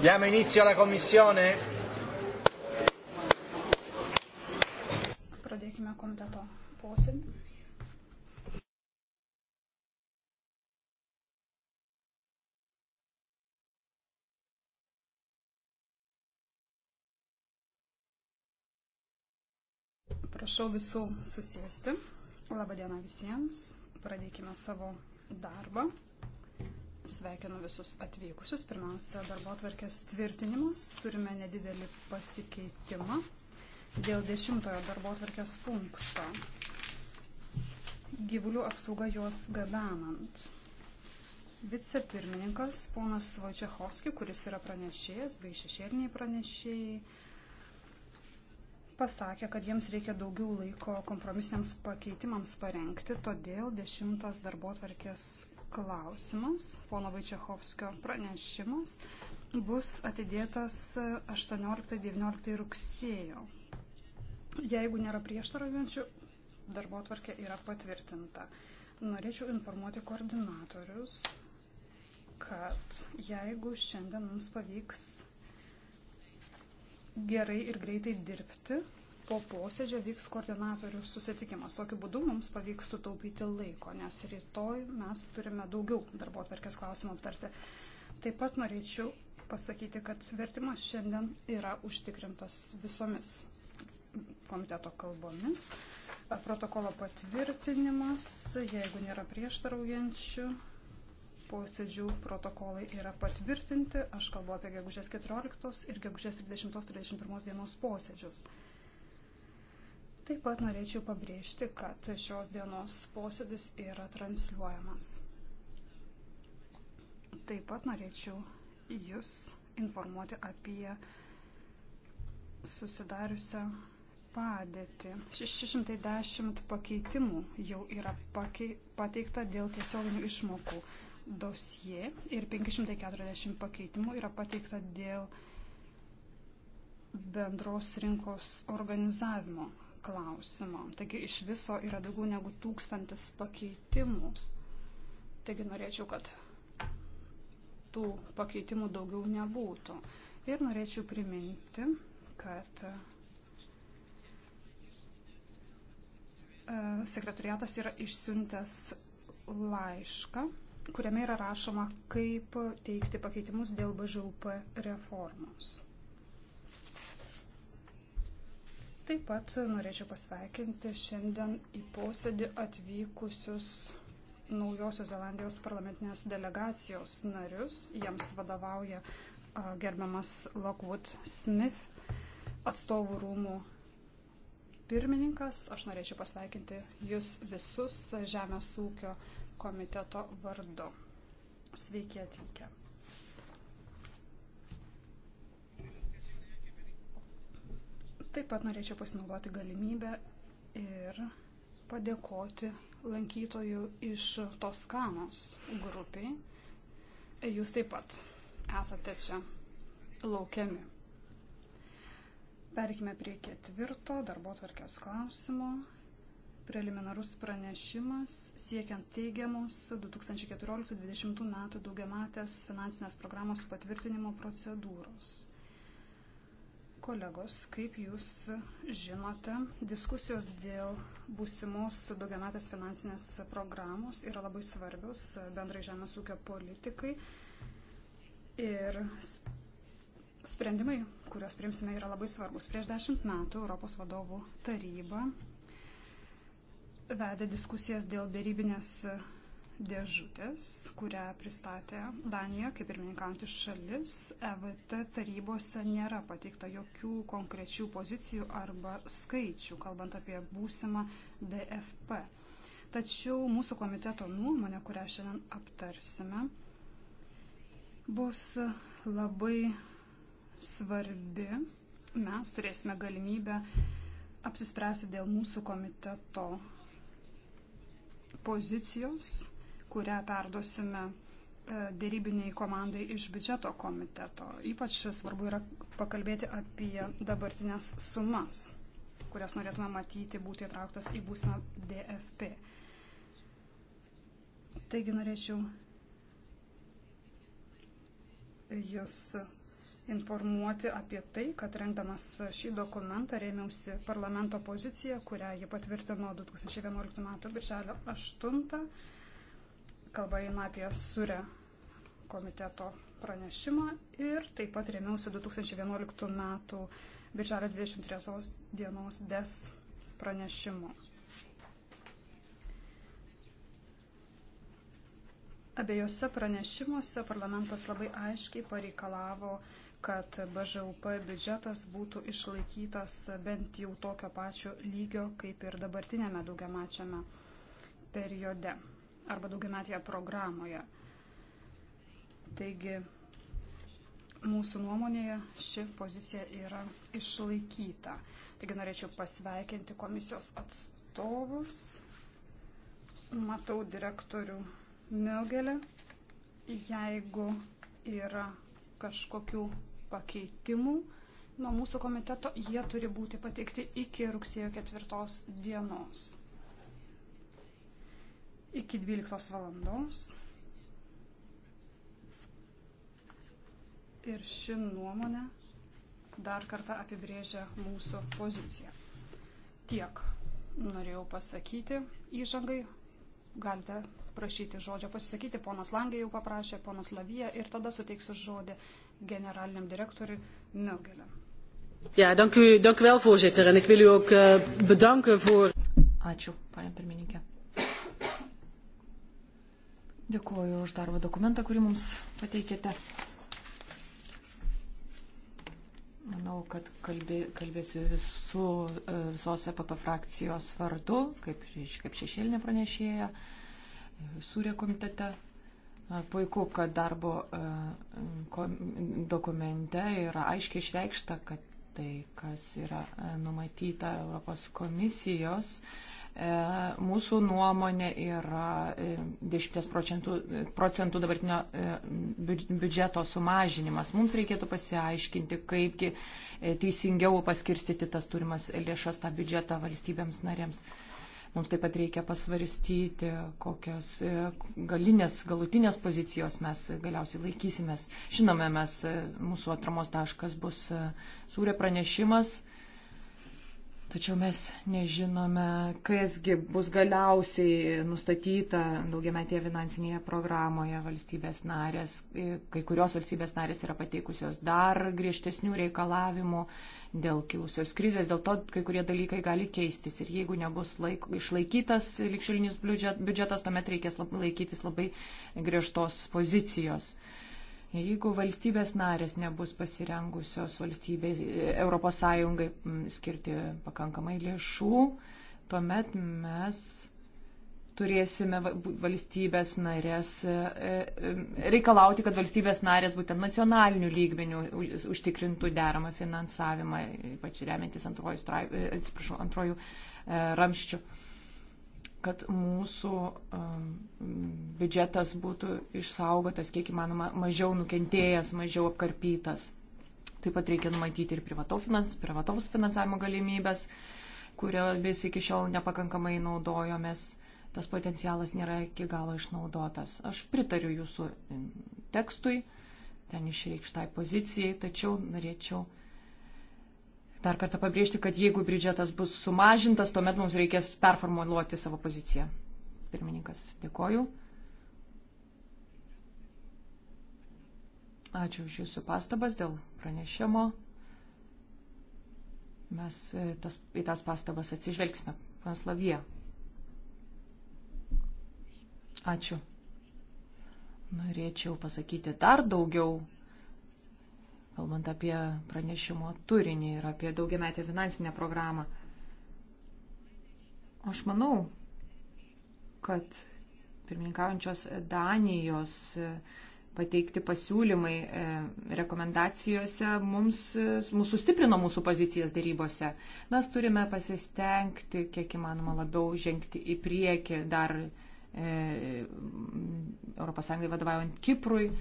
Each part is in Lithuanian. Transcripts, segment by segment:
Diamo inizio alla commissione. Pradėkime komiteto posėdį. Prašau visų susėsti. Labadiena visiems. Pradėkime savo darbą. Sveikinu visus atvykusius. Pirmiausia, darbo atvarkės tvirtinimas. Turime nedidelį pasikeitimą dėl dešimtojo darbo atvarkės punkto. Gyvulių apsauga juos gabenant. Vicepirmininkas ponas Vačiachovski, kuris yra pranešėjas bei šešėliniai pranešėjai, pasakė, kad jiems reikia daugiau laiko kompromisiniams pakeitimams parengti, todėl dešimtas darbo atvarkės klausimas, pono Vaičiachovskio pranešimas, bus atidėtas 18-19 e, rugsėjo. Jeigu nėra prieštaraujančių, darbo atvarkė yra patvirtinta. Norėčiau informuoti koordinatorius, kad jeigu šiandien mums pavyks gerai ir greitai dirbti, po posėdžio vyks koordinatorių susitikimas. Tokiu būdu mums pavyks sutaupyti laiko, nes rytoj mes turime daugiau darbo atverkės klausimų aptarti. Taip pat norėčiau pasakyti, kad vertimas šiandien yra užtikrintas visomis komiteto kalbomis. Protokolo patvirtinimas, jeigu nėra prieštaraujančių, posėdžių protokolai yra patvirtinti. Aš kalbu apie gegužės 14 ir gegužės 30-31 dienos posėdžius. Taip pat norėčiau pabrėžti, kad šios dienos posėdis yra transliuojamas. Taip pat norėčiau Jūs informuoti apie susidariusią padėtį. 610 pakeitimų jau yra pakei, pateikta dėl tiesioginių išmokų dosie ir 540 pakeitimų yra pateikta dėl bendros rinkos organizavimo klausimo. Taigi iš viso yra daugiau negu tūkstantis pakeitimų. Taigi norėčiau, kad tų pakeitimų daugiau nebūtų. Ir norėčiau priminti, kad e, sekretariatas yra išsiuntęs laišką, kuriame yra rašoma, kaip teikti pakeitimus dėl BŽUP reformos. Taip pat norėčiau pasveikinti šiandien į posėdį atvykusius naujosios Zelandijos parlamentinės delegacijos narius. Jiems vadovauja gerbiamas Lockwood Smith, atstovų rūmų pirmininkas. Aš norėčiau pasveikinti jūs visus Žemės ūkio komiteto vardu. Sveiki atvykę. Taip pat norėčiau pasinaudoti galimybę ir padėkoti lankytojų iš Toskanos grupiai. Jūs taip pat esate čia laukiami. Perkime prie ketvirto darbo tvarkės klausimo. Preliminarus pranešimas siekiant teigiamus 2014-2020 metų daugiamatės finansinės programos patvirtinimo procedūros. Kolegos, kaip jūs žinote, diskusijos dėl būsimos daugiametės finansinės programos yra labai svarbios bendrai žemės ūkio politikai. Ir sprendimai, kuriuos priimsime, yra labai svarbus. Prieš dešimt metų Europos vadovų taryba vedė diskusijas dėl dėrybinės dėžutės, kurią pristatė Danija kaip pirmininkantis šalis, EVT tarybose nėra pateikta jokių konkrečių pozicijų arba skaičių, kalbant apie būsimą DFP. Tačiau mūsų komiteto nuomonė, kurią šiandien aptarsime, bus labai svarbi. Mes turėsime galimybę apsispręsti dėl mūsų komiteto pozicijos kurią perdosime e, dėrybiniai komandai iš biudžeto komiteto. Ypač svarbu yra pakalbėti apie dabartinės sumas, kurias norėtume matyti būti įtrauktas į būsimą DFP. Taigi norėčiau Jūs informuoti apie tai, kad rengdamas šį dokumentą rėmiausi parlamento poziciją, kurią ji patvirtino 2011 m. birželio 8 kalba eina apie surę komiteto pranešimą ir taip pat rėmiausi 2011 metų birželio 23 dienos des pranešimo. Abiejose pranešimuose parlamentas labai aiškiai pareikalavo, kad BŽUP biudžetas būtų išlaikytas bent jau tokio pačio lygio kaip ir dabartinėme daugiamečiame periode arba daugiametėje programoje. Taigi, mūsų nuomonėje ši pozicija yra išlaikyta. Taigi norėčiau pasveikinti komisijos atstovus. Matau direktorių Miogelę. Jeigu yra kažkokių pakeitimų nuo mūsų komiteto, jie turi būti pateikti iki rugsėjo ketvirtos dienos iki 12 valandos. Ir ši nuomonė dar kartą apibrėžia mūsų poziciją. Tiek norėjau pasakyti įžangai. Galite prašyti žodžio pasisakyti. Ponas Langai jau paprašė, ponas Lavija ir tada suteiksiu žodį generaliniam direktoriui Miogelė. Ja, dank u, dank u wel, voorzitter. En ik wil u ook uh, bedanken voor. Ačiū, panė pirmininkė. Dėkuoju už darbo dokumentą, kurį mums pateikėte. Manau, kad kalbė, kalbėsiu visų, e, visos EPP frakcijos vardu, kaip, kaip šešėlinė pranešėja, surė komitete. E, puiku, kad darbo e, dokumente yra aiškiai išreikšta, kad tai, kas yra numatyta Europos komisijos, E, mūsų nuomonė yra 10 e, procentų, e, procentų dabartinio biudžeto sumažinimas. Mums reikėtų pasiaiškinti, kaipgi teisingiau paskirstyti tas turimas lėšas tą biudžetą valstybėms narėms. Mums taip pat reikia pasvarstyti, kokios galinės, galutinės pozicijos mes galiausiai laikysimės. Žinome, mes, mūsų atramos taškas bus sūrė pranešimas Tačiau mes nežinome, kasgi bus galiausiai nustatyta daugiametėje finansinėje programoje valstybės narės. Kai kurios valstybės narės yra pateikusios dar griežtesnių reikalavimų dėl kilusios krizės, dėl to kai kurie dalykai gali keistis. Ir jeigu nebus laik, išlaikytas likšilinis biudžetas, tuomet reikės lab, laikytis labai griežtos pozicijos. Jeigu valstybės narės nebus pasirengusios valstybės ES mm, skirti pakankamai lėšų, tuomet mes turėsime valstybės narės, e, e, e, reikalauti, kad valstybės narės būtent nacionalinių lygmenių užtikrintų deramą finansavimą, ypač remiantis antrojų, atsiprašau, antrojų ramščių, kad mūsų biudžetas būtų išsaugotas, kiek įmanoma, mažiau nukentėjęs, mažiau apkarpytas. Taip pat reikia numatyti ir privataus finansavimo galimybės, kurio vis iki šiol nepakankamai naudojomės. Tas potencialas nėra iki galo išnaudotas. Aš pritariu jūsų tekstui, ten išreikštai pozicijai, tačiau norėčiau dar kartą pabrėžti, kad jeigu biudžetas bus sumažintas, tuomet mums reikės performuoluoti savo poziciją. Pirmininkas, dėkoju. Ačiū už Jūsų pastabas dėl pranešimo. Mes e, tas, į tas pastabas atsižvelgsime. Panslavie. Ačiū. Norėčiau pasakyti dar daugiau, kalbant apie pranešimo turinį ir apie daugiametę finansinę programą. Aš manau, kad pirmininkaujančios Danijos uh, pateikti pasiūlymai e, rekomendacijose mums, mūsų stiprino mūsų pozicijas darybose. Mes turime pasistengti, kiek įmanoma, labiau žengti į priekį dar e, ES vadovaujant Kiprui.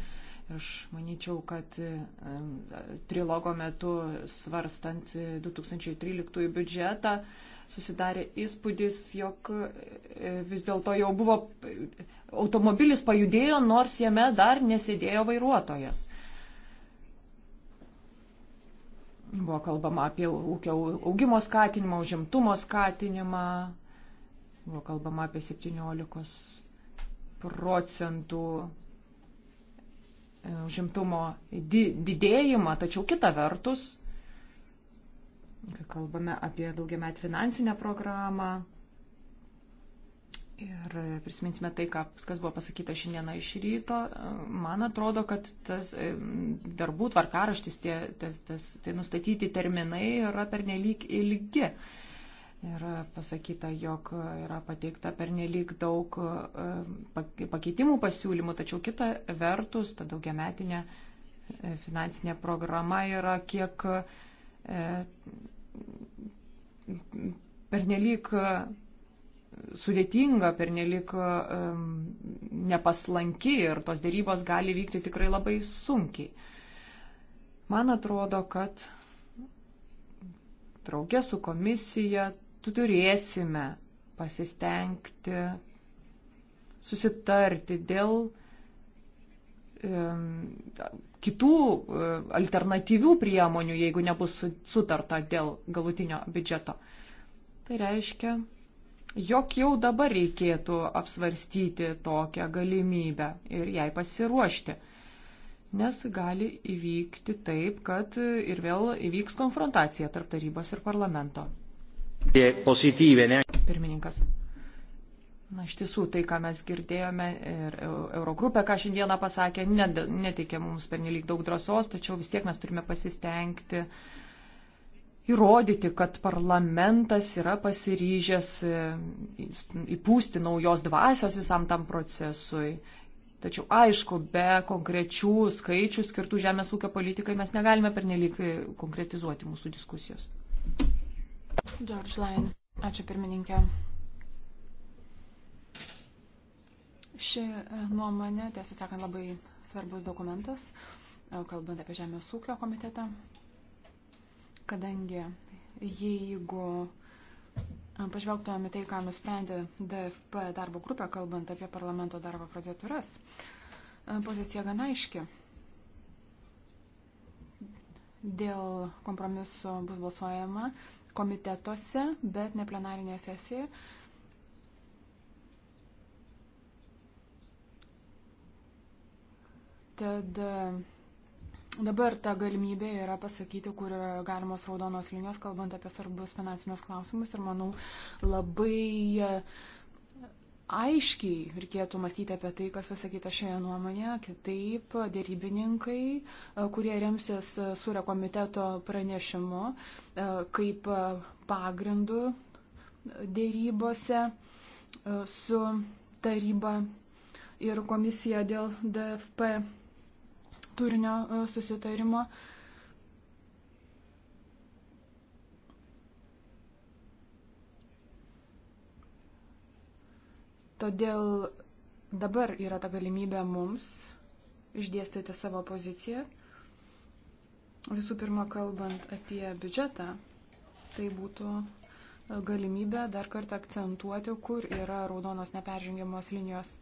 Ir aš manyčiau, kad e, trilogo metu svarstant 2013 e, biudžetą susidarė įspūdis, jog e, vis dėlto jau buvo automobilis pajudėjo, nors jame dar nesėdėjo vairuotojas. Buvo kalbama apie ūkio augimo skatinimą, užimtumo skatinimą. Buvo kalbama apie 17 procentų e, užimtumo didėjimą, tačiau kita vertus kai kalbame apie daugiamet finansinę programą. Ir prisiminsime tai, kas buvo pasakyta šiandieną iš ryto. Man atrodo, kad tas darbų tvarkaraštis, tie, tas, tas, tai nustatyti terminai yra pernelyg ilgi. Ir pasakyta, jog yra pateikta pernelyg daug pakeitimų pasiūlymų, tačiau kita vertus, ta daugiametinė e, finansinė programa yra kiek e, pernelyg e, sudėtinga, pernelyg e, nepaslanki ir tos dėrybos gali vykti tikrai labai sunkiai. Man atrodo, kad draugė su komisija tu turėsime pasistengti, susitarti dėl kitų e, alternatyvių priemonių, jeigu nebus sutarta dėl galutinio biudžeto. Tai reiškia, jog jau dabar reikėtų apsvarstyti tokią galimybę ir jai pasiruošti. Nes gali įvykti taip, kad ir vėl įvyks konfrontacija tarp tarybos ir parlamento. Pozityvė, ne? Pirmininkas. Na, iš tiesų, tai, ką mes girdėjome ir Eurogrupė, ką šiandieną pasakė, neteikė mums pernelyg daug drąsos, tačiau vis tiek mes turime pasistengti įrodyti, kad parlamentas yra pasiryžęs e, įpūsti naujos dvasios visam tam procesui. Tačiau aišku, be konkrečių skaičių skirtų žemės ūkio politikai mes negalime pernelyg e, konkretizuoti mūsų diskusijos. George Lane, ačiū pirmininkė. Ši e, nuomonė, tiesą sakant, labai svarbus dokumentas, e, kalbant apie Žemės ūkio komitetą, kadangi jeigu e, pažvelgtumėme tai, ką nusprendė DFP darbo grupė, kalbant apie parlamento darbo procedūras, pozicija gana aiški. Dėl kompromiso bus balsuojama komitetuose, bet ne plenarinėje sesijoje. Tad e, dabar ta galimybė yra pasakyti, kur yra galimos raudonos linijos, kalbant apie svarbus finansinius klausimus ir manau labai e, aiškiai reikėtų mąstyti apie tai, kas pasakyta šioje nuomonėje. Kitaip dėrybininkai, e, kurie remsis surio komiteto pranešimu kaip pagrindu dėrybose su taryba ir komisija dėl DFP turinio e, susitarimo. Todėl dabar yra ta galimybė mums išdėstyti savo poziciją. Visų pirma, kalbant apie biudžetą, tai būtų e, galimybė dar kartą akcentuoti, kur yra raudonos neperžengiamos linijos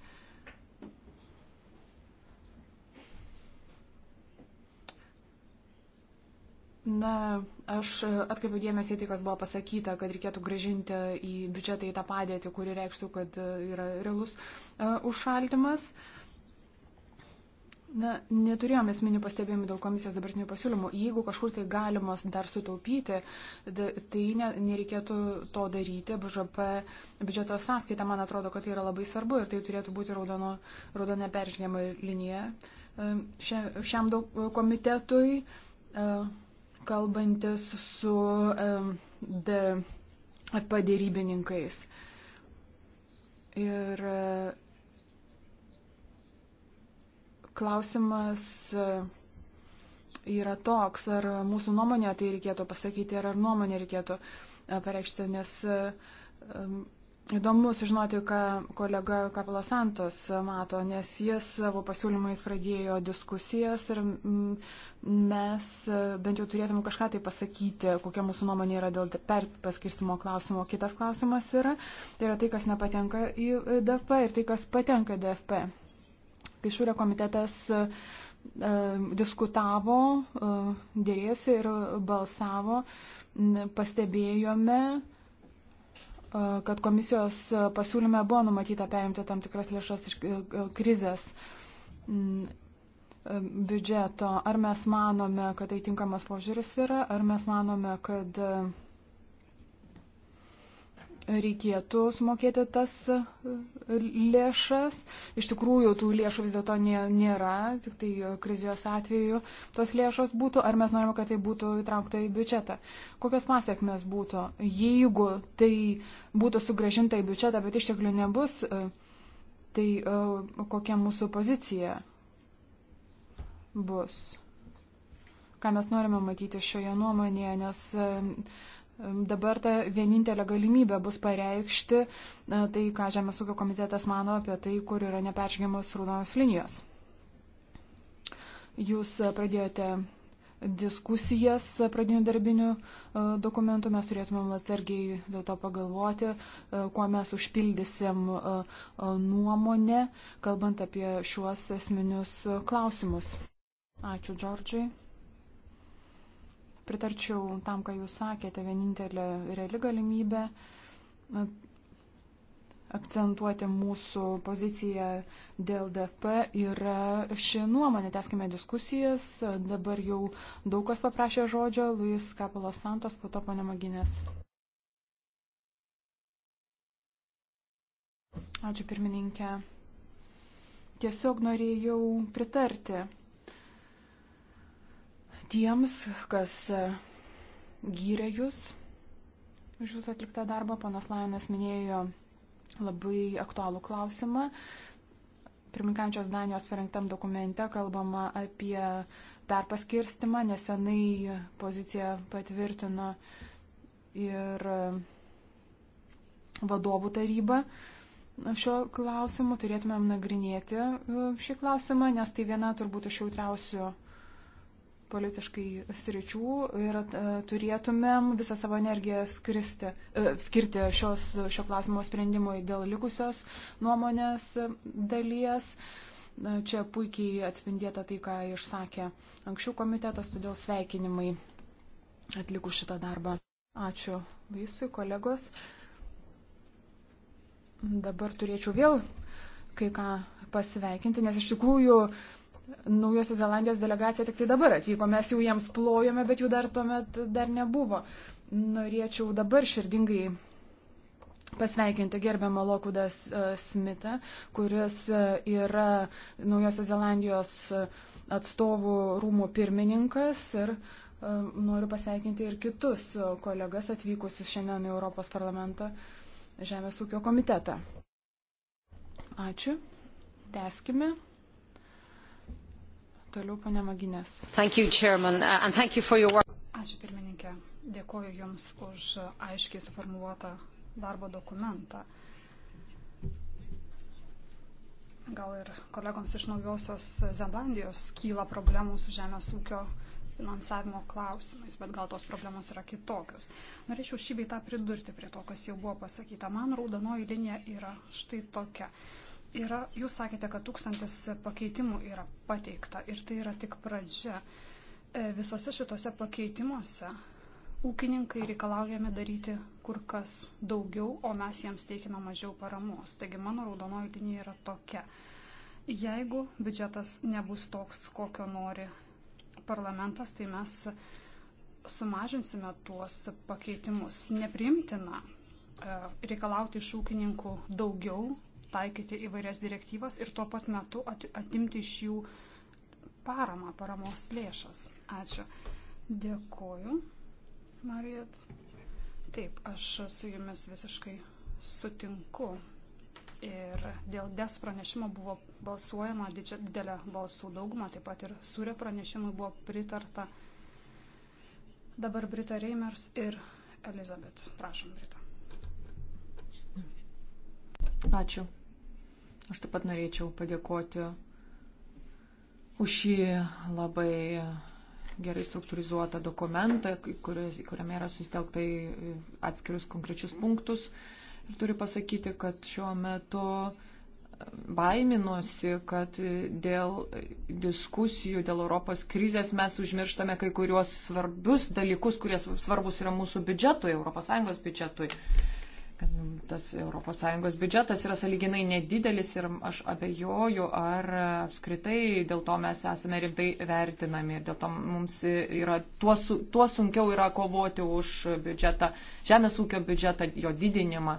Na, aš atkreipiu dėmesį į tai, kas buvo pasakyta, kad reikėtų gražinti į biudžetą į tą padėtį, kuri reikštų, kad e, yra realus uh, užšaldimas. Na, neturėjome esminių pastebėjimų dėl komisijos dabartinių pasiūlymų. Jeigu kažkur tai galima dar sutaupyti, tai ne, nereikėtų to daryti. BŽP biudžeto sąskaita, man atrodo, kad tai yra labai svarbu ir tai turėtų būti raudono, raudona peržengiama linija e, šiam daug komitetui. Uh, kalbantis su DFP dėrybininkais. Ir e, klausimas e, yra toks, ar mūsų nuomonė tai reikėtų pasakyti, ar ar nuomonė reikėtų e, pareikšti, nes Įdomu sužinoti, ką kolega Kapelas Santos mato, nes jis savo pasiūlymais pradėjo diskusijas ir mm, mes bent jau turėtume kažką tai pasakyti, kokia mūsų nuomonė yra dėl perpaskirstimo klausimo. Kitas klausimas yra, tai yra tai, kas nepatenka į DFP ir tai, kas patenka į DFP. Kai šiūrė komitetas e, diskutavo, e, dėrėjosi ir balsavo, pastebėjome, kad komisijos pasiūlyme buvo numatyta perimti tam tikras lėšas iš e, e, krizės mm, e, biudžeto. Ar mes manome, kad tai tinkamas požiūris yra, ar mes manome, kad reikėtų sumokėti tas e, lėšas. Iš tikrųjų, tų lėšų vis dėlto nėra, tik tai e, krizijos atveju tos lėšos būtų, ar mes norime, kad tai būtų įtraukta į biudžetą. Kokios pasiekmes būtų, jeigu tai būtų sugražinta į biudžetą, bet išteklių nebus, e, tai kokia mūsų pozicija bus? Ką mes norime matyti šioje nuomonėje, nes Dabar ta vienintelė galimybė bus pareikšti e, tai, ką Žemės ūkio komitetas mano apie tai, kur yra neperžengiamos raudonos linijos. Jūs pradėjote diskusijas pradinių darbinių e, dokumentų, mes turėtumėm atsargiai dėl to pagalvoti, e, kuo mes užpildysim nuomonę, kalbant apie šiuos esminius klausimus. Ačiū, Džordžiai. Pritarčiau tam, ką Jūs sakėte, vienintelė reali galimybė akcentuoti mūsų poziciją dėl DFP yra ši nuomonė. Teskime diskusijas. Dabar jau daug kas paprašė žodžio. Luis Kapelos Santos, po to ponė Maginės. Ačiū pirmininkė. Tiesiog norėjau pritarti tiems, kas e, gyrė jūs už jūsų atliktą darbą. Panas Lajonas minėjo labai aktualų klausimą. Pirminkančios Danijos parengtam dokumente kalbama apie perpaskirstimą, nesenai poziciją patvirtino ir e, vadovų taryba. Šio klausimu turėtumėm nagrinėti e, šį klausimą, nes tai viena turbūt iš jautriausių politiškai sričių ir e, turėtumėm visą savo energiją skristi, e, skirti šios, šio klausimo sprendimui dėl likusios nuomonės dalies. Čia puikiai atspindėta tai, ką išsakė anksčiau komitetas, todėl sveikinimai atlikus šitą darbą. Ačiū Laisui, kolegos. Dabar turėčiau vėl kai ką pasveikinti, nes iš tikrųjų Naujosios Zelandijos delegacija tik tai dabar atvyko, mes jau jiems plojome, bet jų dar tuomet dar nebuvo. Norėčiau dabar širdingai pasveikinti gerbiamą Lokudas e, Smitą, kuris e, yra Naujosios Zelandijos e, atstovų rūmų pirmininkas ir noriu pasveikinti ir kitus kolegas atvykusius šiandien į Europos parlamento Žemės ūkio komitetą. Ačiū. Teskime. Toliau, ponia Maginės. You, chairman, uh, your... Ačiū pirmininkė. Dėkoju Jums už aiškiai suformuotą darbo dokumentą. Gal ir kolegoms iš Naujosios Zelandijos kyla problemų su žemės ūkio finansavimo klausimais, bet gal tos problemos yra kitokios. Norėčiau šį beitą pridurti prie to, kas jau buvo pasakyta. Man raudonoji linija yra štai tokia yra, jūs sakėte, kad tūkstantis pakeitimų yra pateikta ir tai yra tik pradžia. E, visose šitose pakeitimuose ūkininkai reikalaujame daryti kur kas daugiau, o mes jiems teikime mažiau paramos. Taigi mano raudonoji linija yra tokia. Jeigu biudžetas nebus toks, kokio nori parlamentas, tai mes sumažinsime tuos pakeitimus. Nepriimtina e, reikalauti iš ūkininkų daugiau, taikyti įvairias direktyvas ir tuo pat metu atimti iš jų paramą, paramos lėšas. Ačiū. Dėkoju, Marijat. Taip, aš su jumis visiškai sutinku. Ir dėl DES pranešimo buvo balsuojama didžia, didelė balsų dauguma, taip pat ir SURE pranešimui buvo pritarta. Dabar Brita Reimers ir Elizabeth. Prašom, Brita. Ačiū. Aš taip pat norėčiau padėkoti už šį labai gerai struktūrizuotą dokumentą, kuriame yra susitelkta į atskirius konkrečius punktus. Ir turiu pasakyti, kad šiuo metu baiminuosi, kad dėl diskusijų, dėl Europos krizės mes užmirštame kai kuriuos svarbius dalykus, kurie svarbus yra mūsų biudžetui, ES biudžetui kad tas ES biudžetas yra saliginai nedidelis ir aš abejoju, ar apskritai dėl to mes esame rimtai vertinami ir dėl to mums yra, tuo, tuo sunkiau yra kovoti už biudžetą, žemės ūkio biudžetą, jo didinimą.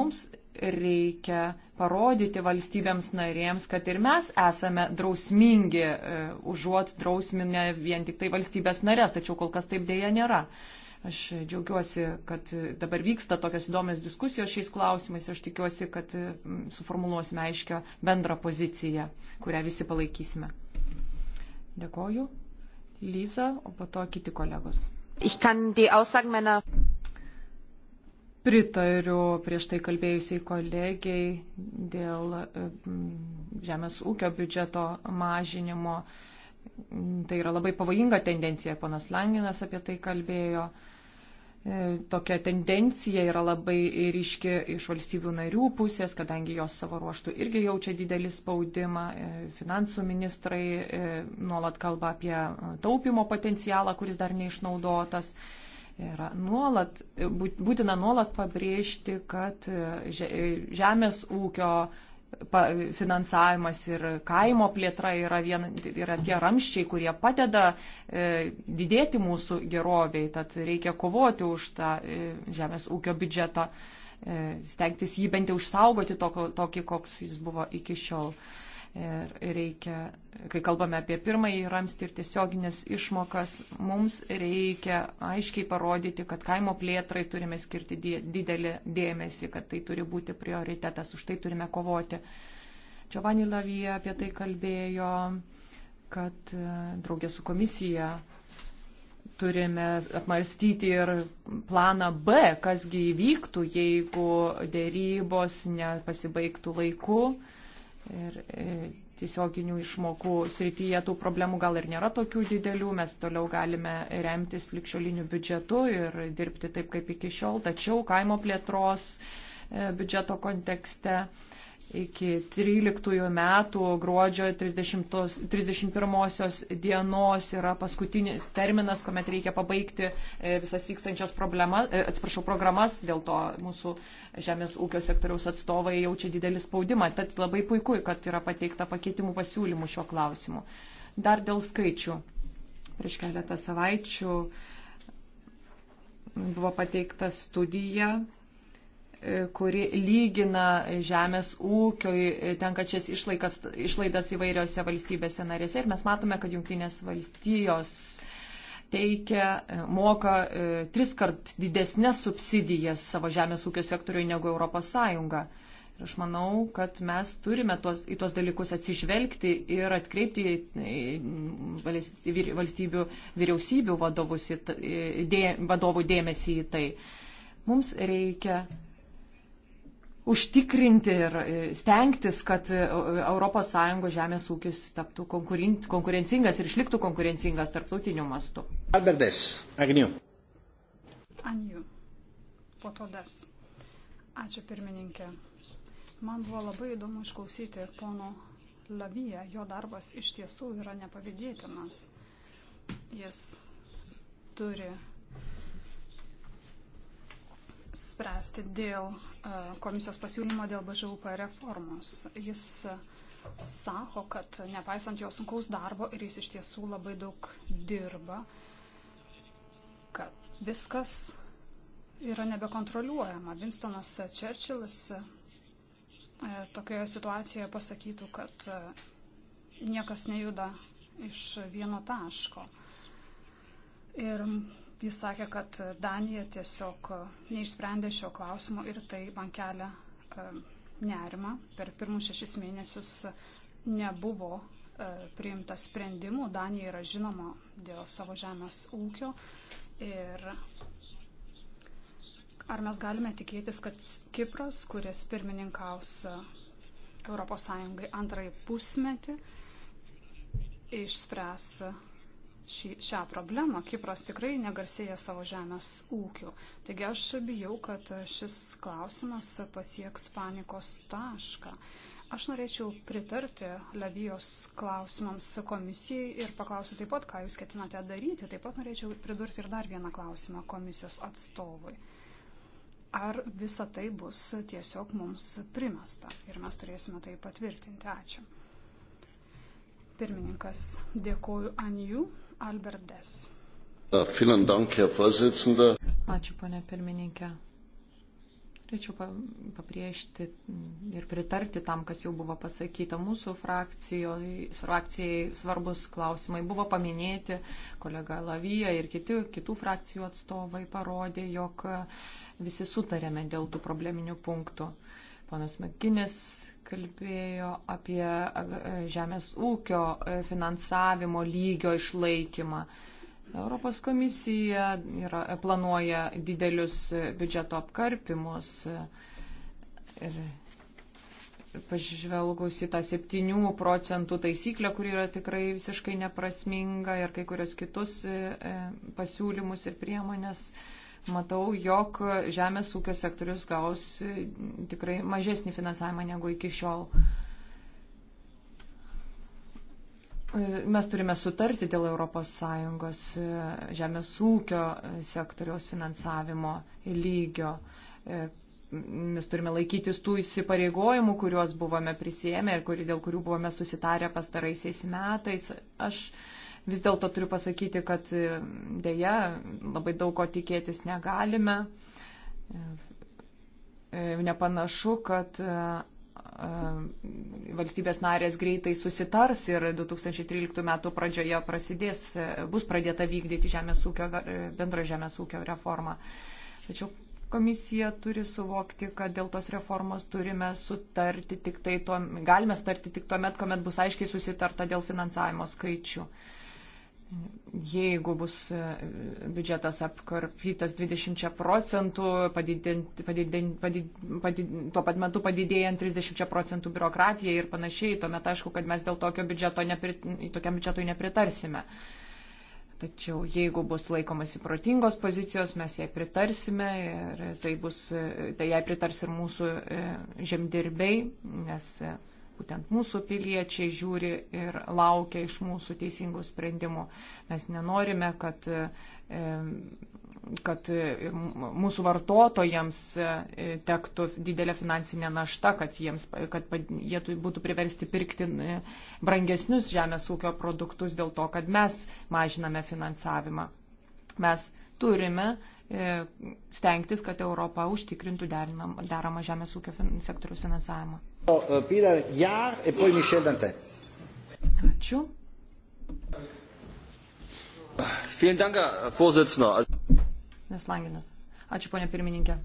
Mums reikia parodyti valstybėms narėms, kad ir mes esame drausmingi, e, užuot drausminę vien tik tai valstybės narės, tačiau kol kas taip dėja nėra. Uh, Aš džiaugiuosi, kad dabar vyksta tokios įdomios diskusijos šiais klausimais ir aš tikiuosi, kad mm, suformuluosime aiškę bendrą poziciją, kurią visi palaikysime. Dėkoju. Lyza, o po to kiti kolegos. Pritariu prieš tai kalbėjusiai kolegiai dėl mm, žemės ūkio biudžeto mažinimo. Uh, Tai yra labai pavojinga tendencija, ponas Langinas apie tai kalbėjo. E, tokia tendencija yra labai ryški iš valstybių narių pusės, kadangi jos savo ruoštų irgi jaučia didelį spaudimą. E, finansų ministrai e, nuolat kalba apie taupimo potencialą, kuris dar neišnaudotas. Yra nuolat, būtina nuolat pabrėžti, kad žemės ūkio finansavimas ir kaimo plėtra yra, vien, yra tie ramščiai, kurie padeda e, didėti mūsų geroviai, tad reikia kovoti už tą e, žemės ūkio biudžetą, e, stengtis jį bent jau išsaugoti tokį, koks jis buvo iki šiol. E, Ir reikia, kai kalbame apie pirmąjį ramstį ir tiesioginės išmokas, mums reikia aiškiai parodyti, kad kaimo plėtrai turime skirti didelį dėmesį, kad tai turi būti prioritetas, už tai turime kovoti. Giovanni Lavija apie tai kalbėjo, kad e, draugė su komisija turime apmarstyti ir planą B, kasgi įvyktų, jeigu dėrybos nepasibaigtų laiku. Ir e, tiesioginių išmokų srityje tų problemų gal ir nėra tokių didelių, mes toliau galime remtis likščioliniu biudžetu ir dirbti taip kaip iki šiol, tačiau kaimo plėtros e, biudžeto kontekste iki 13 metų gruodžio 30, 31 dienos yra paskutinis terminas, kuomet reikia pabaigti e, visas vykstančias problemas, e, atsiprašau, programas, dėl to mūsų žemės ūkio sektoriaus atstovai jaučia didelį spaudimą. Tad labai puiku, kad yra pateikta pakeitimų pasiūlymų šio klausimu. Dar dėl skaičių. Prieš keletą savaičių buvo pateikta studija E, kuri lygina žemės ūkioj e, tenkačias išlaikas, išlaidas įvairiose valstybėse narėse. Ir mes matome, kad jungtinės valstijos teikia, e, moka tris kart didesnės subsidijas savo žemės ūkio sektoriui negu ES. Ir aš manau, kad mes turime tuos, į tuos dalykus atsižvelgti ir atkreipti valstybių vyriausybių vadovus, dė, vadovų dėmesį į tai. Mums reikia užtikrinti ir e, stengtis, kad ES e, žemės ūkis taptų konkurencingas ir išliktų konkurencingas tarptautiniu mastu. Albertas, Agniu. Anju. Po to des. Ačiū pirmininkė. Man buvo labai įdomu išklausyti pono Lavyje. Jo darbas iš tiesų yra nepavydėtinas. Jis turi spręsti dėl e, komisijos pasiūlymo dėl BŽUP reformos. Jis e, sako, kad nepaisant jo sunkaus darbo ir jis iš tiesų labai daug dirba, kad viskas yra nebekontroliuojama. Winstonas Churchillis e, tokioje situacijoje pasakytų, kad niekas nejuda iš vieno taško. Ir Jis sakė, kad Danija tiesiog neišsprendė šio klausimo ir tai man kelia e, nerima. Per pirmus šešis mėnesius nebuvo e, priimta sprendimų. Danija yra žinoma dėl savo žemės ūkio. Ir ar mes galime tikėtis, kad Kipras, kuris pirmininkaus ES antrąjį pusmetį, išspręs šį, šią problemą. Kipras tikrai negarsėja savo žemės ūkiu. Taigi aš bijau, kad šis klausimas pasieks panikos tašką. Aš norėčiau pritarti Levijos klausimams komisijai ir paklausiu taip pat, ką jūs ketinate daryti. Taip pat norėčiau pridurti ir dar vieną klausimą komisijos atstovui. Ar visa tai bus tiesiog mums primesta ir mes turėsime tai patvirtinti. Ačiū. Pirmininkas, dėkoju Anju. Alberdes. Ačiū, ponė pirmininkė. Norėčiau pabrėžti ir pritarti tam, kas jau buvo pasakyta. Mūsų frakcijai svarbus klausimai buvo paminėti, kolega Lavija ir kiti, kitų frakcijų atstovai parodė, jog visi sutarėme dėl tų probleminių punktų. Uh, Ponas Makinis kalbėjo apie e, žemės ūkio e, finansavimo lygio išlaikymą. Europos komisija yra, e, planuoja didelius biudžeto apkarpimus. Ir pažvelgus į tą 7 procentų taisyklę, kuri yra tikrai visiškai neprasminga ir kai kurios kitus pasiūlymus ir priemonės, matau, jog žemės ūkio sektorius gaus e, tikrai mažesnį finansavimą negu iki šiol. E, mes turime sutarti dėl ES e, žemės ūkio sektoriaus finansavimo lygio. Mes turime laikytis tų įsipareigojimų, kuriuos buvome prisėmę ir kuri, dėl kurių buvome susitarę pastaraisiais metais. Aš uh, Vis dėlto turiu pasakyti, kad e, dėja labai daug ko tikėtis negalime. E, e, nepanašu, kad valstybės narės greitai susitars ir 2013 metų pradžioje prasidės, bus pradėta vykdyti žemės ūkio, bendro žemės ūkio reformą. Tačiau komisija turi suvokti, kad dėl tos reformos turime sutarti tik tai, tuo, galime sutarti tik tuomet, kuomet bus aiškiai susitarta dėl finansavimo skaičių. Uh, Jeigu bus e, biudžetas apkarpytas 20 procentų, padidint, padidint, padidint, padidint, tuo pat metu padidėjant 30 procentų biurokratijai ir panašiai, tuomet aišku, kad mes dėl tokio biudžeto neprit, tokiam biudžetui nepritarsime. Tačiau jeigu bus laikomasi protingos pozicijos, mes jai pritarsime ir tai, bus, e, tai jai pritars ir mūsų e, žemdirbiai, nes būtent mūsų piliečiai žiūri ir laukia iš mūsų teisingų sprendimų. Mes nenorime, kad, kad mūsų vartotojams e, tektų didelė finansinė našta, kad, jiems, kad jie būtų priversti pirkti brangesnius žemės ūkio produktus dėl to, kad mes mažiname finansavimą. Mes turime e, stengtis, kad Europa užtikrintų deramą žemės ūkio sektoriaus finansavimą. E, Pilar Jar e poi Michel Dantin. Ačiū. Vielen Dank, Herr Vorsitzender. Nes Langinas. Ačiū, ponė pirmininkė.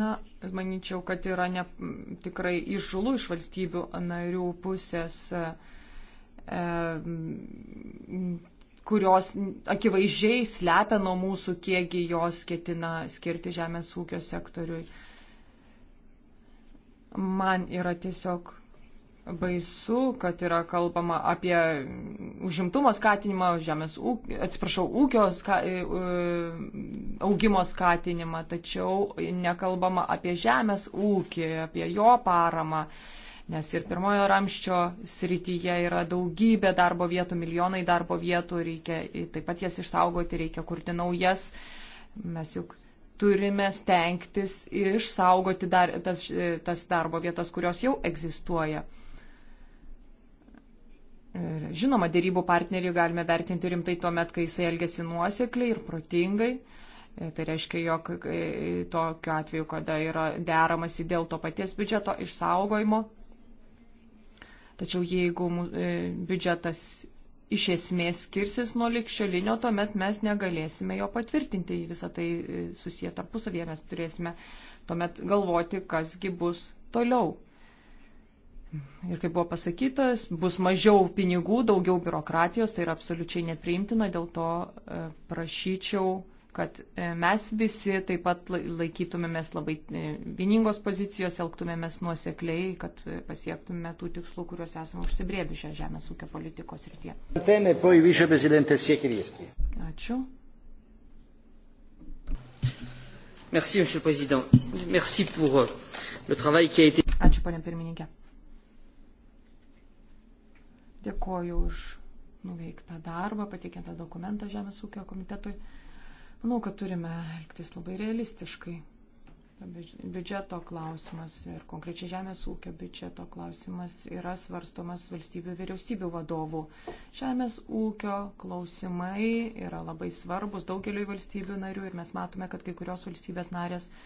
Na, manyčiau, kad yra ne, tikrai išžulų iš valstybių narių pusės e, kurios akivaizdžiai slepia nuo mūsų, kiekgi jos ketina skirti žemės ūkio sektoriui. Man yra tiesiog baisu, kad yra kalbama apie užimtumo skatinimą, žemės ūkio, atsiprašau, ūkio ska, e, augimo skatinimą, tačiau nekalbama apie žemės ūkį, apie jo paramą. Uh, nes ir pirmojo ramščio srityje yra daugybė darbo vietų, milijonai darbo vietų, reikia taip pat jas išsaugoti, reikia kurti naujas. Mes juk turime stengtis išsaugoti dar, tas, e, tas darbo vietas, kurios jau egzistuoja. Ir, žinoma, dėrybų partnerį galime vertinti rimtai tuo met, kai jisai elgesi nuosekliai ir protingai. E, tai reiškia, jog e, tokiu atveju, kada yra deramasi dėl to paties biudžeto išsaugojimo, Tačiau jeigu e, biudžetas iš esmės skirsis nuo likščiolinio, tuomet mes negalėsime jo patvirtinti. Visą tai e, susiję tarpusavėje mes turėsime tuomet galvoti, kasgi bus toliau. Ir kaip buvo pasakytas, bus mažiau pinigų, daugiau biurokratijos, tai yra absoliučiai nepriimtina, dėl to e, prašyčiau kad e, mes visi taip pat laikytumėmės labai e, vieningos pozicijos, elgtumėmės nuosekliai, kad e, pasiektumėme tų tikslų, kuriuos esame užsibrėbę šią žemės ūkio politikos rytie. Ačiū. Merci, monsieur le président. Merci pour euh, le travail qui a été. Ačiū, ponė pirmininkė. Dėkoju už nuveiktą darbą, patikėtą dokumentą Žemės ūkio komitetui. Manau, kad turime elgtis labai realistiškai. Biudžeto klausimas ir konkrečiai žemės ūkio biudžeto klausimas yra svarstomas valstybių vyriausybių vadovų. Žemės ūkio klausimai yra labai svarbus daugeliu valstybių narių ir mes matome, kad kai kurios valstybės narės uh,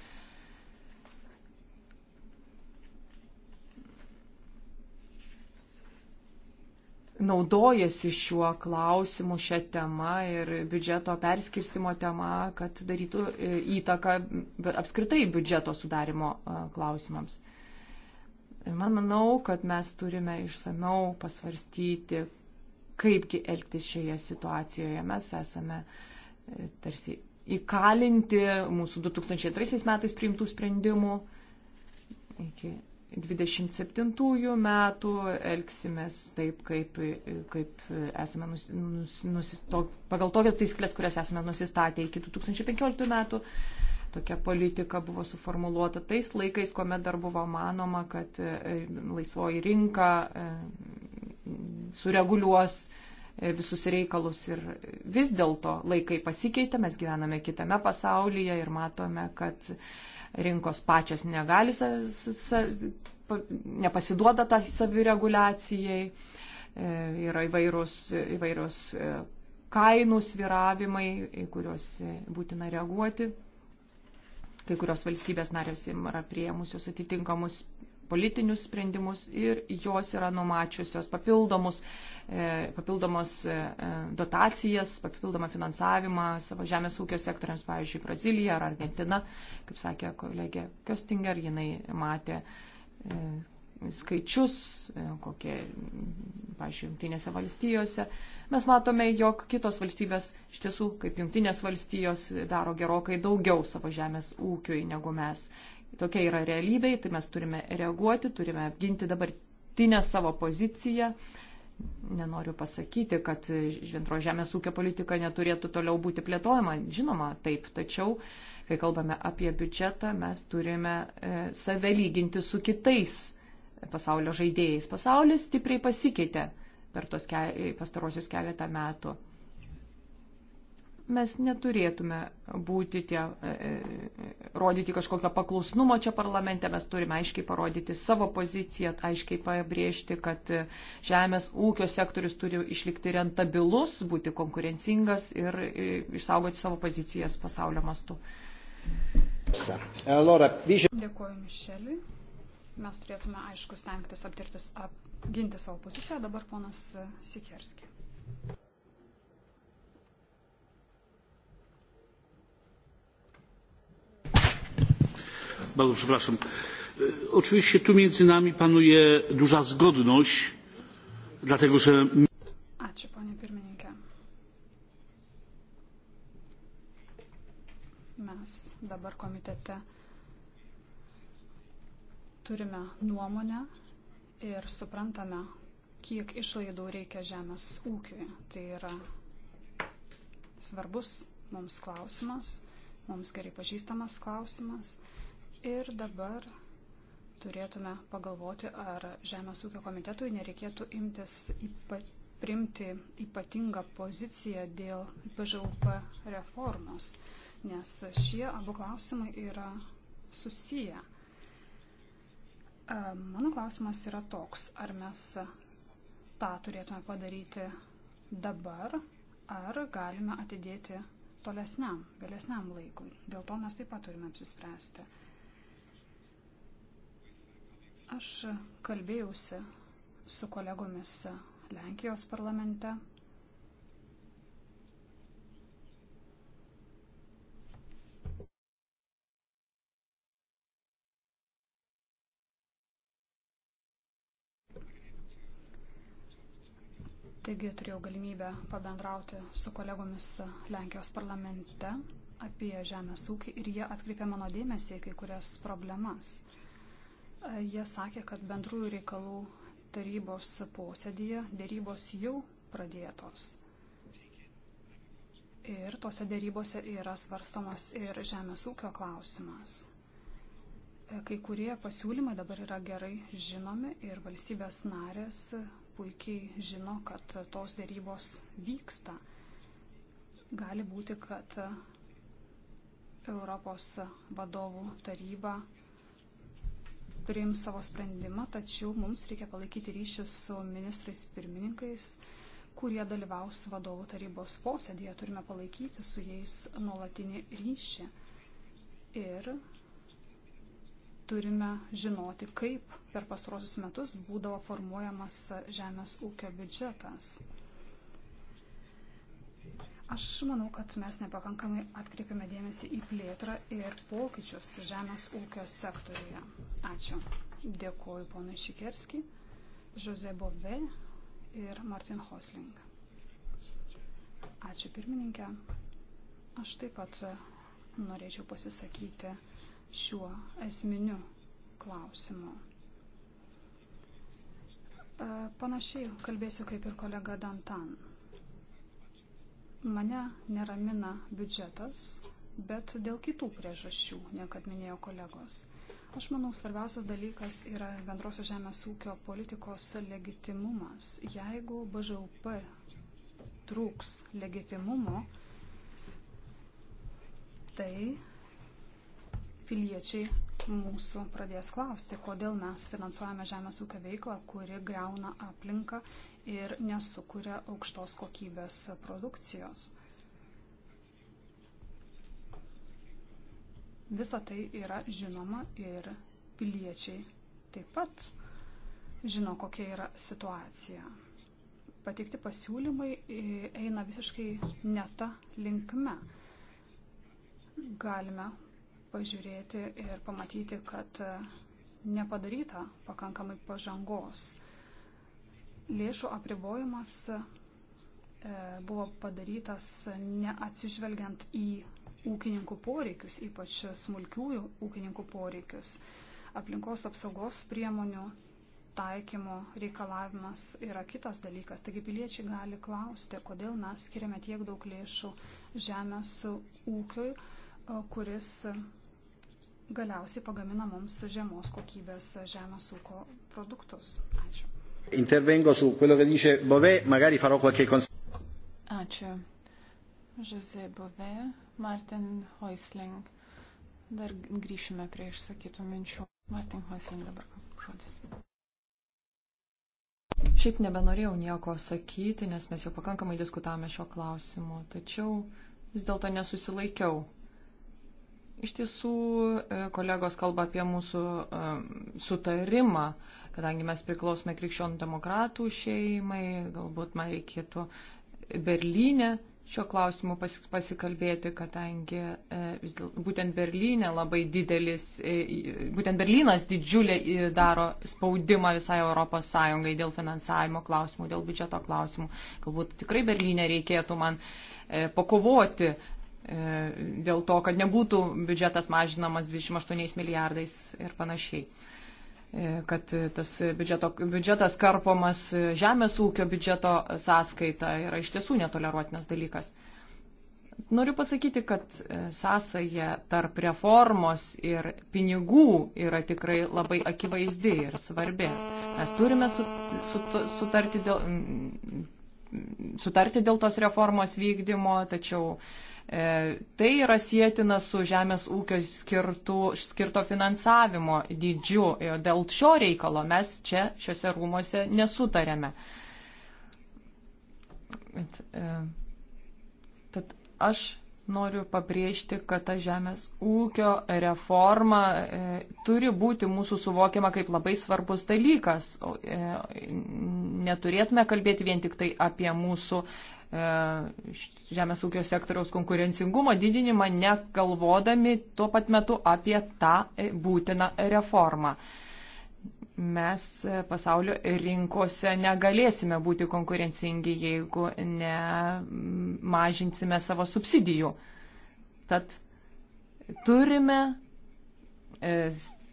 naudojasi šiuo klausimu, šią temą ir biudžeto perskirstimo temą, kad darytų e, įtaką apskritai biudžeto sudarimo klausimams. Ir man manau, kad mes turime išsameu pasvarstyti, kaipgi elgtis šioje situacijoje. Mes esame e, tarsi įkalinti mūsų 2003 metais priimtų sprendimų iki 27 metų elgsimės taip, kaip, kaip esame nus, nus, nus, to, pagal tokias taisyklės, kurias esame nusistatę iki 2015 metų. Tokia politika buvo suformuoluota tais laikais, kuomet dar buvo manoma, kad e, laisvoji rinka e, sureguliuos e, visus reikalus ir vis dėlto laikai pasikeitė, mes gyvename kitame pasaulyje ir matome, kad rinkos pačios negali, sa, sa, nepasiduoda tą tai savireguliacijai, e, yra įvairūs, įvairūs e, kainų sviravimai, į kuriuos e, būtina reaguoti. Kai kurios valstybės narės yra prieimusios atitinkamus politinius sprendimus ir jos yra numačiusios papildomus, e, papildomus e, e, dotacijas, papildomą finansavimą savo žemės ūkio sektoriams, pavyzdžiui, Brazilija ar Argentina, kaip sakė kolegė Köstinger, jinai matė skaičius, kokie, pažiūrėjau, jungtinėse valstijose, mes matome, jog kitos valstybės iš tiesų, kaip jungtinės valstijos, daro gerokai daugiau savo žemės ūkiui negu mes tokia yra realybė, tai mes turime reaguoti, turime apginti dabartinę savo poziciją. Nenoriu pasakyti, kad šventro žemės ūkio politika neturėtų toliau būti plėtojama, žinoma, taip, tačiau, kai kalbame apie biudžetą, mes turime e, save lyginti su kitais pasaulio žaidėjais. Pasaulis stipriai pasikeitė per tos ke pastarosius keletą metų mes neturėtume būti tie, e, e, rodyti kažkokio paklusnumo čia parlamente, mes turime aiškiai parodyti savo poziciją, aiškiai pabrėžti, kad e, žemės ūkio sektorius turi išlikti rentabilus, būti konkurencingas ir išsaugoti savo pozicijas pasaulio mastu. Dėkuoju Mišeliui. Mes turėtume, aišku, stengtis aptirtis apginti savo poziciją. Dabar ponas Sikerski. bardzo przepraszam. E, oczywiście tu między nami panuje duża zgodność, dlatego że. Ačiū, ponė pirmininkė. Mes dabar komitete turime nuomonę ir suprantame, kiek išlaidų reikia žemės ūkiui. Tai yra svarbus mums klausimas, mums gerai pažįstamas klausimas. Ir dabar turėtume pagalvoti, ar Žemės ūkio komitetui nereikėtų imtis ypa, primti ypatingą poziciją dėl BŽUP reformos, nes šie abu klausimai yra susiję. Mano klausimas yra toks, ar mes tą turėtume padaryti dabar, ar galime atidėti tolesniam, vėlesniam laikui. Dėl to mes taip pat turime apsispręsti. Aš kalbėjausi su kolegomis Lenkijos parlamente. Taigi turėjau galimybę pabendrauti su kolegomis Lenkijos parlamente apie žemės ūkį ir jie atkreipė mano dėmesį į kai kurias problemas. Jie sakė, kad bendrųjų reikalų tarybos posėdėje dėrybos jau pradėtos. Ir tose dėrybose yra svarstomas ir žemės ūkio klausimas. Kai kurie pasiūlymai dabar yra gerai žinomi ir valstybės narės puikiai žino, kad tos dėrybos vyksta. Gali būti, kad Europos vadovų taryba priims savo sprendimą, tačiau mums reikia palaikyti ryšį su ministrais pirmininkais, kurie dalyvaus vadovų tarybos posėdėje. Turime palaikyti su jais nuolatinį ryšį ir turime žinoti, kaip per pastarosius metus būdavo formuojamas žemės ūkio biudžetas. Aš manau, kad mes nepakankamai atkreipiame dėmesį į plėtrą ir pokyčius žemės ūkio sektoriuje. Ačiū. Dėkuoju ponui Šikerski, Jose Bove ir Martin Hosling. Ačiū pirmininkė. Aš taip pat norėčiau pasisakyti šiuo esminiu klausimu. Panašiai kalbėsiu kaip ir kolega Dantan Mane neramina biudžetas, bet dėl kitų priežasčių, niekad minėjo kolegos. Aš manau, svarbiausias dalykas yra bendrosios žemės ūkio politikos legitimumas. Jeigu BŽUP trūks legitimumo, tai piliečiai mūsų pradės klausti, kodėl mes finansuojame žemės ūkio veiklą, kuri greuna aplinką ir nesukuria aukštos kokybės produkcijos. Visa tai yra žinoma ir piliečiai taip pat žino, kokia yra situacija. Pateikti pasiūlymai eina visiškai neta linkme. Galime pažiūrėti ir pamatyti, kad nepadaryta pakankamai pažangos lėšų apribojimas e, buvo padarytas neatsižvelgiant į ūkininkų poreikius, ypač smulkiųjų ūkininkų poreikius. Aplinkos apsaugos priemonių taikymo reikalavimas yra kitas dalykas. Taigi piliečiai gali klausti, kodėl mes skiriame tiek daug lėšų žemės ūkiui, e, kuris galiausiai pagamina mums žemos kokybės žemės ūkio produktus. Ačiū. Intervengo su quello che dice Bove, magari farò qualche consiglio. Ačiū. Jose Bove, Martin Hoisling. Dar grįšime prie išsakytų minčių. Martin Hoisling dabar žodis. Šiaip nebenorėjau nieko sakyti, nes mes jau pakankamai diskutavome šio klausimu, tačiau vis dėlto nesusilaikiau. Iš tiesų, e, kolegos kalba apie mūsų e, sutarimą kadangi mes priklausome krikščionų demokratų šeimai, galbūt man reikėtų Berlyne šio klausimu pasikalbėti, kadangi e, vis dėl, būtent Berlyne labai didelis, e, būtent Berlynas didžiulė daro spaudimą visai Europos Sąjungai dėl finansavimo klausimų, dėl biudžeto klausimų. Galbūt tikrai Berlyne reikėtų man e, pakovoti dėl to, kad nebūtų biudžetas mažinamas 28 milijardais ir panašiai. E, kad e, tas biudžeto, biudžetas karpomas e, žemės ūkio biudžeto sąskaita yra iš tiesų netoleruotinas dalykas. Noriu pasakyti, kad sąsaja tarp reformos ir pinigų yra tikrai labai akivaizdi ir svarbi. Mes turime sutarti dėl sutarti dėl tos reformos vykdymo, tačiau e, tai yra sėtina su žemės ūkio skirtų, skirto finansavimo dydžiu. Dėl šio reikalo mes čia šiuose rūmose nesutarėme. Bet, e, tad aš noriu pabrėžti, kad ta žemės ūkio reforma e, turi būti mūsų suvokiama kaip labai svarbus dalykas. E, neturėtume kalbėti vien tik tai apie mūsų e, žemės ūkio sektoriaus konkurencingumo didinimą, nekalvodami tuo pat metu apie tą e, būtiną reformą. E, mes pasaulio rinkose negalėsime būti konkurencingi, jeigu nemažinsime savo subsidijų. Tad turime e,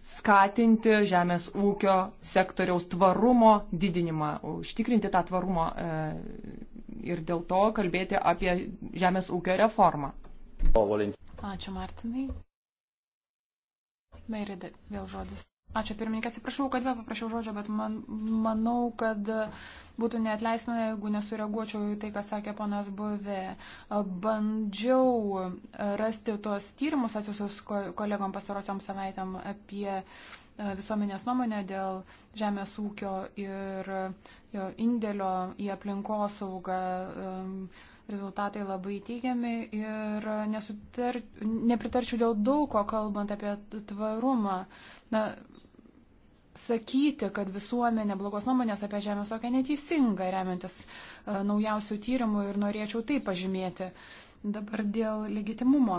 skatinti žemės ūkio sektoriaus tvarumo didinimą, užtikrinti tą tvarumą e, ir dėl to kalbėti apie žemės ūkio reformą. Ačiū, Martinai. Meridė, vėl žodis. Ačiū pirmininkė, atsiprašau, kad vėl paprašiau žodžio, bet man, manau, kad būtų neatleisna, jeigu nesureaguočiau į tai, ką sakė ponas Buvė. Bandžiau rasti tuos tyrimus atsiusius kolegom pastarosiam savaitėm apie e, visuomenės nuomonę dėl žemės ūkio ir jo indėlio į aplinkosaugą. E, rezultatai labai teigiami ir nesutar, nepritarčiau dėl daug ko, kalbant apie tvarumą. Na, sakyti, kad visuomenė blogos nuomonės apie žemės ūkį neteisinga, remiantis e, naujausių tyrimų ir norėčiau tai pažymėti. Dabar dėl legitimumo.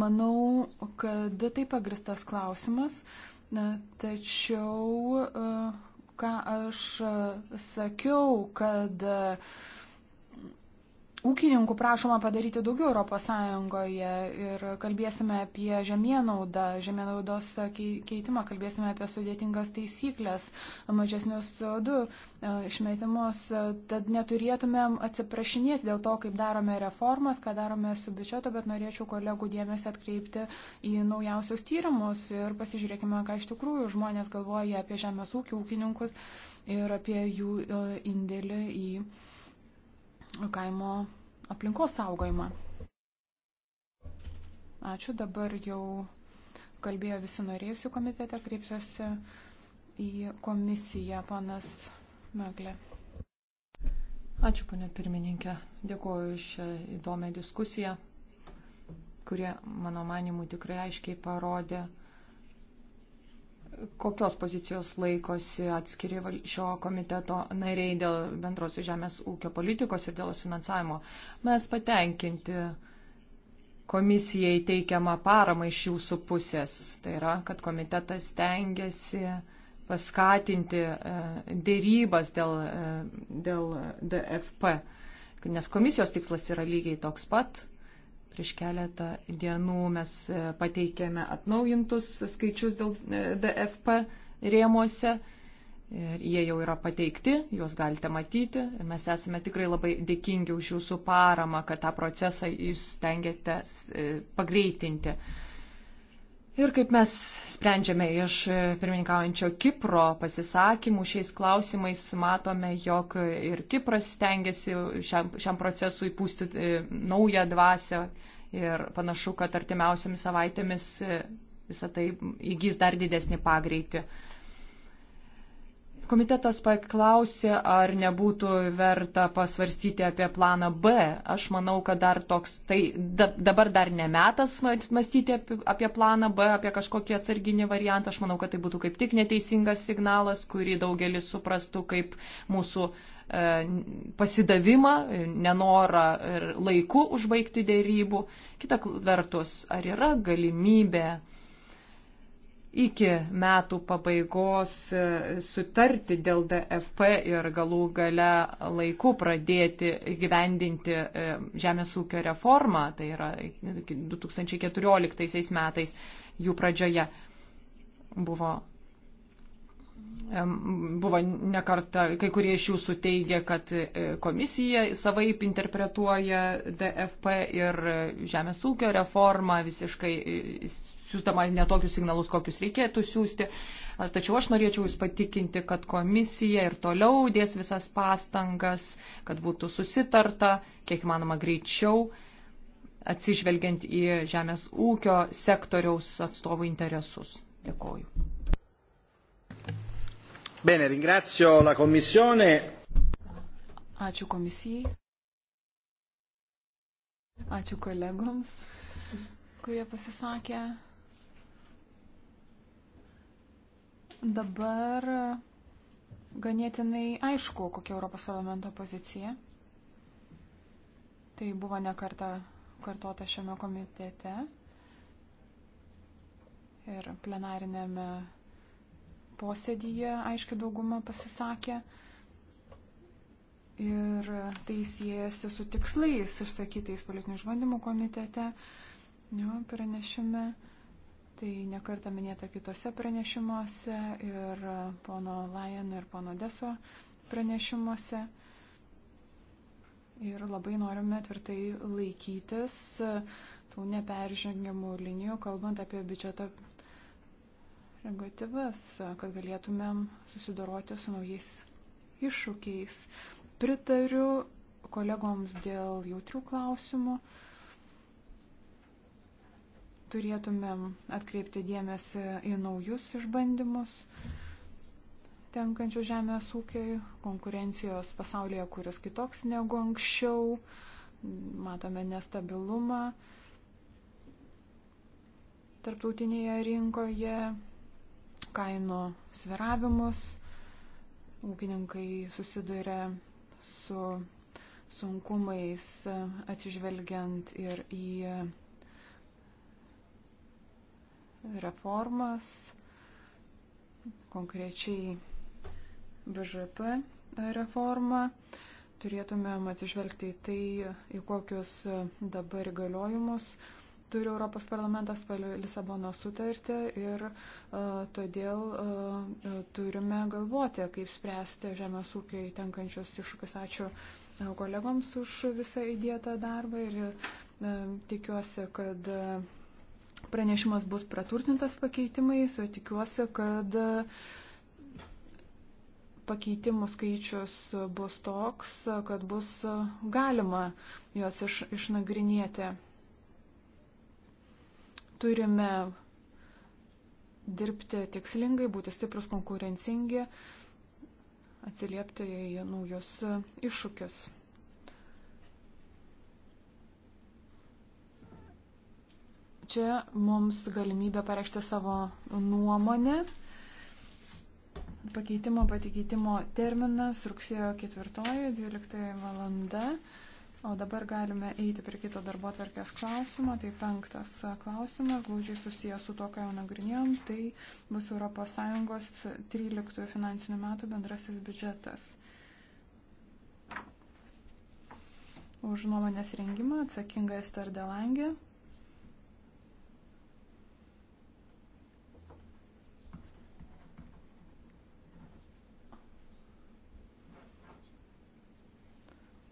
Manau, kad tai pagristas klausimas, tačiau e, ką aš sakiau, kad uh, ūkininkų prašoma padaryti daugiau ES ir kalbėsime apie žemėnaudą, žemėnaudos keitimą, kalbėsime apie sudėtingas taisyklės, mažesnius CO2 e, išmetimus. Tad neturėtumėm atsiprašinėti dėl to, kaip darome reformas, ką darome su biudžetu, bet norėčiau kolegų dėmesį atkreipti į naujausius tyrimus ir pasižiūrėkime, ką iš tikrųjų žmonės galvoja apie žemės ūkį, ūkininkus ir apie jų e, indėlį į kaimo aplinkos saugojimą. Ačiū, dabar jau kalbėjo visi norėjusių komitete, kreipsiuosi į komisiją, panas Meglė. Ačiū, ponė pirmininkė. Dėkuoju iš įdomią diskusiją, kurie, mano manimu, tikrai aiškiai parodė, kokios pozicijos laikosi atskiri šio komiteto nariai dėl bendrosios žemės ūkio politikos ir dėl jos finansavimo. Mes patenkinti komisijai teikiamą paramą iš jūsų pusės. Tai yra, kad komitetas tengiasi paskatinti e, dėrybas dėl, e, dėl DFP, nes komisijos tikslas yra lygiai toks pat Prieš keletą dienų mes e, pateikėme atnaujintus skaičius dėl e, DFP rėmuose. Ir jie jau yra pateikti, juos galite matyti. Ir mes esame tikrai labai dėkingi už jūsų paramą, kad tą procesą jūs stengiate pagreitinti ir kaip mes sprendžiame iš pirmininkaujančio Kipro pasisakymų šiais klausimais, matome, jog ir Kipras stengiasi šiam, šiam procesui pūsti e, naują dvasę ir panašu, kad artimiausiamis savaitėmis e, visą tai įgys dar didesnį pagreitį. Komitetas paklausė, ar nebūtų verta pasvarstyti apie planą B. Aš manau, kad dar toks, tai da, dabar dar nemetas mąstyti apie, apie planą B, apie kažkokį atsarginį variantą. Aš manau, kad tai būtų kaip tik neteisingas signalas, kurį daugelis suprastų kaip mūsų e, pasidavimą, nenorą ir laiku užbaigti dėrybų. Kita vertus, ar yra galimybė iki metų pabaigos e, sutarti dėl DFP ir galų gale laiku pradėti gyvendinti e, žemės ūkio reformą, tai yra 2014 metais jų pradžioje buvo. Buvo nekarta, kai kurie iš jūsų teigia, kad e, komisija savaip interpretuoja DFP ir žemės ūkio reformą visiškai siūstama netokius signalus, kokius reikėtų siūsti. Tačiau aš norėčiau Jūs patikinti, kad komisija ir toliau dės visas pastangas, kad būtų susitarta, kiek manoma greičiau, atsižvelgiant į žemės ūkio sektoriaus atstovų interesus. Dėkoju. Bene, ringrazio la Commissione. Ačiū komisijai. Ačiū kolegoms, kurie pasisakė. Dabar ganėtinai aišku, kokia Europos parlamento pozicija. Tai buvo nekarta kartuota šiame komitete ir plenarinėme posėdyje aiškiai dauguma pasisakė. Ir tai siejasi su tikslais išsakytais politinių išbandymų komitete, jo, pranešime. Tai nekarta minėta kitose pranešimuose ir pono Lajan ir pono Deso pranešimuose. Ir labai norime tvirtai laikytis tų neperžengiamų linijų, kalbant apie biudžeto negatyvas, kad galėtumėm susidoroti su naujais iššūkiais. Pritariu kolegoms dėl jautrių klausimų. Uh, turėtumėm atkreipti dėmesį į naujus išbandymus tenkančių žemės ūkiai, konkurencijos pasaulyje, kuris kitoks negu anksčiau, matome nestabilumą tarptautinėje rinkoje, kainų sviravimus, ūkininkai susiduria su sunkumais atsižvelgiant ir į reformas, konkrečiai BŽP reformą. Turėtumėm atsižvelgti į tai, į kokius dabar įgaliojimus turi Europos parlamentas Lisabono sutartį ir uh, todėl uh, turime galvoti, kaip spręsti žemės ūkio įtenkančius iššūkius. Ačiū uh, kolegoms už visą įdėtą darbą ir uh, tikiuosi, kad uh, pranešimas bus praturtintas pakeitimais, tikiuosi, kad pakeitimų skaičius bus toks, kad bus galima juos iš, išnagrinėti. Turime dirbti tikslingai, būti stiprus konkurencingi, atsiliepti į naujus iššūkius. čia mums galimybę pareikšti savo nuomonę. Pakeitimo patikeitimo terminas rugsėjo 4.12 valanda. O dabar galime eiti prie kito darbo atverkės klausimo. Tai penktas klausimas, glaudžiai susijęs su to, ką jau nagrinėjom. Tai bus ES 13 finansinių metų bendrasis biudžetas. Už nuomonės rengimą atsakinga Ester Delangė.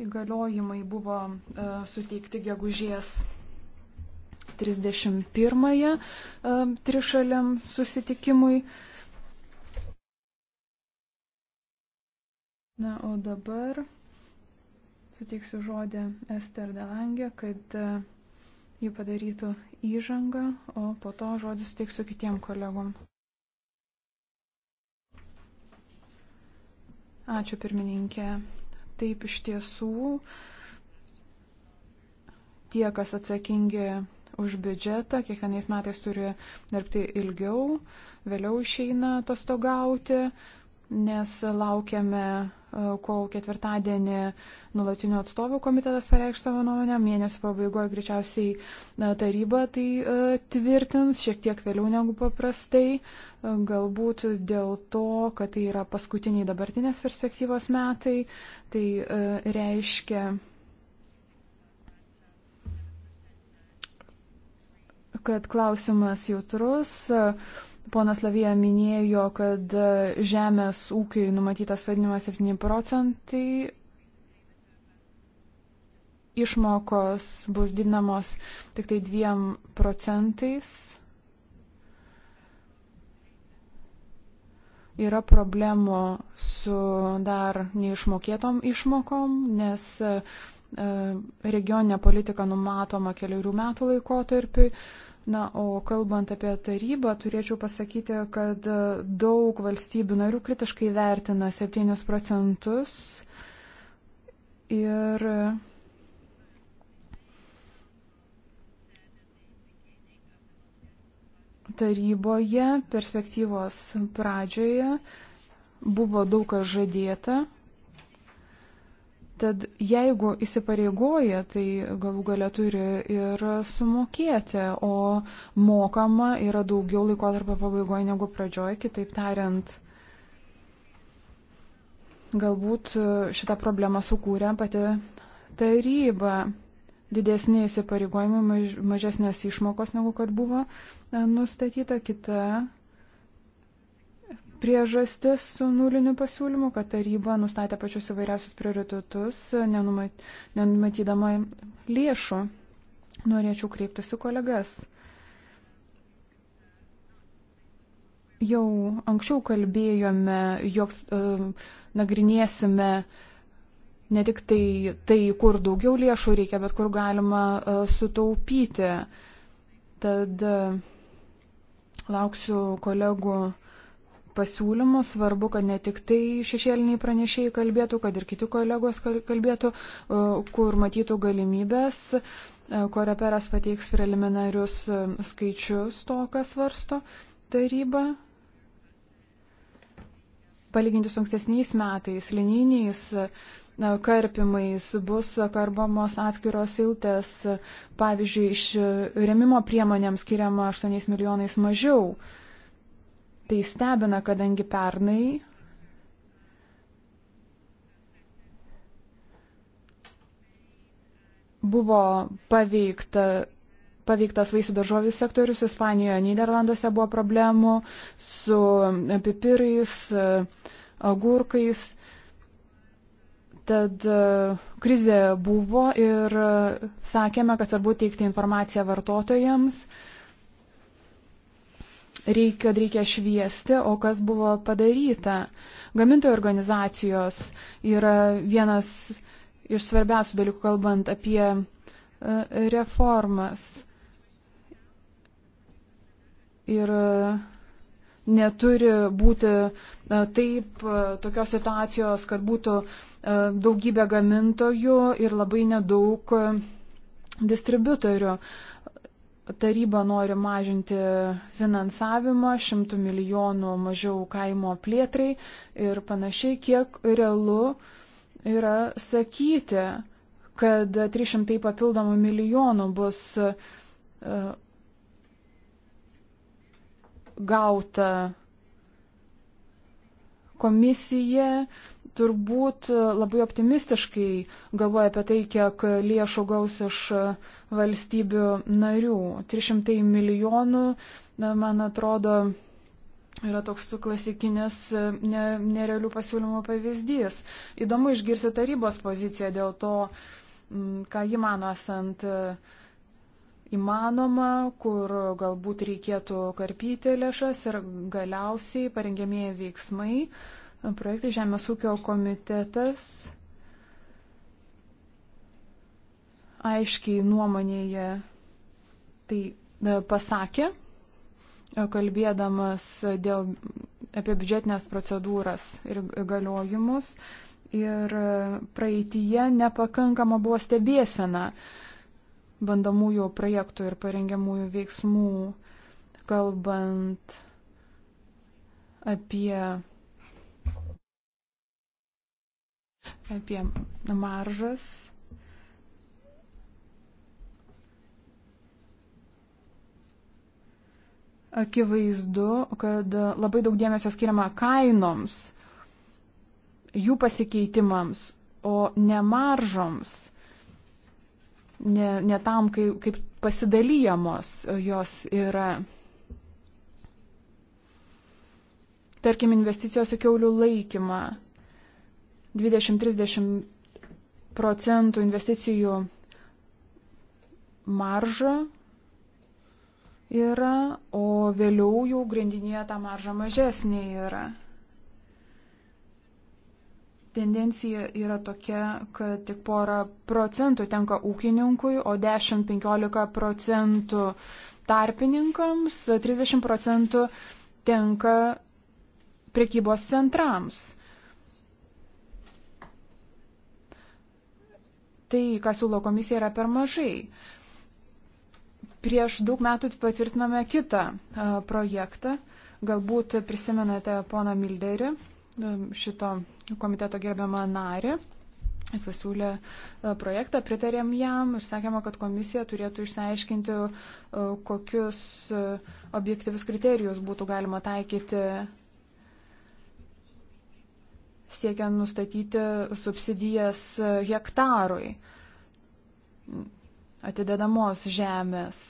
įgaliojimai buvo e, suteikti gegužės 31-ąją e, trišaliam susitikimui. Na, o dabar suteiksiu žodį Ester Delangė, kad e, ji padarytų įžangą, o po to žodį suteiksiu kitiem kolegom. Ačiū pirmininkė. Taip iš tiesų tie, kas atsakingi už biudžetą, kiekvienais metais turi dirbti ilgiau, vėliau išeina atostogauti, nes laukiame, e, kol ketvirtadienį nulatinių atstovų komitetas pareikš savo nuomonę, mėnesio pabaigoje greičiausiai e, taryba tai e, tvirtins šiek tiek vėliau negu paprastai, galbūt dėl to, kad tai yra paskutiniai dabartinės perspektyvos metai, Tai e, reiškia, kad klausimas jautrus. Ponas Lavija minėjo, kad žemės ūkiai numatytas vadinimas 7 procentai išmokos bus didinamos tik tai 2 procentais. yra problemų su dar neišmokėtom išmokom, nes e, regioninė politika numatoma keliarių metų laikotarpiui. Na, o kalbant apie tarybą, turėčiau pasakyti, kad e, daug valstybių narių kritiškai vertina 7 procentus ir taryboje perspektyvos pradžioje buvo daug kas žadėta. Tad jeigu įsipareigoja, tai galų gale turi ir sumokėti, o mokama yra daugiau laiko tarp pabaigoje negu pradžioje, kitaip tariant. Galbūt šitą problemą sukūrė pati taryba didesnė įsipareigojimai, maž, mažesnės išmokos negu kad buvo e, nustatyta. Kita priežastis su nuliniu pasiūlymu, kad taryba nustatė pačius įvairiausius prioritetus, e, nenumatydama lėšų. Norėčiau kreiptis į kolegas. Jau anksčiau kalbėjome, jog uh, nagrinėsime uh, ne tik tai, tai, kur daugiau lėšų reikia, bet kur galima e, sutaupyti. Tad e, lauksiu kolegų pasiūlymų, svarbu, kad ne tik tai šešėliniai pranešėjai kalbėtų, kad ir kiti kolegos kalbėtų, e, kur matytų galimybės. Koreperas pateiks preliminarius skaičius to, kas svarsto taryba. Palyginti su ankstesniais metais, linijiniais karpimais, bus karbamos atskiros eilutės, pavyzdžiui, iš remimo priemonėms skiriama 8 milijonais mažiau. Tai stebina, kadangi pernai buvo paveikta, paveiktas vaisių daržovių sektorius, Ispanijoje, Niderlanduose buvo problemų su pipirais, agurkais Tad e, krizė buvo ir e, sakėme, kad svarbu teikti informaciją vartotojams, reikia, reikia šviesti, o kas buvo padaryta. Gamintojų organizacijos yra vienas iš svarbiausių dalykų, kalbant apie e, reformas. Ir uh, neturi būti e, taip e, tokios situacijos, kad būtų e, daugybė gamintojų ir labai nedaug distributorių. Taryba nori mažinti finansavimą, šimtų milijonų mažiau kaimo plėtrai ir panašiai, kiek realu yra sakyti, kad 300 papildomų milijonų bus gauta komisija turbūt labai optimistiškai galvoja apie tai, kiek lėšų gaus iš valstybių narių. 300 milijonų, man atrodo, yra toks klasikinis ne, nerealių pasiūlymų pavyzdys. Įdomu išgirsti tarybos poziciją dėl to, ką ji mano esant uh, įmanoma, kur galbūt reikėtų karpyti lėšas ir galiausiai parengėmėjai veiksmai. Projektai Žemės ūkio komitetas aiškiai nuomonėje tai e, pasakė, e, kalbėdamas dėl, apie biudžetinės procedūras ir galiojimus. Ir e, praeitįje nepakankama buvo stebėsena. Uh, bandamųjų projektų ir parengiamųjų veiksmų, kalbant apie, apie maržas. Akivaizdu, kad labai daug dėmesio skiriama kainoms, jų pasikeitimams, o ne maržoms ne, ne tam, kai, kaip pasidalyjamos jos yra. Tarkim, investicijos į keulių laikymą. 20-30 procentų investicijų marža yra, o vėliau jau grindinėje ta marža mažesnė yra. Tendencija yra tokia, kad tik porą procentų tenka ūkininkui, o 10-15 procentų tarpininkams, 30 procentų tenka prekybos centrams. Tai, ką siūlo komisija, yra per mažai. Prieš daug metų patvirtiname kitą projektą. Galbūt prisimenate poną Milderį šito komiteto gerbiamą narį. Jis pasiūlė e, projektą, pritarėm jam ir sakėme, kad komisija turėtų išsiaiškinti, e, kokius e, objektyvius kriterijus būtų galima taikyti siekiant nustatyti subsidijas hektarui atidedamos žemės.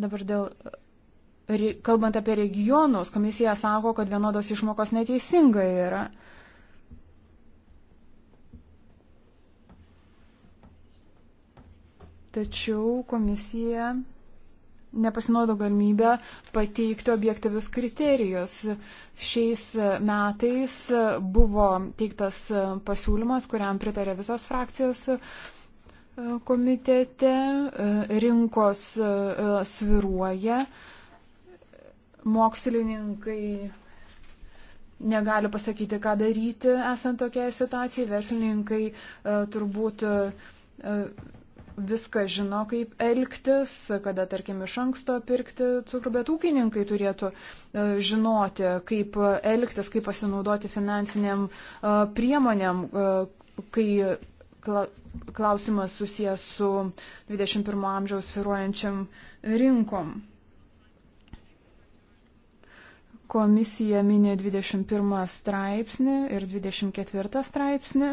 Dabar dėl kalbant apie regionus, komisija sako, kad vienodos išmokos neteisinga yra. Tačiau komisija nepasinaudo galimybę pateikti objektyvius kriterijus. Šiais metais buvo teiktas pasiūlymas, kuriam pritarė visos frakcijos komitete, rinkos sviruoja mokslininkai negali pasakyti, ką daryti esant tokiai situacijai, verslininkai e, turbūt e, e, viską žino, kaip elgtis, kada, tarkim, iš anksto pirkti cukrų, bet ūkininkai turėtų žinoti, kaip elgtis, kaip pasinaudoti finansiniam priemonėm, kai klausimas susijęs su 21 amžiaus firuojančiam rinkom. Komisija minė 21 straipsnį ir 24 straipsnį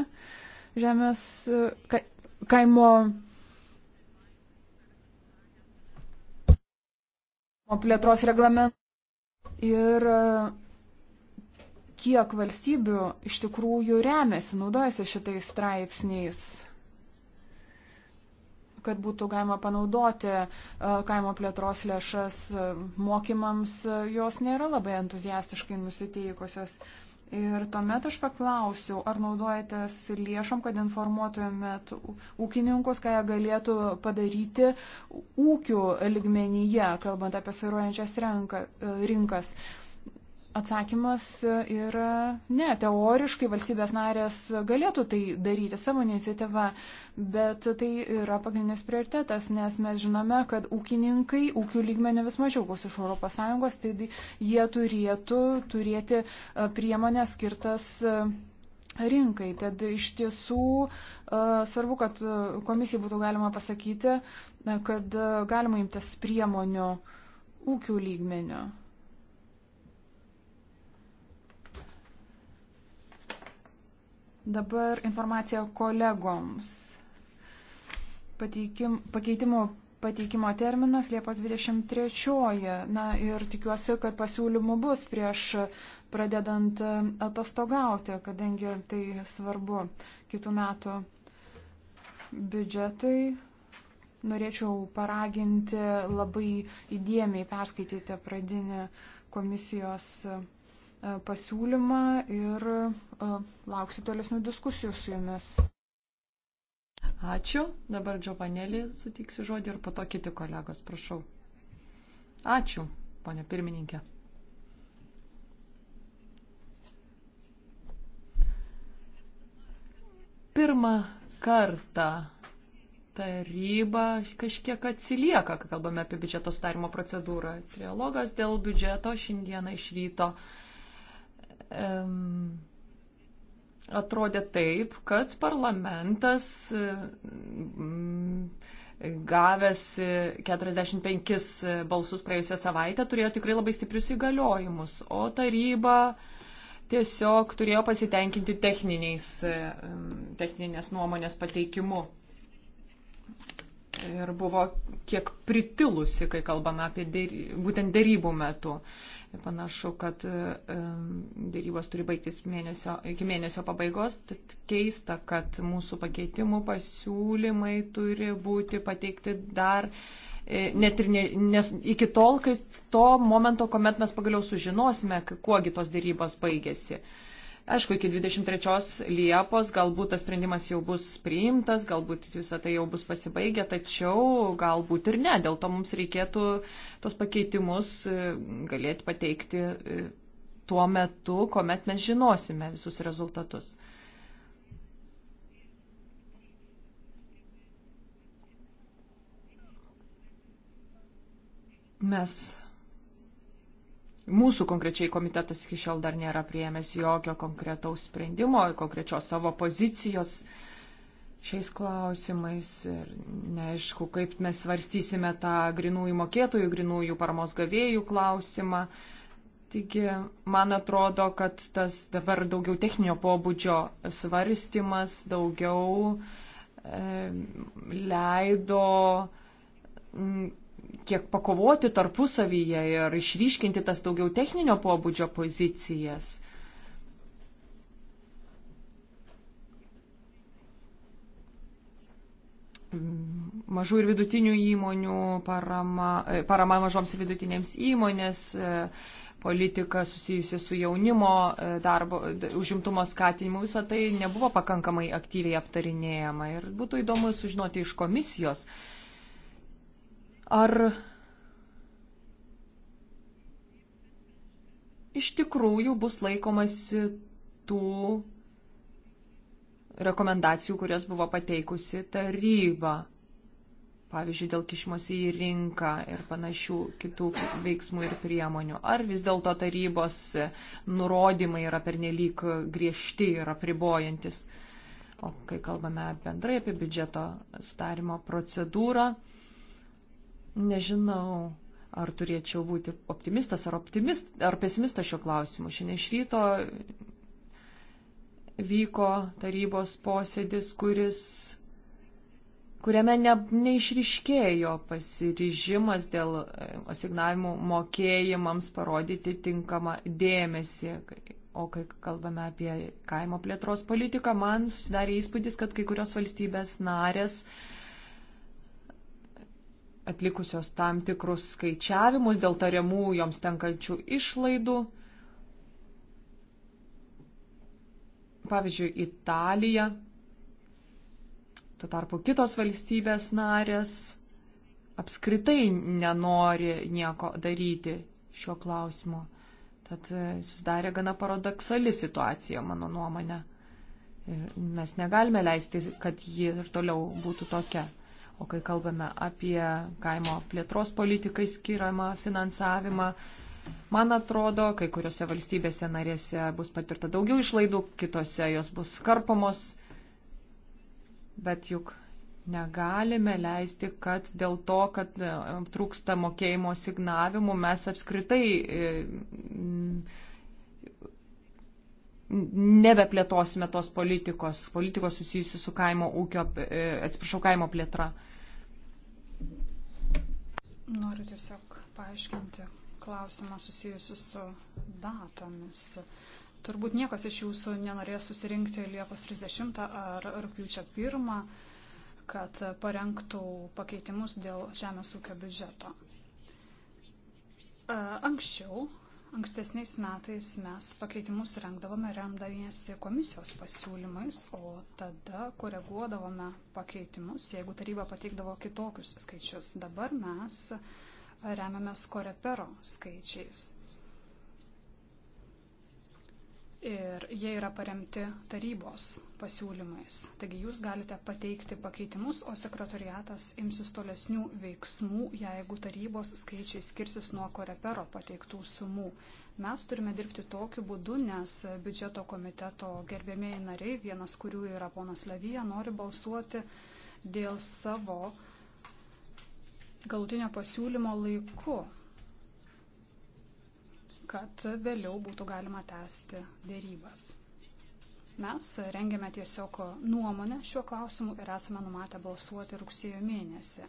žemės ka, kaimo plėtros reglamentą. Ir kiek valstybių iš tikrųjų remiasi, naudojasi šitais straipsniais kad būtų galima panaudoti e, kaimo plėtros lėšas e, mokymams, e, jos nėra labai entuziastiškai nusiteikusios. Ir tuomet aš paklausiau, ar naudojatės lėšom, kad informuotumėt ūkininkus, ką jie galėtų padaryti ūkių ligmenyje, kalbant apie sviruojančias rinkas. Atsakymas yra ne, teoriškai valstybės narės galėtų tai daryti savo iniciatyvą, bet tai yra pagrindinis prioritetas, nes mes žinome, kad ūkininkai ūkių lygmenį vis mažiau gaus iš ES, tai jie turėtų turėti e, priemonę skirtas e, rinkai. Tad iš tiesų e, svarbu, kad komisijai būtų galima pasakyti, kad galima imtis priemonių ūkių lygmenio. Dabar informacija kolegoms. Pateikim, pakeitimo pateikimo terminas Liepos 23. Na ir tikiuosi, kad pasiūlymų bus prieš pradedant e, atostogauti, kadangi tai svarbu kitų metų biudžetui. Norėčiau paraginti labai įdėmiai perskaityti pradinį komisijos E, pasiūlymą ir e, lauksiu tolesnių diskusijų su jumis. Ačiū. Dabar Džiovanėlį sutiksiu žodį ir po to kiti kolegos, prašau. Ačiū, ponė pirmininkė. Pirmą kartą taryba kažkiek atsilieka, kai kalbame apie biudžeto sudarimo procedūrą. Trialogas dėl biudžeto šiandieną iš ryto uh, um, atrodė taip, kad parlamentas um, gavęs 45 balsus praėjusią savaitę turėjo tikrai labai stiprius įgaliojimus, o taryba tiesiog turėjo pasitenkinti techninės nuomonės pateikimu. Ir buvo kiek pritilusi, kai kalbame apie dėry, būtent dėrybų metu. Uh, Ir panašu, kad e, dėrybos turi baigtis mėnesio, iki mėnesio pabaigos. Tad keista, kad mūsų pakeitimų pasiūlymai turi būti pateikti dar e, net ir ne, nes iki tol, kai to momento, kuomet mes pagaliau sužinosime, kuogi tos dėrybos baigėsi. Uh, Aišku, iki 23 Liepos galbūt tas sprendimas jau bus priimtas, galbūt visą tai jau bus pasibaigę, tačiau galbūt ir ne. Dėl to mums reikėtų tos pakeitimus e, galėti pateikti e, tuo metu, kuomet mes žinosime visus rezultatus. Mes Mūsų konkrečiai komitetas iki šiol dar nėra prieėmęs jokio konkretaus sprendimo, konkrečios savo pozicijos šiais klausimais ir neaišku, kaip mes svarstysime tą grinųjų mokėtojų, grinųjų paramos gavėjų klausimą. Taigi, man atrodo, kad tas dabar daugiau techninio pobūdžio svarstymas daugiau e, leido m, kiek pakovoti tarpusavyje ir išryškinti tas daugiau techninio pobūdžio pozicijas. mažų ir vidutinių įmonių, parama, e, parama mažoms ir vidutinėms įmonės, e, politika susijusi su jaunimo e, darbo, užimtumo skatinimu, visa tai nebuvo pakankamai aktyviai aptarinėjama. Ir būtų įdomu sužinoti iš komisijos, ar iš tikrųjų bus laikomasi tų rekomendacijų, kurias buvo pateikusi taryba. Pavyzdžiui, dėl kišimosi į rinką ir panašių kitų veiksmų ir priemonių. Ar vis dėlto tarybos nurodymai yra pernelyg griežti ir apribojantis. O kai kalbame bendrai apie biudžeto sudarimo procedūrą, Nežinau, ar turėčiau būti optimistas ar, optimist, ar pesimistas šiuo klausimu. Šiandien iš ryto vyko tarybos posėdis, kuris, kuriame ne, neišriškėjo pasiryžimas dėl e, asignavimų mokėjimams parodyti tinkamą dėmesį. O kai kalbame apie kaimo plėtros politiką, man susidarė įspūdis, kad kai kurios valstybės narės uh, atlikusios tam tikrus skaičiavimus dėl tariamų joms tenkančių išlaidų. Pavyzdžiui, Italija, tuo tarpu kitos valstybės narės apskritai nenori nieko daryti šiuo klausimu. Tad e, susidarė gana paradoksali situacija, mano nuomonė. Ir mes negalime leisti, kad ji ir toliau būtų tokia. O kai kalbame apie kaimo plėtros politikai skiriamą finansavimą, man atrodo, kai kuriuose valstybėse narėse bus patirta daugiau išlaidų, kitose jos bus karpomos. Bet juk negalime leisti, kad dėl to, kad e, trūksta mokėjimo signavimų, mes apskritai. E, nebeplėtosime tos politikos, politikos susijusių su kaimo ūkio, e, atsiprašau, kaimo plėtra. Noriu tiesiog paaiškinti klausimą susijusiu su datomis. Turbūt niekas iš jūsų nenorės susirinkti Liepos 30 ar rūpiučio 1, kad parengtų pakeitimus dėl žemės ūkio biudžeto. Anksčiau Ankstesniais metais mes pakeitimus rengdavome remdamiesi komisijos pasiūlymais, o tada koreguodavome pakeitimus, jeigu taryba pateikdavo kitokius skaičius. Dabar mes remiamės korepero skaičiais ir jie yra paremti tarybos pasiūlymais. Taigi jūs galite pateikti pakeitimus, o sekretariatas imsis tolesnių veiksmų, jeigu tarybos skaičiai skirsis nuo korepero pateiktų sumų. Mes turime dirbti tokiu būdu, nes biudžeto komiteto gerbėmėjai nariai, vienas kurių yra ponas Levyja, nori balsuoti dėl savo galutinio pasiūlymo laiku kad vėliau būtų galima tęsti dėrybas. Mes rengiame tiesiog nuomonę šiuo klausimu ir esame numatę balsuoti rugsėjo mėnesį.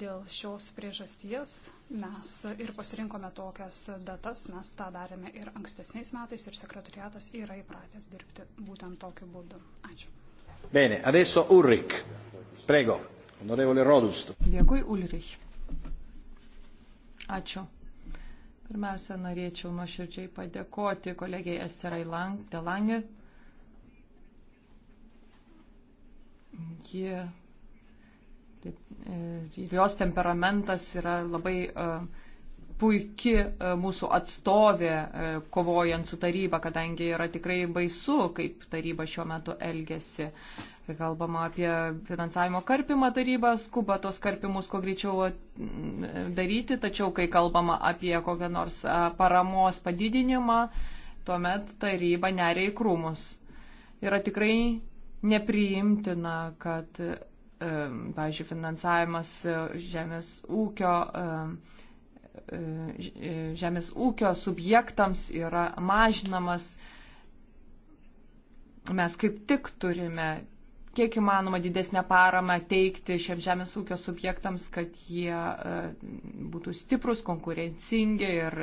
Dėl šios priežasties mes ir pasirinkome tokias datas, mes tą darėme ir ankstesniais metais ir sekretariatas yra įpratęs dirbti būtent tokiu būdu. Ačiū. Bene, adesso Ulrich. Prego, onorevole Rodust. Dėkui, Ulrich. Ačiū. Pirmiausia, norėčiau nuoširdžiai padėkoti kolegijai Esterai Delangė. Ji, taip, e, jos temperamentas yra labai uh, puikia e, mūsų atstovė e, kovojant su taryba, kadangi yra tikrai baisu, kaip taryba šiuo metu elgesi. Kalbama apie finansavimo karpimą tarybą, skuba tos karpimus kuo greičiau daryti, tačiau kai kalbama apie kokią nors e, paramos padidinimą, tuomet taryba neria į krūmus. Yra tikrai nepriimtina, kad, pavyzdžiui, finansavimas žemės ūkio E, e, žemės ūkio subjektams yra mažinamas. Mes kaip tik turime kiek įmanoma didesnę paramą teikti šiems žemės ūkio subjektams, kad jie e, būtų stiprus, konkurencingi ir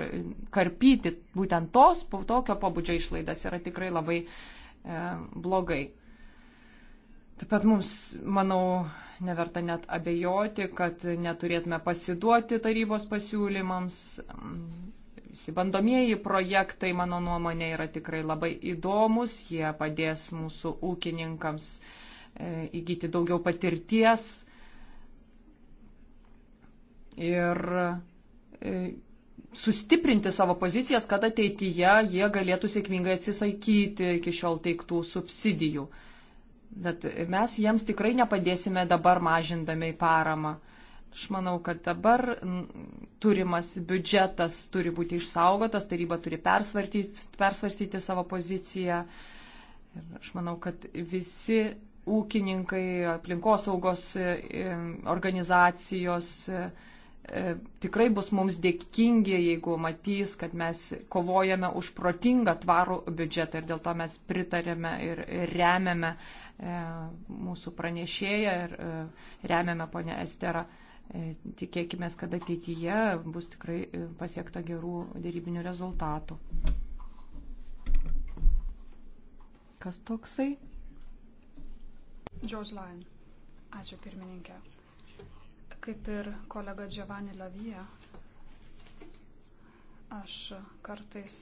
karpyti būtent tos, tokio pobūdžio išlaidas yra tikrai labai blogai. Taip pat mums, manau, neverta net abejoti, kad neturėtume pasiduoti tarybos pasiūlymams. Visi bandomieji projektai, mano nuomonė, yra tikrai labai įdomus. Jie padės mūsų ūkininkams e, įgyti daugiau patirties. Ir e, sustiprinti savo pozicijas, kad ateityje jie galėtų sėkmingai atsisakyti iki šiol teiktų subsidijų. Bet mes jiems tikrai nepadėsime dabar mažindami paramą. Aš manau, kad dabar turimas biudžetas turi būti išsaugotas, taryba turi persvartyti, persvartyti savo poziciją. Ir aš manau, kad visi ūkininkai, aplinkosaugos e, organizacijos e, e, tikrai bus mums dėkingi, jeigu matys, kad mes kovojame už protingą tvarų biudžetą ir dėl to mes pritarėme ir remiame E, mūsų pranešėją ir e, remiame ponę Esterą. E, tikėkime, kad ateityje bus tikrai pasiekta gerų dėrybinių rezultatų. Kas toksai? George Lyon. Ačiū pirmininkė. Kaip ir kolega Giovanni Lavija, aš kartais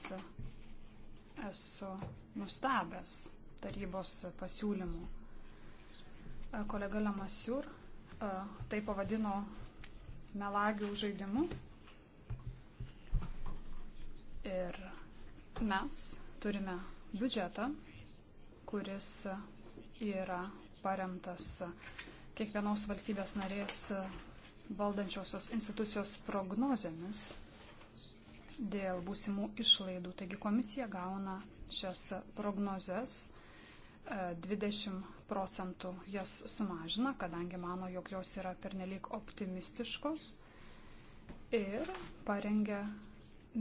esu nustebęs tarybos pasiūlymų. E, kolega Lemasiur e, tai pavadino melagių žaidimu. Ir mes turime biudžetą, kuris yra paremtas kiekvienos valstybės narės valdančiosios institucijos prognozėmis dėl būsimų išlaidų. Taigi komisija gauna šias prognozes 20 e, procentų jas sumažina, kadangi mano, jog jos yra pernelyg optimistiškos ir parengia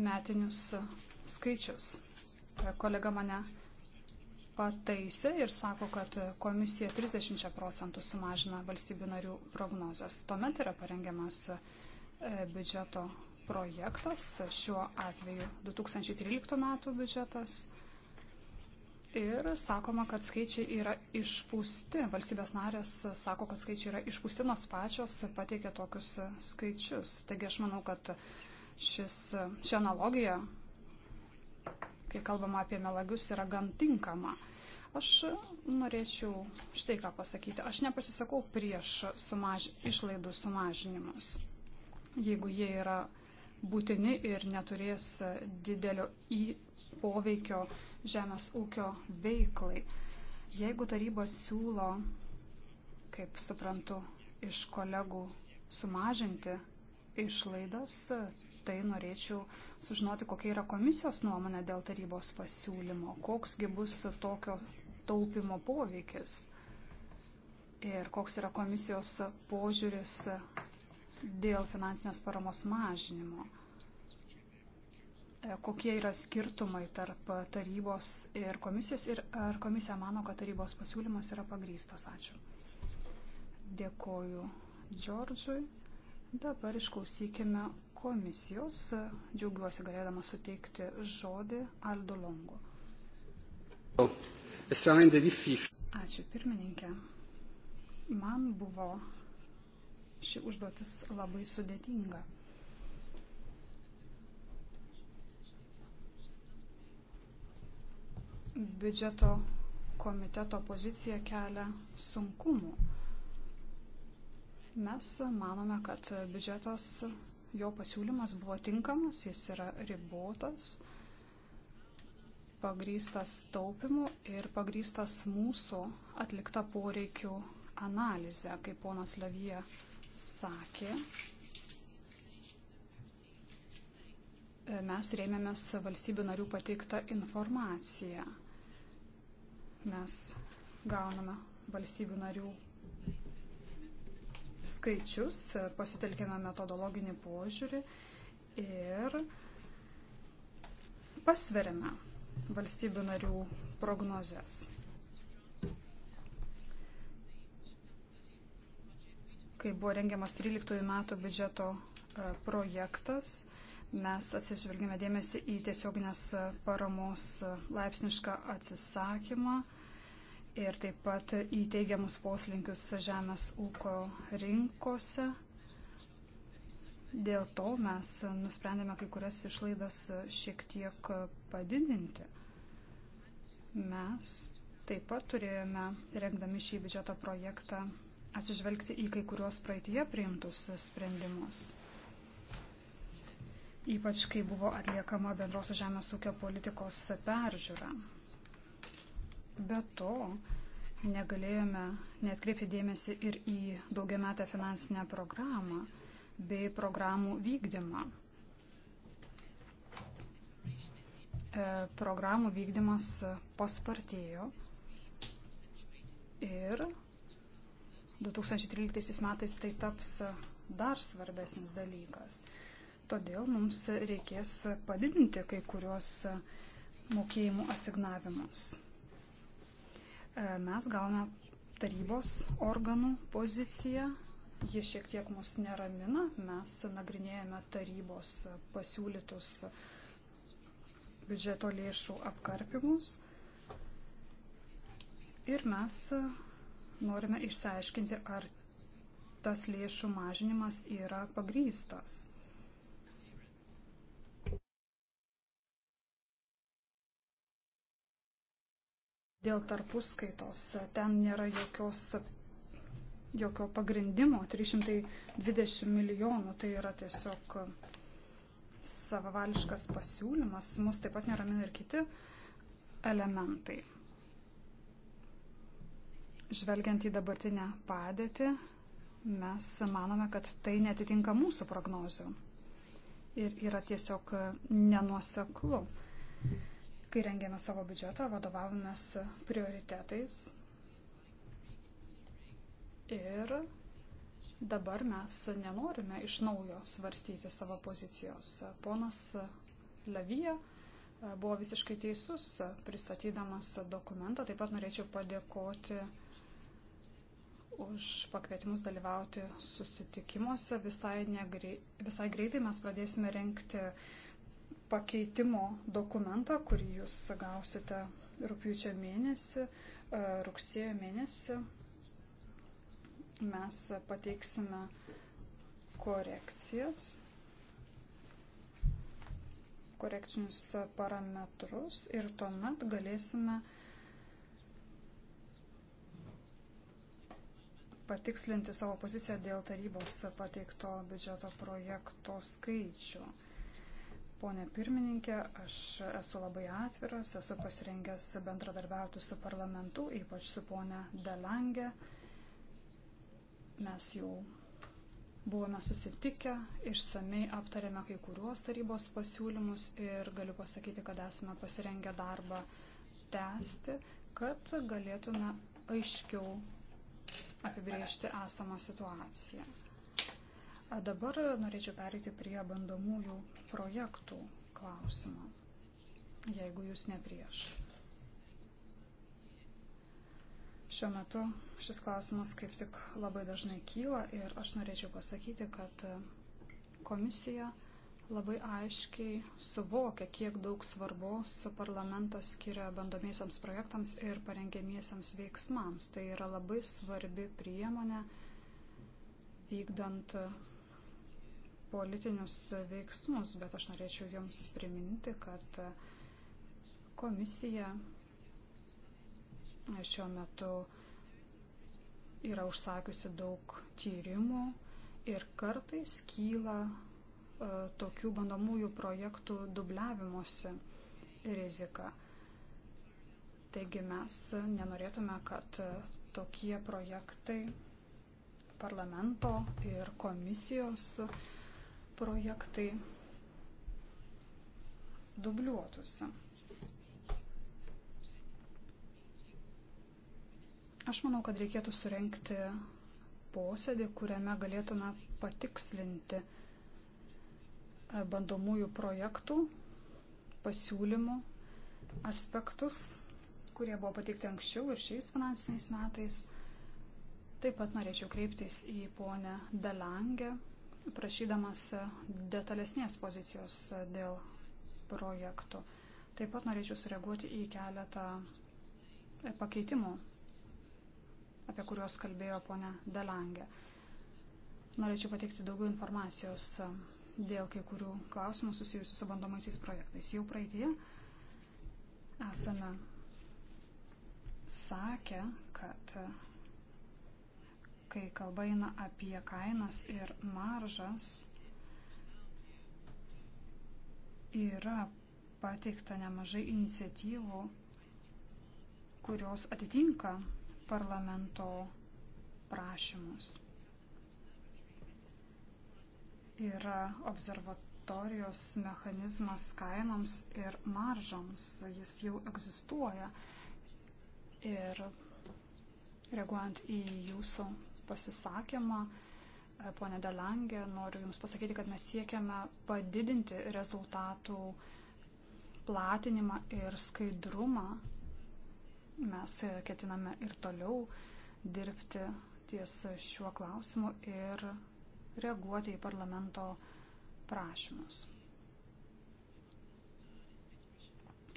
metinius skaičius. E, kolega mane pataisė ir sako, kad komisija 30 procentų sumažina valstybių narių prognozes. Tuomet yra parengiamas e, biudžeto projektas, šiuo atveju 2013 metų biudžetas ir sakoma, kad skaičiai yra išpūsti. Valstybės narės sako, kad skaičiai yra išpūsti, nors pačios pateikia tokius skaičius. Taigi aš manau, kad šis, ši analogija, kai kalbama apie melagius, yra gan tinkama. Aš norėčiau štai ką pasakyti. Aš nepasisakau prieš sumaž... išlaidų sumažinimus. Jeigu jie yra būtini ir neturės didelio į poveikio žemės ūkio veiklai. Jeigu taryba siūlo, kaip suprantu, iš kolegų sumažinti išlaidas, tai norėčiau sužinoti, kokia yra komisijos nuomonė dėl tarybos pasiūlymo, koksgi bus tokio taupimo poveikis ir koks yra komisijos požiūris dėl finansinės paramos mažinimo. E, kokie yra skirtumai tarp tarybos ir komisijos ir ar komisija mano, kad tarybos pasiūlymas yra pagrystas. Ačiū. Dėkoju Džordžui. Dabar išklausykime komisijos. Džiaugiuosi galėdama suteikti žodį Aldo Longo. Ačiū pirmininkė. Man buvo ši užduotis labai sudėtinga. biudžeto komiteto pozicija kelia sunkumų. Mes manome, kad biudžetas, jo pasiūlymas buvo tinkamas, jis yra ribotas, pagrystas taupimu ir pagrystas mūsų atlikta poreikių analizė, kaip ponas Levyje sakė. Mes rėmėmės valstybių narių pateiktą informaciją mes gauname valstybių narių skaičius, pasitelkėme metodologinį požiūrį ir pasveriame valstybių narių prognozes. Kai buvo rengiamas 13 metų biudžeto e, projektas, mes atsižvelgėme dėmesį į tiesioginės paramos laipsnišką atsisakymą ir taip pat į teigiamus poslinkius žemės ūkio rinkose. Dėl to mes nusprendėme kai kurias išlaidas šiek tiek padidinti. Mes taip pat turėjome, rengdami šį biudžeto projektą, atsižvelgti į kai kuriuos praeitie priimtus sprendimus ypač kai buvo atliekama bendrosios žemės ūkio politikos peržiūra. Be to, negalėjome netkreipti dėmesį ir į daugiametę finansinę programą bei programų vykdymą. E, programų vykdymas paspartėjo ir 2013 metais tai taps dar svarbesnis dalykas todėl mums reikės padidinti kai kuriuos mokėjimų asignavimus. E, mes gavome tarybos organų poziciją, ji šiek tiek mus neramina, mes nagrinėjame tarybos pasiūlytus biudžeto lėšų apkarpimus ir mes norime išsiaiškinti, ar tas lėšų mažinimas yra pagrystas. dėl tarpuskaitos. Ten nėra jokios, jokio pagrindimo. 320 milijonų tai yra tiesiog savavališkas pasiūlymas. Mus taip pat neramina ir kiti elementai. Žvelgiant į dabartinę padėtį, mes manome, kad tai netitinka mūsų prognozių ir yra tiesiog nenuoseklu. Mm Kai rengėme savo biudžetą, vadovavomės prioritetais. Ir dabar mes nenorime iš naujo svarstyti savo pozicijos. Ponas Levija e, buvo visiškai teisus pristatydamas dokumentą. Taip pat norėčiau padėkoti už pakvietimus dalyvauti susitikimuose. Visai, negrei, visai greitai mes pradėsime renkti uh, pakeitimo dokumentą, kurį jūs gausite rūpjūčio mėnesį, e, rugsėjo mėnesį. Mes pateiksime korekcijas, korekcinius parametrus ir tuomet galėsime patikslinti savo poziciją dėl tarybos pateikto biudžeto projekto skaičių. Pone pirmininkė, aš esu labai atviras, esu pasirengęs bendradarbiauti su parlamentu, ypač su ponia Delange. Mes jau buvome susitikę, išsamei aptarėme kai kuriuos tarybos pasiūlymus ir galiu pasakyti, kad esame pasirengę darbą tęsti, kad galėtume aiškiau apibriežti esamą situaciją. Dabar norėčiau pereiti prie bandomųjų projektų klausimo, jeigu jūs ne prieš. Šiuo metu šis klausimas kaip tik labai dažnai kyla ir aš norėčiau pasakyti, kad komisija labai aiškiai suvokia, kiek daug svarbos parlamentas skiria bandomiesiams projektams ir parengiamiesiams veiksmams. Tai yra labai svarbi priemonė vykdant politinius veiksmus, bet aš norėčiau Jums priminti, kad komisija šiuo metu yra užsakiusi daug tyrimų ir kartais kyla e, tokių bandomųjų projektų dubliavimuose rizika. Taigi mes nenorėtume, kad tokie projektai parlamento ir komisijos uh, projektai dubliuotųsi. Aš manau, kad reikėtų surenkti posėdį, kuriame galėtume patikslinti e, bandomųjų projektų, pasiūlymų, aspektus, kurie buvo pateikti anksčiau ir šiais finansiniais metais. Taip pat norėčiau kreiptis į ponę Delangę prašydamas detalesnės pozicijos dėl projektų. Taip pat norėčiau sureaguoti į keletą pakeitimų, apie kuriuos kalbėjo ponia Delangė. Norėčiau pateikti daugiau informacijos dėl kai kurių klausimų susijusių su bandomaisiais projektais. Jau praeitie esame sakę, kad kai kalba eina apie kainas ir maržas, yra pateikta nemažai iniciatyvų, kurios atitinka parlamento prašymus. Yra observatorijos mechanizmas kainoms ir maržoms, jis jau egzistuoja. Ir reaguojant į jūsų pasisakymą. E, Pone Delangė, noriu Jums pasakyti, kad mes siekiame padidinti rezultatų platinimą ir skaidrumą. Mes e, ketiname ir toliau dirbti ties šiuo klausimu ir reaguoti į parlamento prašymus.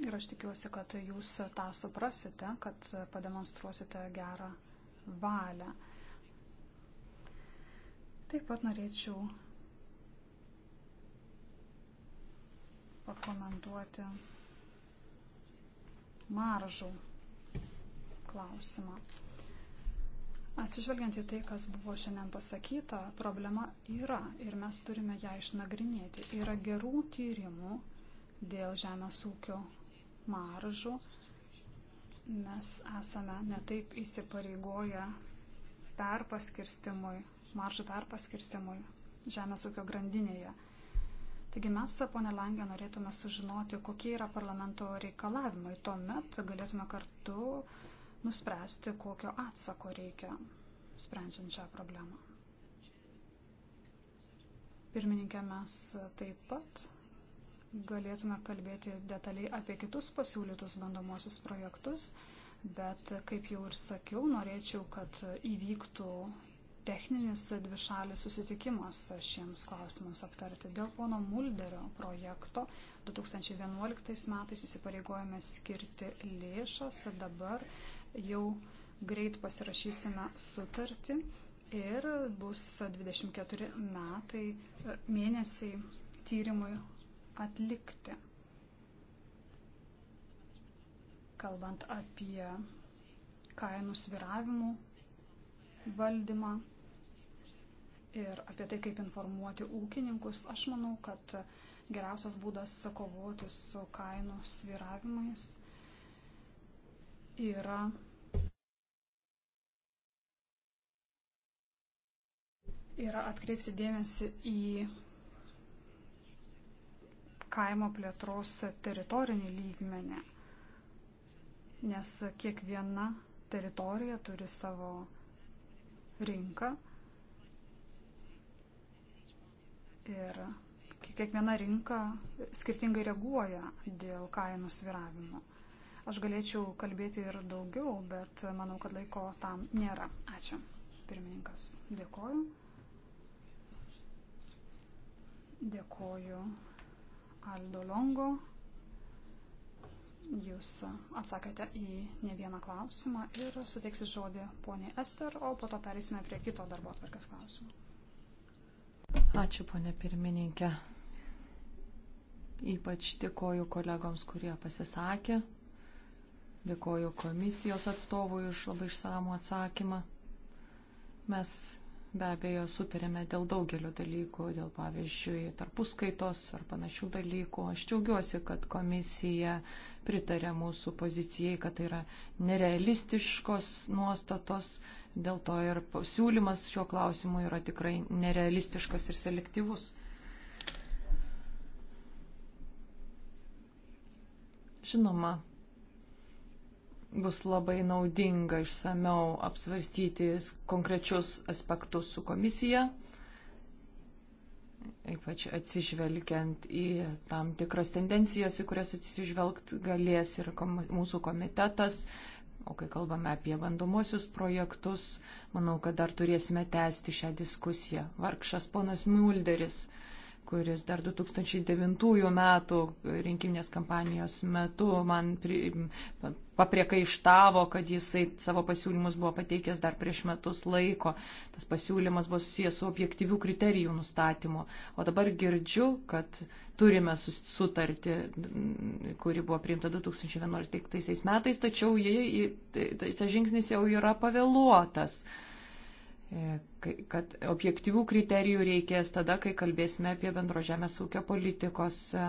Ir aš tikiuosi, kad jūs tą suprasite, kad pademonstruosite gerą valią. Taip pat norėčiau pakomentuoti maržų klausimą. Atsižvelgiant į tai, kas buvo šiandien pasakyta, problema yra ir mes turime ją išnagrinėti. Yra gerų tyrimų dėl žemės ūkio maržų. Mes esame netaip įsipareigoję perpaskirstimui maržų perpaskirstimui žemės ūkio grandinėje. Taigi mes, ponė Langė, norėtume sužinoti, kokie yra parlamento reikalavimai. Tuomet galėtume kartu nuspręsti, kokio atsako reikia sprendžiant šią problemą. Pirmininkė, mes taip pat galėtume kalbėti detaliai apie kitus pasiūlytus bandomosius projektus, bet, kaip jau ir sakiau, norėčiau, kad įvyktų techninis dvišalis susitikimas šiems klausimams aptarti. Dėl pono Mulderio projekto 2011 metais įsipareigojame skirti lėšas ir dabar jau greit pasirašysime sutartį ir bus 24 metai, e, mėnesiai tyrimui atlikti. Kalbant apie kainų sviravimų valdymą ir apie tai, kaip informuoti ūkininkus. Aš manau, kad geriausias būdas kovoti su kainų sviravimais yra yra atkreipti dėmesį į kaimo plėtros teritorinį lygmenį, nes kiekviena teritorija turi savo rinką. Ir kiekviena rinka skirtingai reaguoja dėl kainų sviravimo. Aš galėčiau kalbėti ir daugiau, bet manau, kad laiko tam nėra. Ačiū. Pirmininkas, dėkoju. Dėkoju Aldo Longo. Jūs atsakėte į ne vieną klausimą ir suteiksiu žodį poniai Ester, o po to perėsime prie kito darbo atvarkės klausimų. Ačiū, ponė pirmininkė. Ypač dėkoju kolegoms, kurie pasisakė. Dėkoju komisijos atstovui už labai išsamų atsakymą. Mes be abejo sutarėme dėl daugelio dalykų, dėl pavyzdžiui tarpuskaitos ar panašių dalykų. Aš džiaugiuosi, kad komisija pritarė mūsų pozicijai, kad tai yra nerealistiškos nuostatos, dėl to ir siūlymas šiuo klausimu yra tikrai nerealistiškas ir selektyvus. Žinoma, bus labai naudinga išsameu apsvarstyti konkrečius aspektus su komisija, ypač atsižvelgiant į tam tikras tendencijas, į kurias atsižvelgt galės ir kom mūsų komitetas. O kai kalbame apie bandomuosius projektus, manau, kad dar turėsime tęsti šią diskusiją. Varkšas ponas Mulderis. Uh, kuris dar 2009 metų rinkiminės kampanijos metu man pri, papriekaištavo, kad jisai savo pasiūlymus buvo pateikęs dar prieš metus laiko. Tas pasiūlymas buvo susijęs su objektyvių kriterijų nustatymu. O dabar girdžiu, kad turime sutartį, kuri buvo priimta 2011 metais, tačiau tas žingsnis jau yra pavėluotas. E, kad objektyvių kriterijų reikės tada, kai kalbėsime apie bendro žemės ūkio politikos e,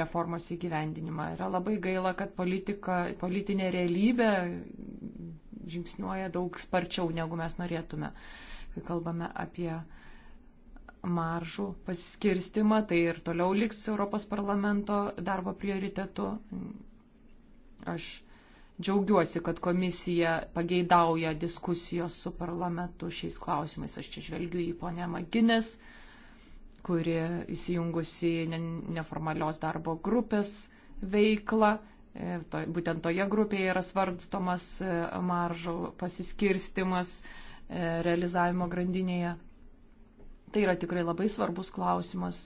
reformos įgyvendinimą. Yra labai gaila, kad politika, politinė realybė žingsniuoja daug sparčiau, negu mes norėtume. Kai kalbame apie maržų pasiskirstimą, tai ir toliau liks Europos parlamento darbo prioritetu. Aš Džiaugiuosi, kad komisija pageidauja diskusijos su parlamentu šiais klausimais. Aš čia žvelgiu į ponę Maginės, kuri įsijungusi neformalios darbo grupės veiklą. E, būtent toje grupėje yra svarstomas e, maržų pasiskirstimas e, realizavimo grandinėje. Tai yra tikrai labai svarbus klausimas.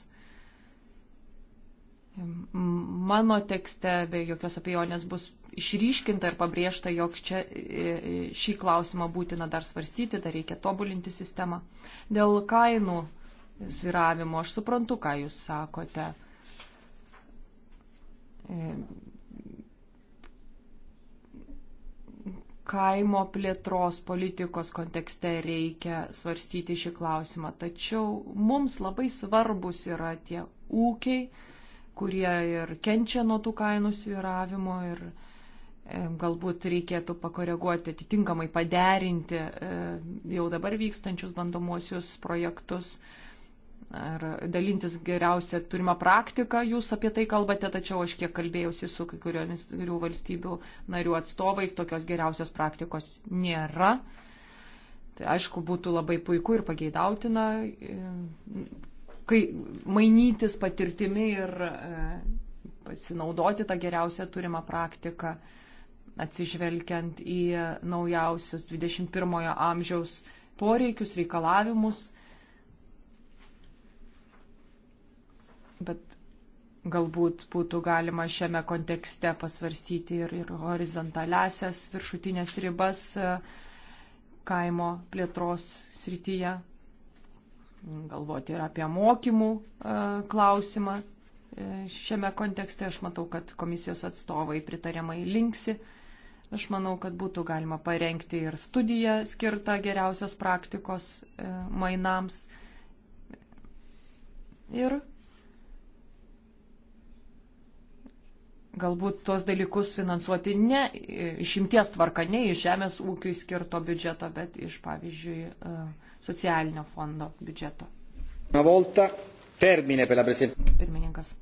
Mano tekste be jokios abejonės bus išryškinta ir pabrėžta, jog čia e, e, šį klausimą būtina dar svarstyti, dar reikia tobulinti sistemą. Dėl kainų sviravimo aš suprantu, ką jūs sakote. E, kaimo plėtros politikos kontekste reikia svarstyti šį klausimą, tačiau mums labai svarbus yra tie ūkiai, kurie ir kenčia nuo tų kainų sviravimo ir, E, galbūt reikėtų pakoreguoti, atitinkamai paderinti e, jau dabar vykstančius bandomuosius projektus ar dalintis geriausią turimą praktiką. Jūs apie tai kalbate, tačiau aš kiek kalbėjausi su kai kuriomis kurių valstybių narių atstovais, tokios geriausios praktikos nėra. Tai aišku, būtų labai puiku ir pageidautina, e, kai mainytis patirtimi ir pasinaudoti tą geriausią turimą praktiką. Uh, atsižvelgiant į naujausius 21-ojo amžiaus poreikius, reikalavimus. Bet galbūt būtų galima šiame kontekste pasvarstyti ir, ir horizontalesias viršutinės ribas e, kaimo plėtros srityje, galvoti ir apie mokymų e, klausimą. E, šiame kontekste aš matau, kad komisijos atstovai pritariamai linksi. Aš manau, kad būtų galima parengti ir studiją skirtą geriausios praktikos e, mainams. Ir galbūt tuos dalykus finansuoti ne išimties tvarka, ne iš žemės ūkiui skirto biudžeto, bet iš, pavyzdžiui, e, socialinio fondo biudžeto. Pirmininkas.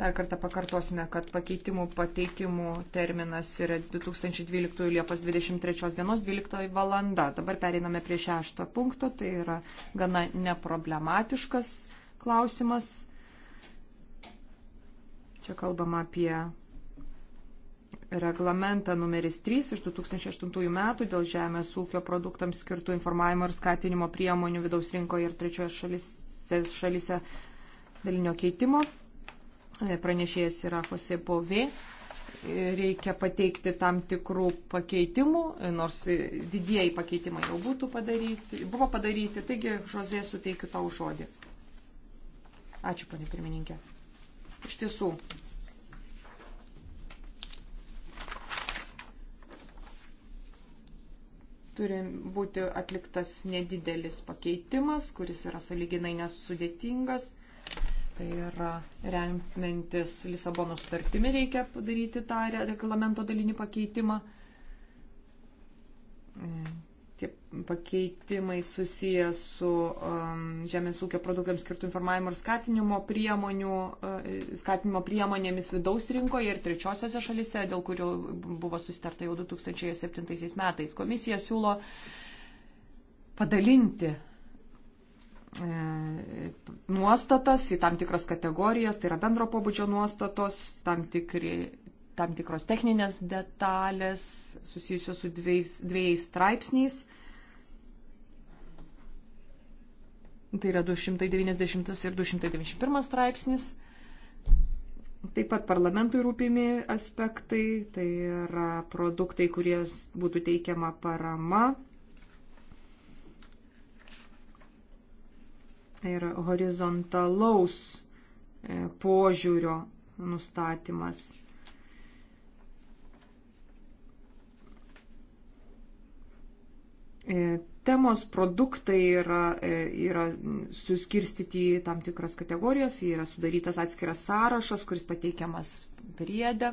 Dar kartą pakartosime, kad pakeitimų pateikimų terminas yra 2012 Liepos 23 dienos 12 valanda. Dabar pereiname prie šešto punkto, tai yra gana neproblematiškas klausimas. Čia kalbama apie reglamentą numeris 3 iš 2008 metų dėl žemės ūkio produktams skirtų informavimo ir skatinimo priemonių vidaus rinkoje ir trečioje šalise, šalise dalinio keitimo. E, pranešėjas yra Jose Bovė. E, reikia pateikti tam tikrų pakeitimų, e, nors didieji pakeitimai jau būtų padaryti, buvo padaryti. Taigi, Žozė, suteikiu tau žodį. Ačiū, panė pirmininkė. Iš tiesų. Turi būti atliktas nedidelis pakeitimas, kuris yra saliginai nesudėtingas Tai yra remiantis Lisabono sutartimi reikia padaryti tą reglamento dalinį pakeitimą. Tie pakeitimai susiję su um, žemės ūkio produktams skirtų informavimo ir skatinimo, priemonių, uh, skatinimo priemonėmis vidaus rinkoje ir trečiosiose šalise, dėl kurių buvo susitarta jau 2007 metais. Komisija siūlo padalinti E, nuostatas, į tam tikras kategorijas, tai yra bendro pobūdžio nuostatos, tam, tikri, tam tikros techninės detalės susijusios su dviejais, dviejais straipsniais. Tai yra 290 ir 291 straipsnis. Taip pat parlamentui rūpimi aspektai, tai yra produktai, kurie būtų teikiama parama ir horizontalaus e, požiūrio nustatymas. E, temos produktai yra, e, yra suskirstyti į tam tikras kategorijas, yra sudarytas atskiras sąrašas, kuris pateikiamas priedė.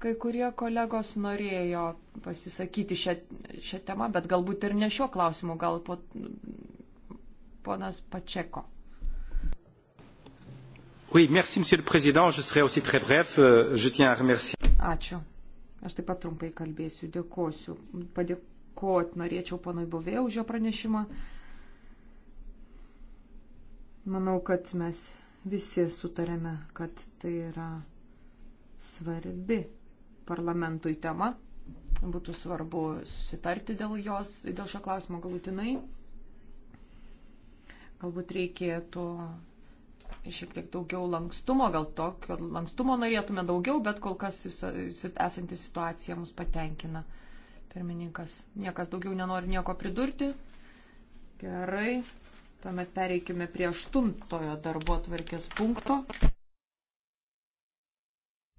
Kai kurie kolegos norėjo pasisakyti šią, šią temą, bet galbūt ir ne šiuo klausimu, gal po, ponas Pačeko. Oui, merci, monsieur le président. Je serai aussi très bref. Euh, je tiens à remercier. Ačiū. Aš taip pat trumpai kalbėsiu. Dėkosiu. Padėkoti norėčiau ponui Bovėjau už jo pranešimą. Manau, kad mes visi sutarėme, kad tai yra svarbi parlamentui tema. Būtų svarbu susitarti dėl jos, dėl šio klausimo galutinai. Galbūt reikėtų šiek tiek daugiau lankstumo, gal tokio lankstumo norėtume daugiau, bet kol kas visa, esanti situacija mus patenkina. Pirmininkas, niekas daugiau nenori nieko pridurti. Gerai, tuomet pereikime prie aštuntojo darbo atvarkės punkto.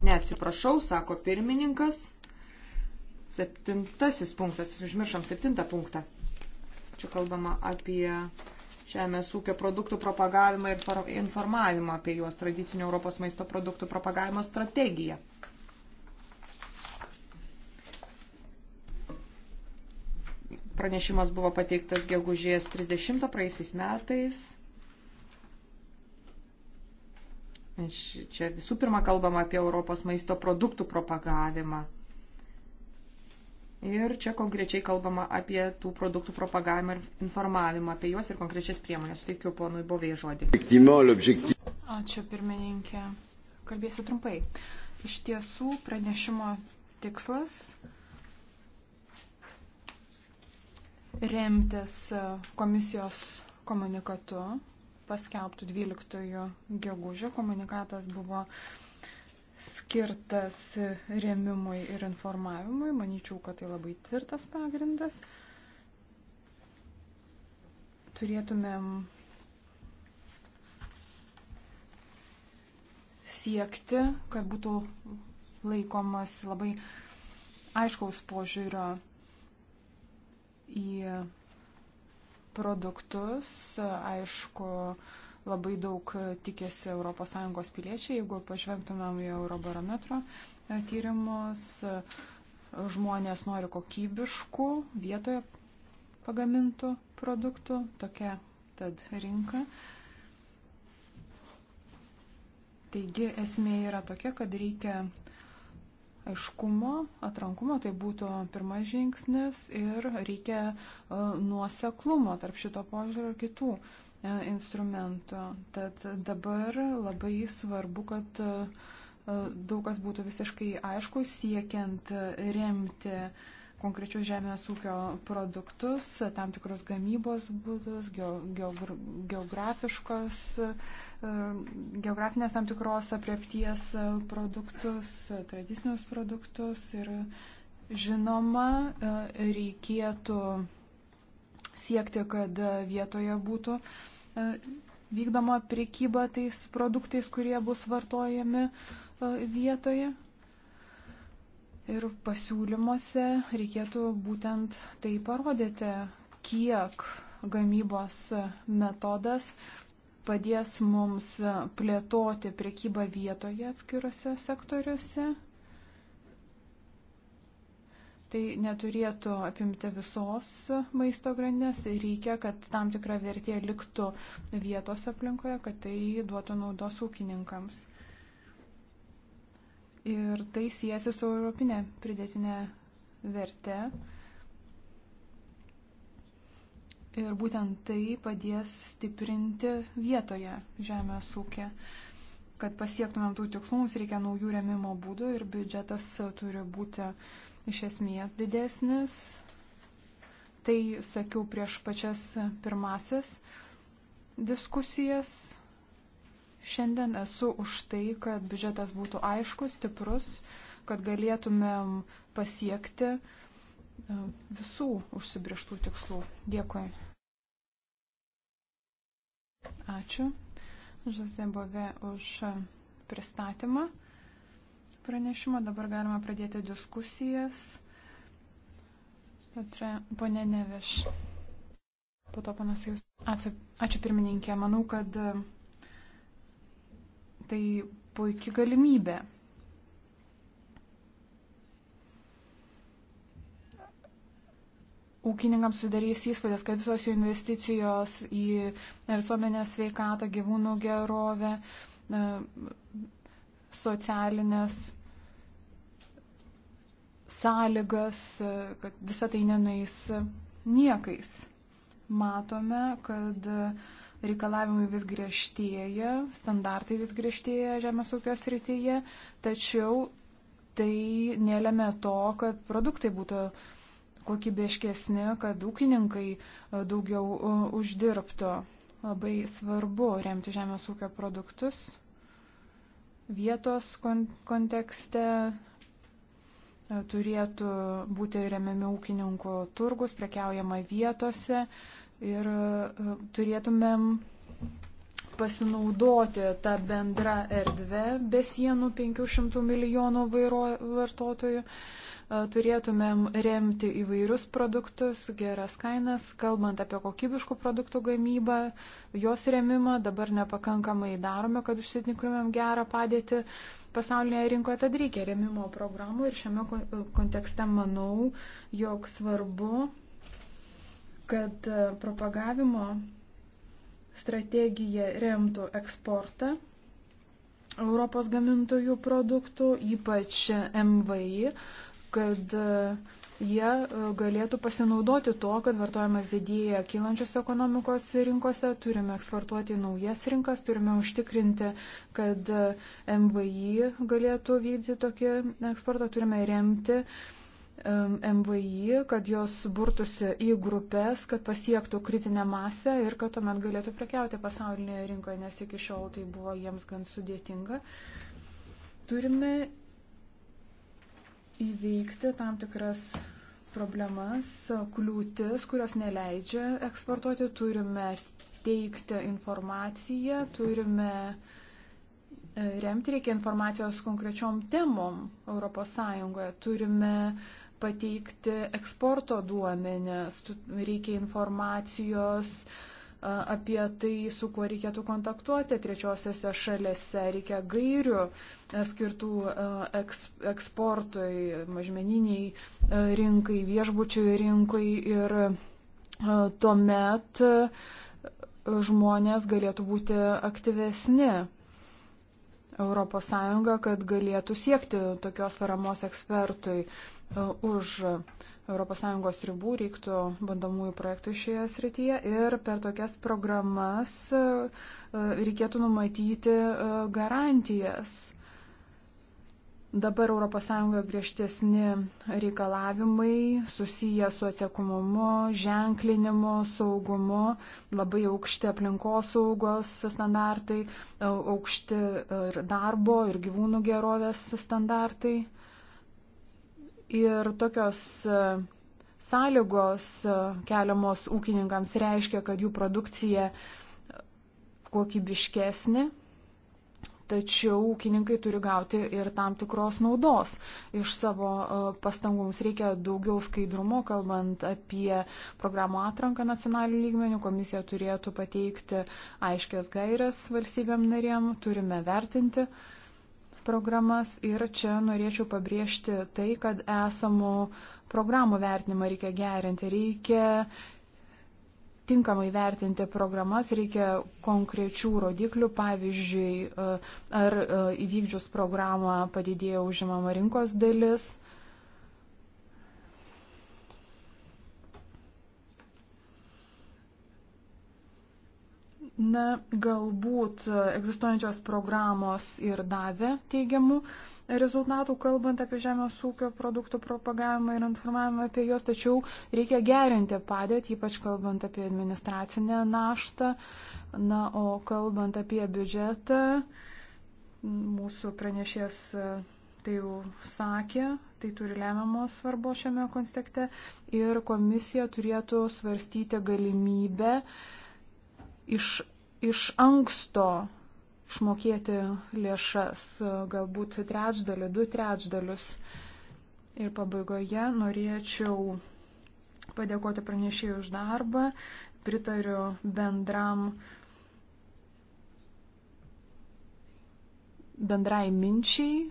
Neatsiprašau, sako pirmininkas. Septintasis punktas, užmiršom septintą punktą. Čia kalbama apie žemės ūkio produktų propagavimą ir informavimą apie juos tradicinių Europos maisto produktų propagavimo strategiją. Pranešimas buvo pateiktas gegužės 30 praeisiais metais. Čia visų pirma kalbama apie Europos maisto produktų propagavimą. Ir čia konkrečiai kalbama apie tų produktų propagavimą ir informavimą apie juos ir konkrečias priemonės. Suteikiu ponui Bovėjai žodį. Ačiū pirmininkė. Kalbėsiu trumpai. Iš tiesų pranešimo tikslas remtis komisijos komunikatu paskelbtų 12 gegužio. Komunikatas buvo skirtas remimui ir informavimui. Manyčiau, kad tai labai tvirtas pagrindas. Turėtumėm siekti, kad būtų laikomas labai aiškaus požiūrio į produktus, aišku, labai daug e, tikėsi ES piliečiai. Jeigu pažvelgtumėm į Eurobarometro e, tyrimus, e, žmonės nori kokybiškų vietoje pagamintų produktų, tokia tad rinka. Taigi esmė yra tokia, kad reikia aiškumo, atrankumo, tai būtų pirmas žingsnis ir reikia nuoseklumo tarp šito požiūrio ir kitų E, instrumento. Tad dabar labai svarbu, kad e, daug kas būtų visiškai aišku, siekiant remti konkrečius žemės ūkio produktus, tam tikrus gamybos būdus, geografiškos, e, geografinės tam tikros apriepties produktus, tradicinius produktus ir žinoma, reikėtų siekti, kad vietoje būtų uh, E, vykdoma priekyba tais produktais, kurie bus vartojami e, vietoje. Ir pasiūlymuose reikėtų būtent tai parodyti, kiek gamybos metodas padės mums plėtoti priekybą vietoje atskiruose sektoriuose tai neturėtų apimti visos maisto grandinės, reikia, kad tam tikra vertė liktų vietos aplinkoje, kad tai duotų naudos ūkininkams. Ir tai siejasi su europinė pridėtinė vertė. Ir būtent tai padės stiprinti vietoje žemės ūkį kad pasiektumėm tų tikslų, mums reikia naujų remimo būdų ir biudžetas turi būti iš esmės didesnis. Tai sakiau prieš pačias pirmasis diskusijas. Šiandien esu už tai, kad biudžetas būtų aiškus, stiprus, kad galėtumėm pasiekti e, visų užsibrieštų tikslų. Dėkui. Ačiū Žozebove už pristatymą pranešimą. Dabar galima pradėti diskusijas. Pone Neveš. Po to panas Jūs. Ačiū, ačiū pirmininkė. Manau, kad e, tai puikia galimybė. ūkininkams sudarys įspūdis, kad visos jų investicijos į visuomenės sveikatą, gyvūnų gerovę e, socialinės sąlygas, kad visa tai nenueis niekais. Matome, kad reikalavimai vis griežtėja, standartai vis griežtėja žemės ūkio srityje, tačiau tai nelėmė to, kad produktai būtų kokybiškesni, kad ūkininkai daugiau e, uždirbtų. Labai svarbu remti žemės ūkio produktus vietos kon kontekste e, turėtų būti remiami ūkininkų turgus, prekiaujama vietose ir e, turėtumėm pasinaudoti tą bendrą erdvę be sienų 500 milijonų vairo, vartotojų. E, turėtumėm remti įvairius produktus, geras kainas, kalbant apie kokybiškų produktų gamybą, jos remimą dabar nepakankamai darome, kad užsitikrintumėm gerą padėtį pasaulinėje rinkoje, tad reikia remimo programų ir šiame kontekste manau, jog svarbu, kad e, propagavimo strategija remtų eksportą Europos gamintojų produktų, ypač MVI, kad e, jie e, galėtų pasinaudoti tuo, kad vartojimas didėja kylančios ekonomikos rinkose, turime eksportuoti naujas rinkas, turime užtikrinti, kad e, MVI galėtų vykdyti tokį eksportą, turime remti uh, MVI, kad jos burtųsi į grupės, kad pasiektų kritinę masę ir kad tuomet galėtų prekiauti pasaulinėje rinkoje, nes iki šiol tai buvo jiems gan sudėtinga. Turime įveikti tam tikras problemas, kliūtis, kurios neleidžia eksportuoti, turime teikti informaciją, turime e, remti reikia informacijos konkrečiom temom ES. Turime pateikti eksporto duomenės, reikia informacijos apie tai, su kuo reikėtų kontaktuoti trečiosiose šalėse, reikia gairių skirtų eksportui, mažmeniniai rinkai, viešbučių rinkai ir tuomet žmonės galėtų būti aktyvesni ES, kad galėtų siekti tokios paramos ekspertui. E, už ES ribų reiktų bandomųjų projektų šioje srityje ir per tokias programas e, reikėtų numatyti e, garantijas. Dabar ES griežtesni reikalavimai susiję su atsiekumumu, ženklinimu, saugumu, labai aukšti aplinkos saugos standartai, aukšti ir darbo, ir gyvūnų gerovės standartai. Ir tokios e, sąlygos e, keliamos ūkininkams reiškia, kad jų produkcija kokybiškesnė, tačiau ūkininkai turi gauti ir tam tikros naudos iš savo e, pastangų. Mums reikia daugiau skaidrumo, kalbant apie programų atranką nacionalių lygmenių. Komisija turėtų pateikti aiškias gairias valstybėm narėm, turime vertinti uh, programas ir čia norėčiau pabrėžti tai, kad esamų programų vertinimą reikia gerinti, reikia tinkamai vertinti programas, reikia konkrečių rodiklių, pavyzdžiui, ar e, įvykdžius programą padidėjo užimama rinkos dalis Na, galbūt e, egzistuojančios programos ir davė teigiamų rezultatų, kalbant apie žemės ūkio produktų propagavimą ir informavimą apie juos, tačiau reikia gerinti padėtį, ypač kalbant apie administracinę naštą. Na, o kalbant apie biudžetą, mūsų pranešės e, tai jau sakė, tai turi lemiamos svarbo šiame kontekste ir komisija turėtų svarstyti galimybę iš iš anksto išmokėti lėšas, galbūt trečdalį, du trečdalius. Ir pabaigoje norėčiau padėkoti pranešėjui už darbą, pritariu bendram bendrai minčiai,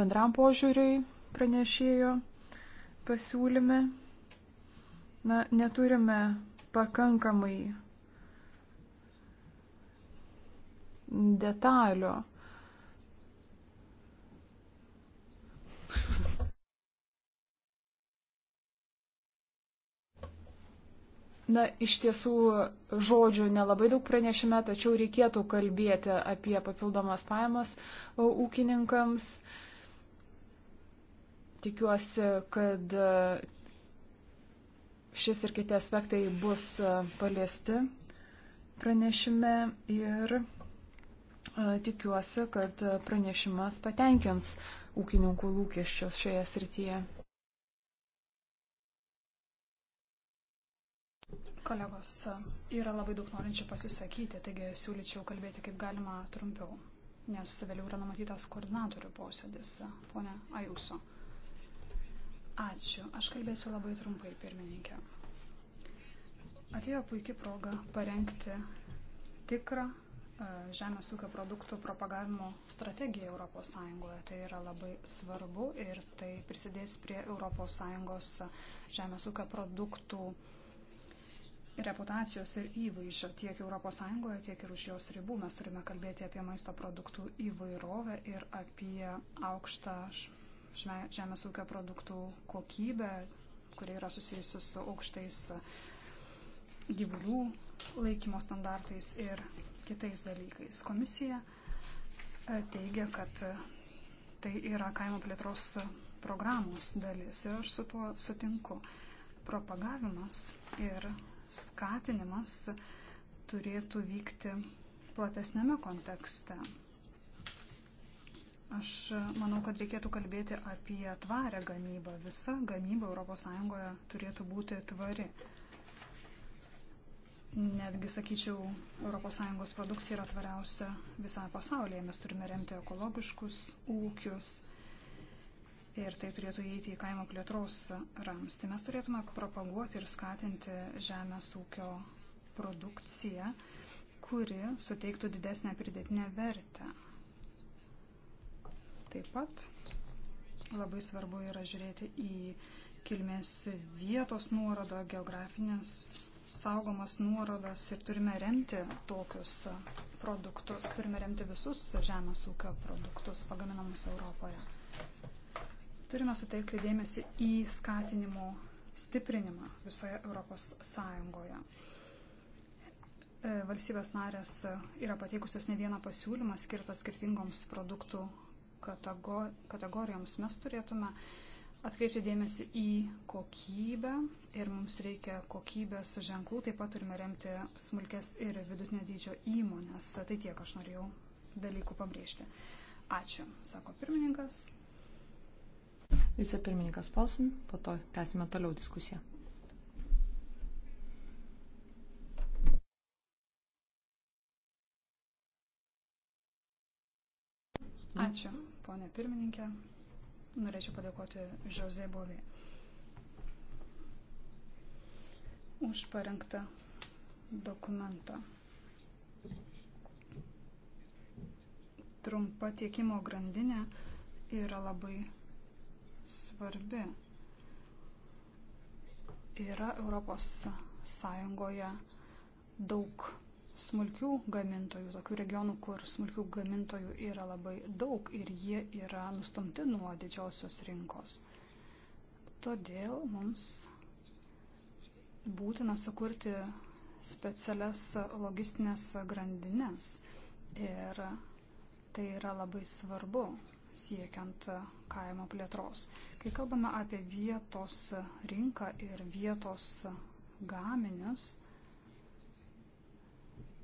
bendram požiūriui pranešėjo pasiūlyme. Na, neturime pakankamai detalių. Na, iš tiesų žodžių nelabai daug pranešime, tačiau reikėtų kalbėti apie papildomas pajamas ūkininkams. Tikiuosi, kad e, šis ir kiti aspektai bus e, paliesti pranešime ir. Tikiuosi, kad pranešimas patenkins ūkininkų lūkesčius šioje srityje. Kolegos, yra labai daug norinčių pasisakyti, taigi siūlyčiau kalbėti kaip galima trumpiau, nes vėliau yra numatytas koordinatorių posėdis, ponė Ajuso. Ačiū, aš kalbėsiu labai trumpai, pirmininkė. Atėjo puikia proga parengti tikrą E, žemės ūkio produktų propagavimo strategija ES. Tai yra labai svarbu ir tai prisidės prie ES žemės ūkio produktų reputacijos ir įvaizdžio tiek ES, tiek ir už jos ribų. Mes turime kalbėti apie maisto produktų įvairovę ir apie aukštą žemės ūkio produktų kokybę, kurie yra susijusi su aukštais gyvulių laikymo standartais ir kitais dalykais. Komisija e, teigia, kad e, tai yra kaimo plėtros programos dalis ir aš su tuo sutinku. Propagavimas ir skatinimas turėtų vykti platesnėme kontekste. Aš e, manau, kad reikėtų kalbėti apie tvarę gamybą. Visa gamyba ES turėtų būti tvari netgi sakyčiau, ES produkcija yra tvariausia visame pasaulyje. Mes turime remti ekologiškus ūkius ir tai turėtų įeiti į kaimo plėtros ramstį. Mes turėtume propaguoti ir skatinti žemės ūkio produkciją, kuri suteiktų didesnę pridėtinę vertę. Taip pat labai svarbu yra žiūrėti į kilmės vietos nuorodą, geografinės saugomas nuorodas ir turime remti tokius produktus, turime remti visus žemės ūkio produktus pagaminamus Europoje. Turime suteikti dėmesį į skatinimo stiprinimą visoje Europos Sąjungoje e, valstybės narės yra pateikusios ne vieną pasiūlymą skirtą skirtingoms produktų kategorijoms. Mes turėtume atkreipti dėmesį į kokybę ir mums reikia kokybės ženklų, taip pat turime remti smulkės ir vidutinio dydžio įmonės. Tai tiek aš norėjau dalykų pabrėžti. Ačiū, sako pirmininkas. Vicepirmininkas Polsin, po to tęsime toliau diskusiją. Ačiū, ponė pirmininkė. Norėčiau padėkoti Žozė Bovė už parengtą dokumentą. Trumpa tiekimo grandinė yra labai svarbi. Yra Europos Sąjungoje daug smulkių gamintojų, tokių regionų, kur smulkių gamintojų yra labai daug ir jie yra nustumti nuo didžiosios rinkos. Todėl mums būtina sukurti specialias logistinės grandinės ir tai yra labai svarbu siekiant kaimo plėtros. Kai kalbame apie vietos rinką ir vietos gaminius,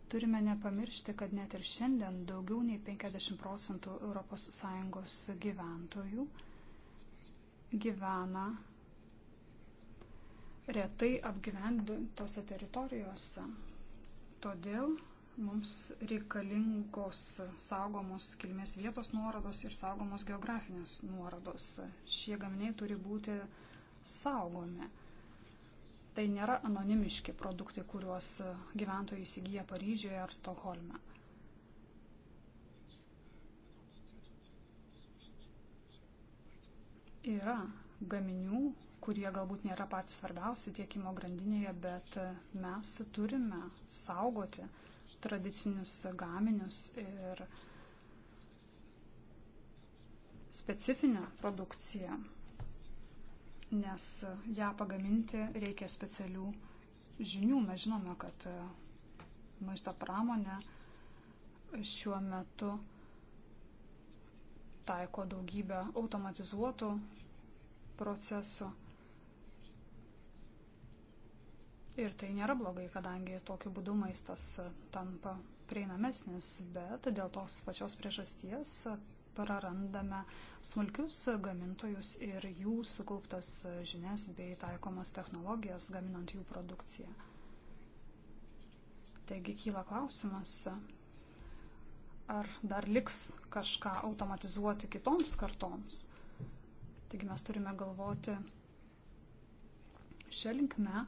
Turime nepamiršti, kad net ir šiandien daugiau nei 50 procentų ES gyventojų gyvena retai apgyvendintose teritorijose. Todėl mums reikalingos saugomos kilmės vietos nuorodos ir saugomos geografinės nuorodos. Šie gaminiai turi būti saugomi tai nėra anonimiški produktai, kuriuos gyventojai įsigyja Paryžiuje ar Stokholme. Yra gaminių, kurie galbūt nėra patys svarbiausi tiekimo grandinėje, bet mes turime saugoti tradicinius gaminius ir specifinę produkciją nes ją pagaminti reikia specialių žinių. Mes žinome, kad e, maisto pramonė šiuo metu taiko daugybę automatizuotų procesų. Ir tai nėra blogai, kadangi tokiu būdu maistas e, tampa prieinamesnis, bet dėl tos pačios priežasties prarandame smulkius gamintojus ir jų sukauptas žinias bei taikomas technologijas gaminant jų produkciją. Taigi kyla klausimas, ar dar liks kažką automatizuoti kitoms kartoms. Taigi mes turime galvoti šią linkmę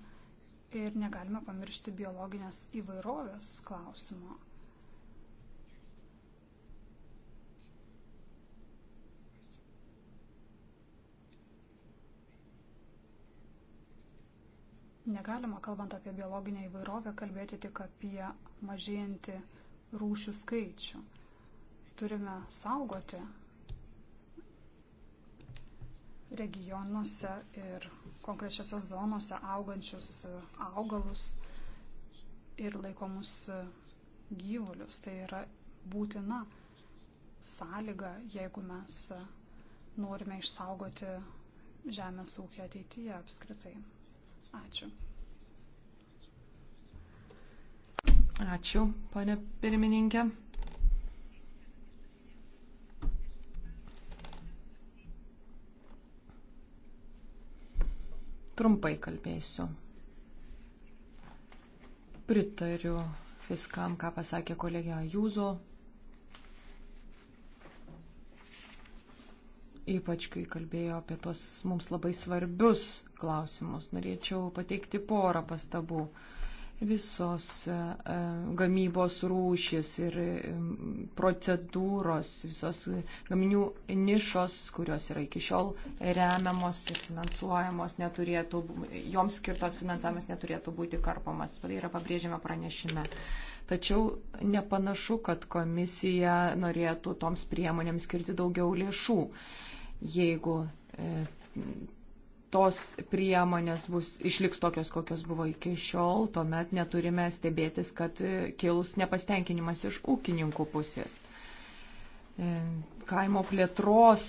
ir negalime pamiršti biologinės įvairovės klausimo. Negalima, kalbant apie biologinę įvairovę, kalbėti tik apie mažėjantį rūšių skaičių. Turime saugoti regionuose ir konkrečiose zonose augančius augalus ir laikomus gyvulius. Tai yra būtina sąlyga, jeigu mes norime išsaugoti žemės ūkį ateityje apskritai. Ačiū. Ačiū, ponė pirmininkė. Trumpai kalbėsiu. Pritariu viskam, ką pasakė kolegė Jūzo. ypač kai kalbėjo apie tos mums labai svarbius klausimus. Norėčiau pateikti porą pastabų. Visos e, e, gamybos rūšis ir e, procedūros, visos gaminių nišos, kurios yra iki šiol remiamos ir finansuojamos, neturėtų, joms skirtas finansavimas neturėtų būti karpamas. Tai yra pabrėžiama pranešime. Tačiau nepanašu, kad komisija norėtų toms priemonėms skirti daugiau lėšų jeigu e, tos priemonės bus, išliks tokios, kokios buvo iki šiol, tuomet neturime stebėtis, kad e, kils nepastenkinimas iš ūkininkų pusės. E, kaimo plėtros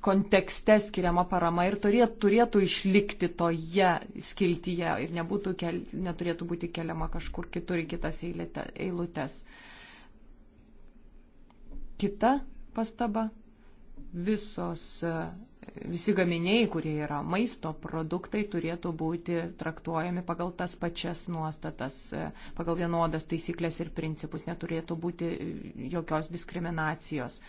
kontekste skiriama parama ir turėtų, turėtų išlikti toje skiltyje ir nebūtų kel, neturėtų būti keliama kažkur kitur į kitas eilėte, eilutes. Kita pastaba visos, e, visi gaminiai, kurie yra maisto produktai, turėtų būti traktuojami pagal tas pačias nuostatas, e, pagal vienodas taisyklės ir principus, neturėtų būti e, jokios diskriminacijos.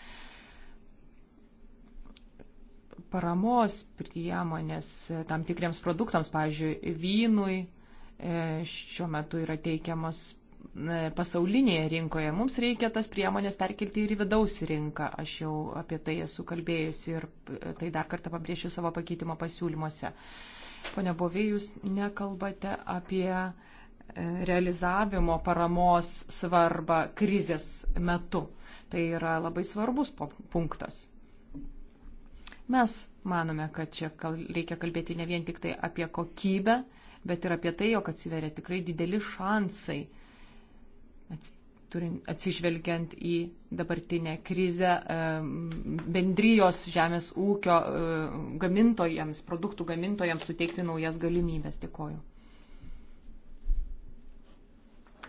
Paramos priemonės tam tikriems produktams, pavyzdžiui, vynui, šiuo metu yra teikiamas E, pasaulinėje rinkoje. Mums reikia tas priemonės perkelti ir į vidaus rinką. Aš jau apie tai esu kalbėjusi ir e, tai dar kartą pabrėšiu savo pakeitimo pasiūlymuose. Pone Bovė, jūs nekalbate apie e, realizavimo paramos svarbą krizės metu. Tai yra labai svarbus punktas. Mes manome, kad čia reikia kalbėti ne vien tik tai apie kokybę, bet ir apie tai, jog atsiveria tikrai dideli šansai atsižvelgiant į dabartinę krizę bendrijos žemės ūkio e, gamintojams, produktų gamintojams suteikti naujas galimybės. Dėkoju.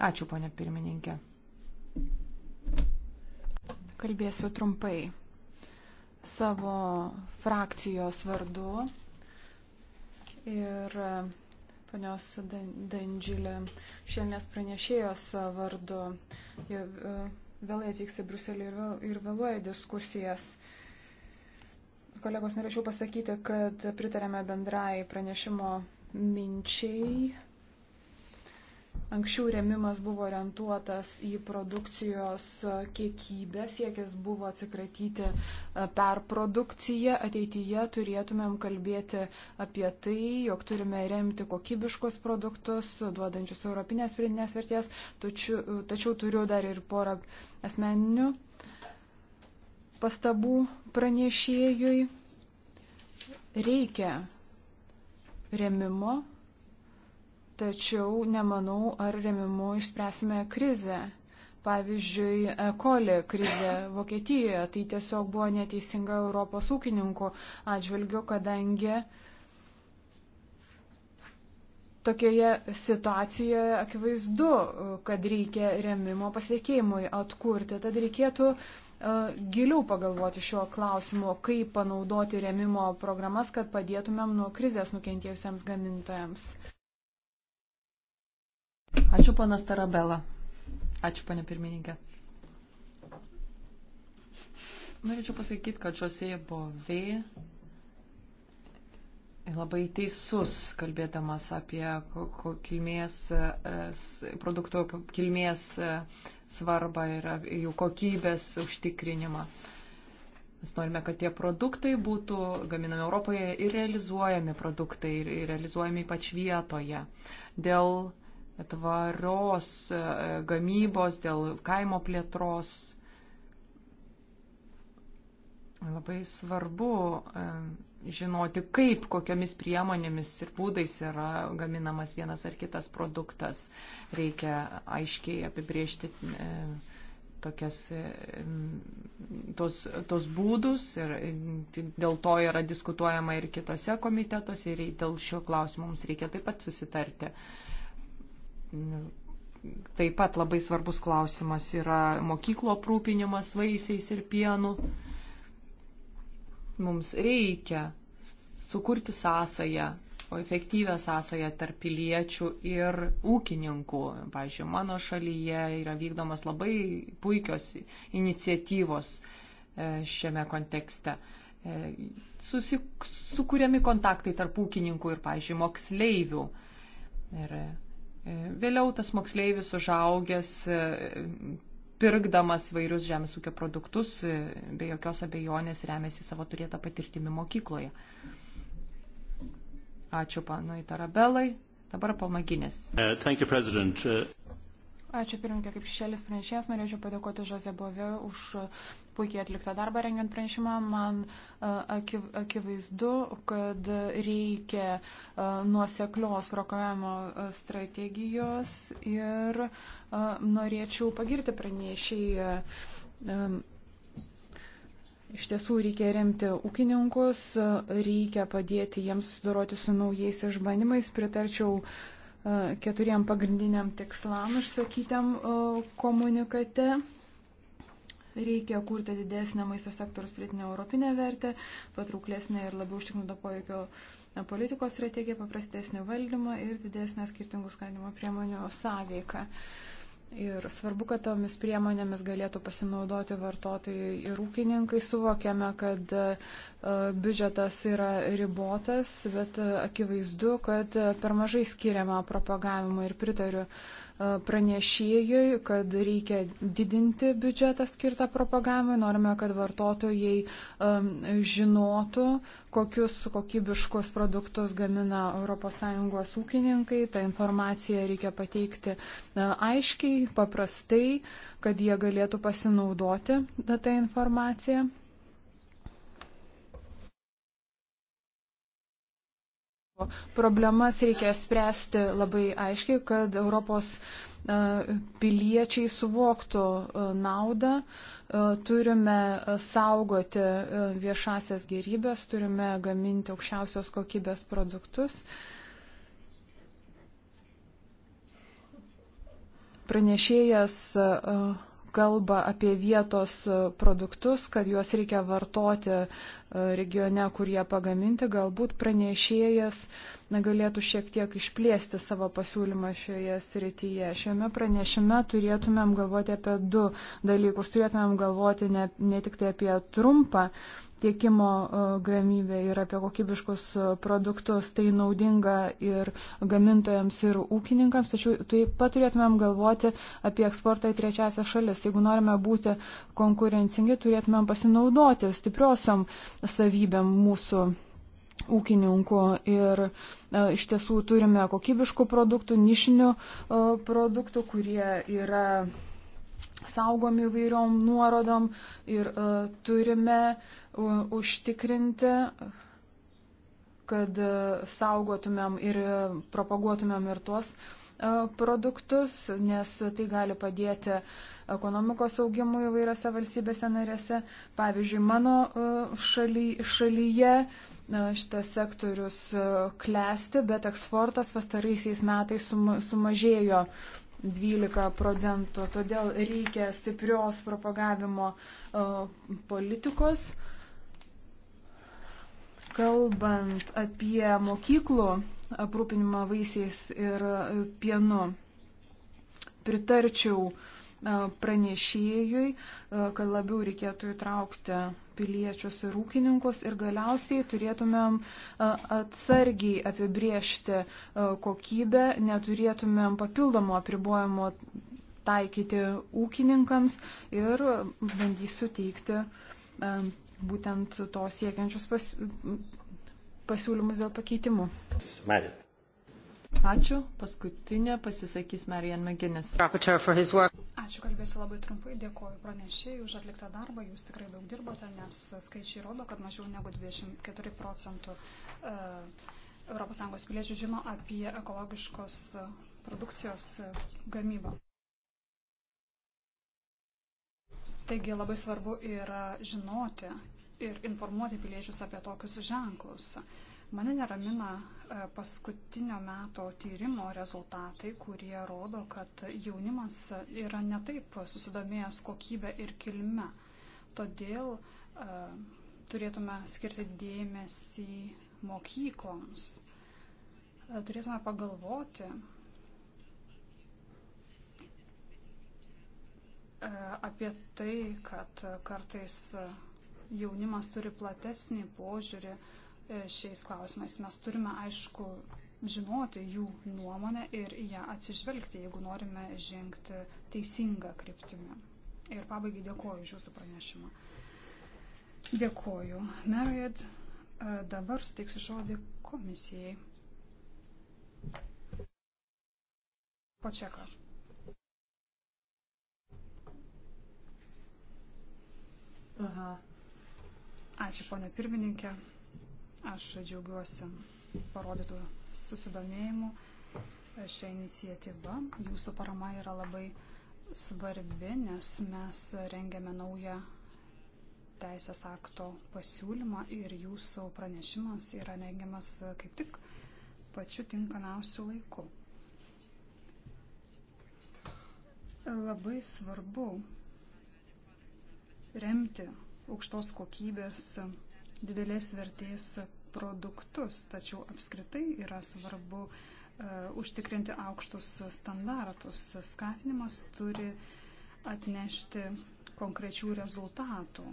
Ačiū, ponė pirmininkė. Kalbėsiu trumpai. Savo frakcijos vardu ir panios Dandžilė, šiandienas pranešėjos vardu. Jie e, vėlai atvyks į Bruselį ir vėluoja diskusijas. Kolegos, norėčiau pasakyti, kad pritarėme bendrai pranešimo minčiai Anksčiau remimas buvo orientuotas į produkcijos kiekybę, siekis buvo atsikratyti e, perprodukciją. Ateityje turėtumėm kalbėti apie tai, jog turime remti kokybiškus produktus, duodančius europinės pridinės vertės, tačiau, e, tačiau turiu dar ir porą asmeninių pastabų pranešėjui. Reikia remimo tačiau nemanau, ar remimu išspręsime krizę. Pavyzdžiui, kolė e. krizė Vokietijoje, tai tiesiog buvo neteisinga Europos ūkininkų atžvilgiu, kadangi tokioje situacijoje akivaizdu, kad reikia remimo pasiekėjimui atkurti. Tad reikėtų e, giliau pagalvoti šiuo klausimu, kaip panaudoti remimo programas, kad padėtumėm nuo krizės nukentėjusiems gamintojams. Ačiū, panas Tarabela. Ačiū, panė pirmininkė. Norėčiau pasakyti, kad Žosėje Bovė labai teisus, kalbėdamas apie kilmės, e, produktų kilmės e, svarbą ir jų kokybės užtikrinimą. Mes norime, kad tie produktai būtų gaminami Europoje ir realizuojami produktai, ir realizuojami ypač vietoje. Dėl tvarios e, gamybos, dėl kaimo plėtros. Labai svarbu e, žinoti, kaip, kokiamis priemonėmis ir būdais yra gaminamas vienas ar kitas produktas. Reikia aiškiai apibriežti e, tokias, tos, tos būdus ir dėl to yra diskutuojama ir kitose komitetuose ir dėl šio klausimo mums reikia taip pat susitarti. Uh, Taip pat labai svarbus klausimas yra mokyklo aprūpinimas vaisiais ir pienu. Mums reikia sukurti sąsają, o efektyvę sąsają tarp piliečių ir ūkininkų. Pavyzdžiui, mano šalyje yra vykdomas labai puikios iniciatyvos e, šiame kontekste. E, Susik, sukūrėmi kontaktai tarp ūkininkų ir, pavyzdžiui, moksleivių. Ir Vėliau tas moksleivis užaugęs, e, pirkdamas vairius žemės ūkio produktus, e, be jokios abejonės remiasi savo turėtą patirtimį mokykloje. Ačiū panui Tarabelai. Dabar pamaginės. Uh, Ačiū pirmininkė, kaip šešėlis pranešėjas, norėčiau padėkoti Žozė Bove už puikiai atliktą darbą rengiant pranešimą. Man akivaizdu, kad reikia nuoseklios prokavimo strategijos ir norėčiau pagirti pranešėjai. Iš tiesų reikia remti ūkininkus, reikia padėti jiems susidoroti su naujais išbandymais. Pritarčiau uh, keturiem pagrindiniam tikslam išsakytiam e, komunikate. Reikia kurti didesnę maisto sektoriaus pritinę europinę vertę, patrauklesnę ir labiau užtikrintą poveikio e, politikos strategiją, paprastesnį valdymą ir didesnę skirtingų skatinimo priemonių sąveiką. Uh, Ir svarbu, kad tomis priemonėmis galėtų pasinaudoti vartotojai ir ūkininkai. Suvokiame, kad e, biudžetas yra ribotas, bet e, akivaizdu, kad e, per mažai skiriama propagavimui ir pritariu pranešėjui, kad reikia didinti biudžetą skirtą propagavimui, norime, kad vartotojai um, žinotų, kokius kokybiškus produktus gamina ES ūkininkai. Ta informacija reikia pateikti aiškiai, paprastai, kad jie galėtų pasinaudoti tą informaciją. Problemas reikia spręsti labai aiškiai, kad Europos e, piliečiai suvoktų e, naudą. E, turime saugoti viešasias gerybės, turime gaminti aukščiausios kokybės produktus. Pranešėjas uh, kalba apie vietos e, produktus, kad juos reikia vartoti e, regione, kur jie pagaminti, galbūt pranešėjas na, galėtų šiek tiek išplėsti savo pasiūlymą šioje srityje. Šiame pranešime turėtumėm galvoti apie du dalykus. Turėtumėm galvoti ne, ne tik tai apie trumpą tiekimo e, gamybę ir apie kokybiškus e, produktus, tai naudinga ir gamintojams, ir ūkininkams, tačiau taip pat turėtumėm galvoti apie eksportą į trečiasią šalis. Jeigu norime būti konkurencingi, turėtumėm pasinaudoti stipriosiam savybėm mūsų ūkininkų ir e, iš tiesų turime kokybiškų produktų, nišinių e, produktų, kurie yra saugomi įvairiom nuorodom ir uh, turime uh, užtikrinti, kad uh, saugotumėm ir uh, propaguotumėm ir tuos uh, produktus, nes tai gali padėti ekonomikos augimui įvairiose valstybėse narėse. Pavyzdžiui, mano uh, šaly, šalyje na, šitas sektorius klesti, bet eksportas pastaraisiais metais suma, sumažėjo uh, 12 procentų. Todėl reikia stiprios propagavimo e, politikos. Kalbant apie mokyklų aprūpinimą vaisiais ir pienu, pritarčiau uh, pranešėjui, kad labiau reikėtų įtraukti piliečius ir ūkininkus ir galiausiai turėtumėm atsargiai apibriežti kokybę, neturėtumėm papildomo apribojimo taikyti ūkininkams ir bandysiu teikti būtent to siekiančius pas, pasiūlymus dėl pakeitimų. Smalit. Ačiū. Paskutinė pasisakys Marian Maginis. Ačiū, kalbėsiu labai trumpai. Dėkoju pranešėjai už atliktą darbą. Jūs tikrai daug dirbote, nes skaičiai rodo, kad mažiau negu 24 procentų ES piliečių žino apie ekologiškos e, produkcijos e, gamybą. Taigi labai svarbu yra žinoti ir informuoti piliečius apie tokius ženklus. Uh, Mane neramina e, paskutinio meto tyrimo rezultatai, kurie rodo, kad jaunimas yra netaip susidomėjęs kokybę ir kilme. Todėl e, turėtume skirti dėmesį mokykloms. E, turėtume pagalvoti apie tai, kad kartais jaunimas turi platesnį požiūrį E, šiais klausimais. Mes turime, aišku, žinoti jų nuomonę ir ją atsižvelgti, jeigu norime žengti teisingą kryptimį. Ir pabaigai dėkoju už jūsų pranešimą. Dėkoju. Marriott, e, dabar suteiksiu žodį komisijai. Počeka. Aha. Ačiū, ponė pirmininkė. Aš džiaugiuosi parodytų susidomėjimu šią iniciatyvą. Jūsų parama yra labai svarbi, nes mes rengiame naują teisės akto pasiūlymą ir jūsų pranešimas yra rengiamas kaip tik pačiu tinkamiausiu laiku. Labai svarbu remti aukštos kokybės didelės vertės produktus, tačiau apskritai yra svarbu e, užtikrinti aukštus standartus. Skatinimas turi atnešti konkrečių rezultatų.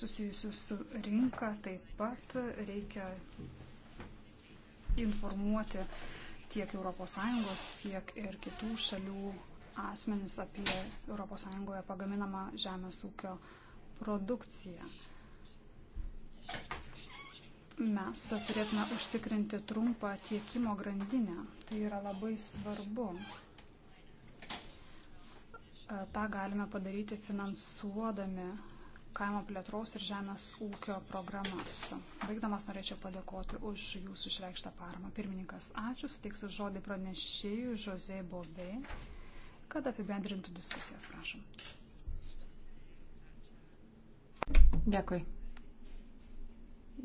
Susijusius su rinka taip pat reikia informuoti tiek ES, tiek ir kitų šalių asmenis apie ES pagaminamą žemės ūkio produkciją mes turėtume užtikrinti trumpą tiekimo grandinę. Tai yra labai svarbu. E, Ta galime padaryti finansuodami kaimo plėtros ir žemės ūkio programas. Baigdamas norėčiau padėkoti už jūsų išreikštą paramą. Pirmininkas, ačiū, suteiksiu žodį pranešėjui Žozei Bobė, kad apibendrintų diskusijas, prašom. Dėkui.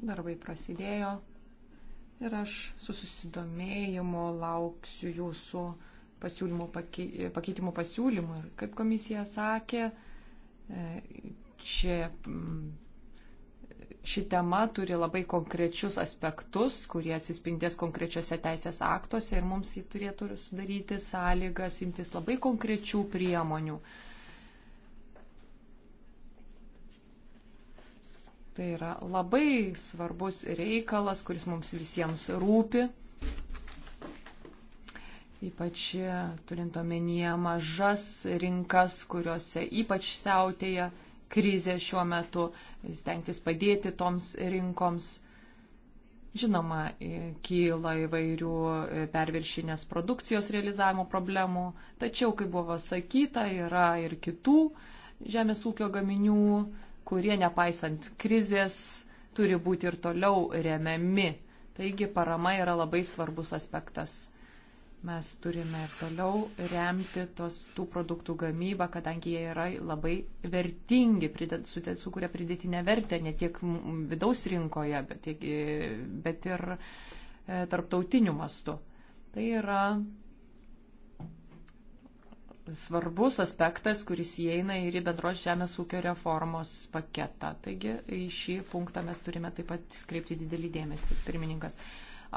Darbai prasidėjo ir aš su susidomėjimu lauksiu jūsų pasiūlymų, pakeitimų pasiūlymų. Ir kaip komisija sakė, e, čia, mm, ši tema turi labai konkrečius aspektus, kurie atsispindės konkrečiose teisės aktuose ir mums jį turėtų sudaryti sąlygas imtis labai konkrečių priemonių. Uh, Tai yra labai svarbus reikalas, kuris mums visiems rūpi. Ypač turint omenyje mažas rinkas, kuriuose ypač siautėja krizė šiuo metu, stengtis padėti toms rinkoms. Žinoma, kyla įvairių perviršinės produkcijos realizavimo problemų, tačiau, kaip buvo sakyta, yra ir kitų žemės ūkio gaminių kurie nepaisant krizės turi būti ir toliau remiami. Taigi parama yra labai svarbus aspektas. Mes turime ir toliau remti tos, tų produktų gamybą, kadangi jie yra labai vertingi, pridėt, sukuria pridėtinę vertę ne tiek vidaus rinkoje, bet, tiek, bet ir e, tarptautiniu mastu. Tai yra svarbus aspektas, kuris įeina ir į bendros žemės ūkio reformos paketą. Taigi į šį punktą mes turime taip pat kreipti didelį dėmesį. Pirmininkas,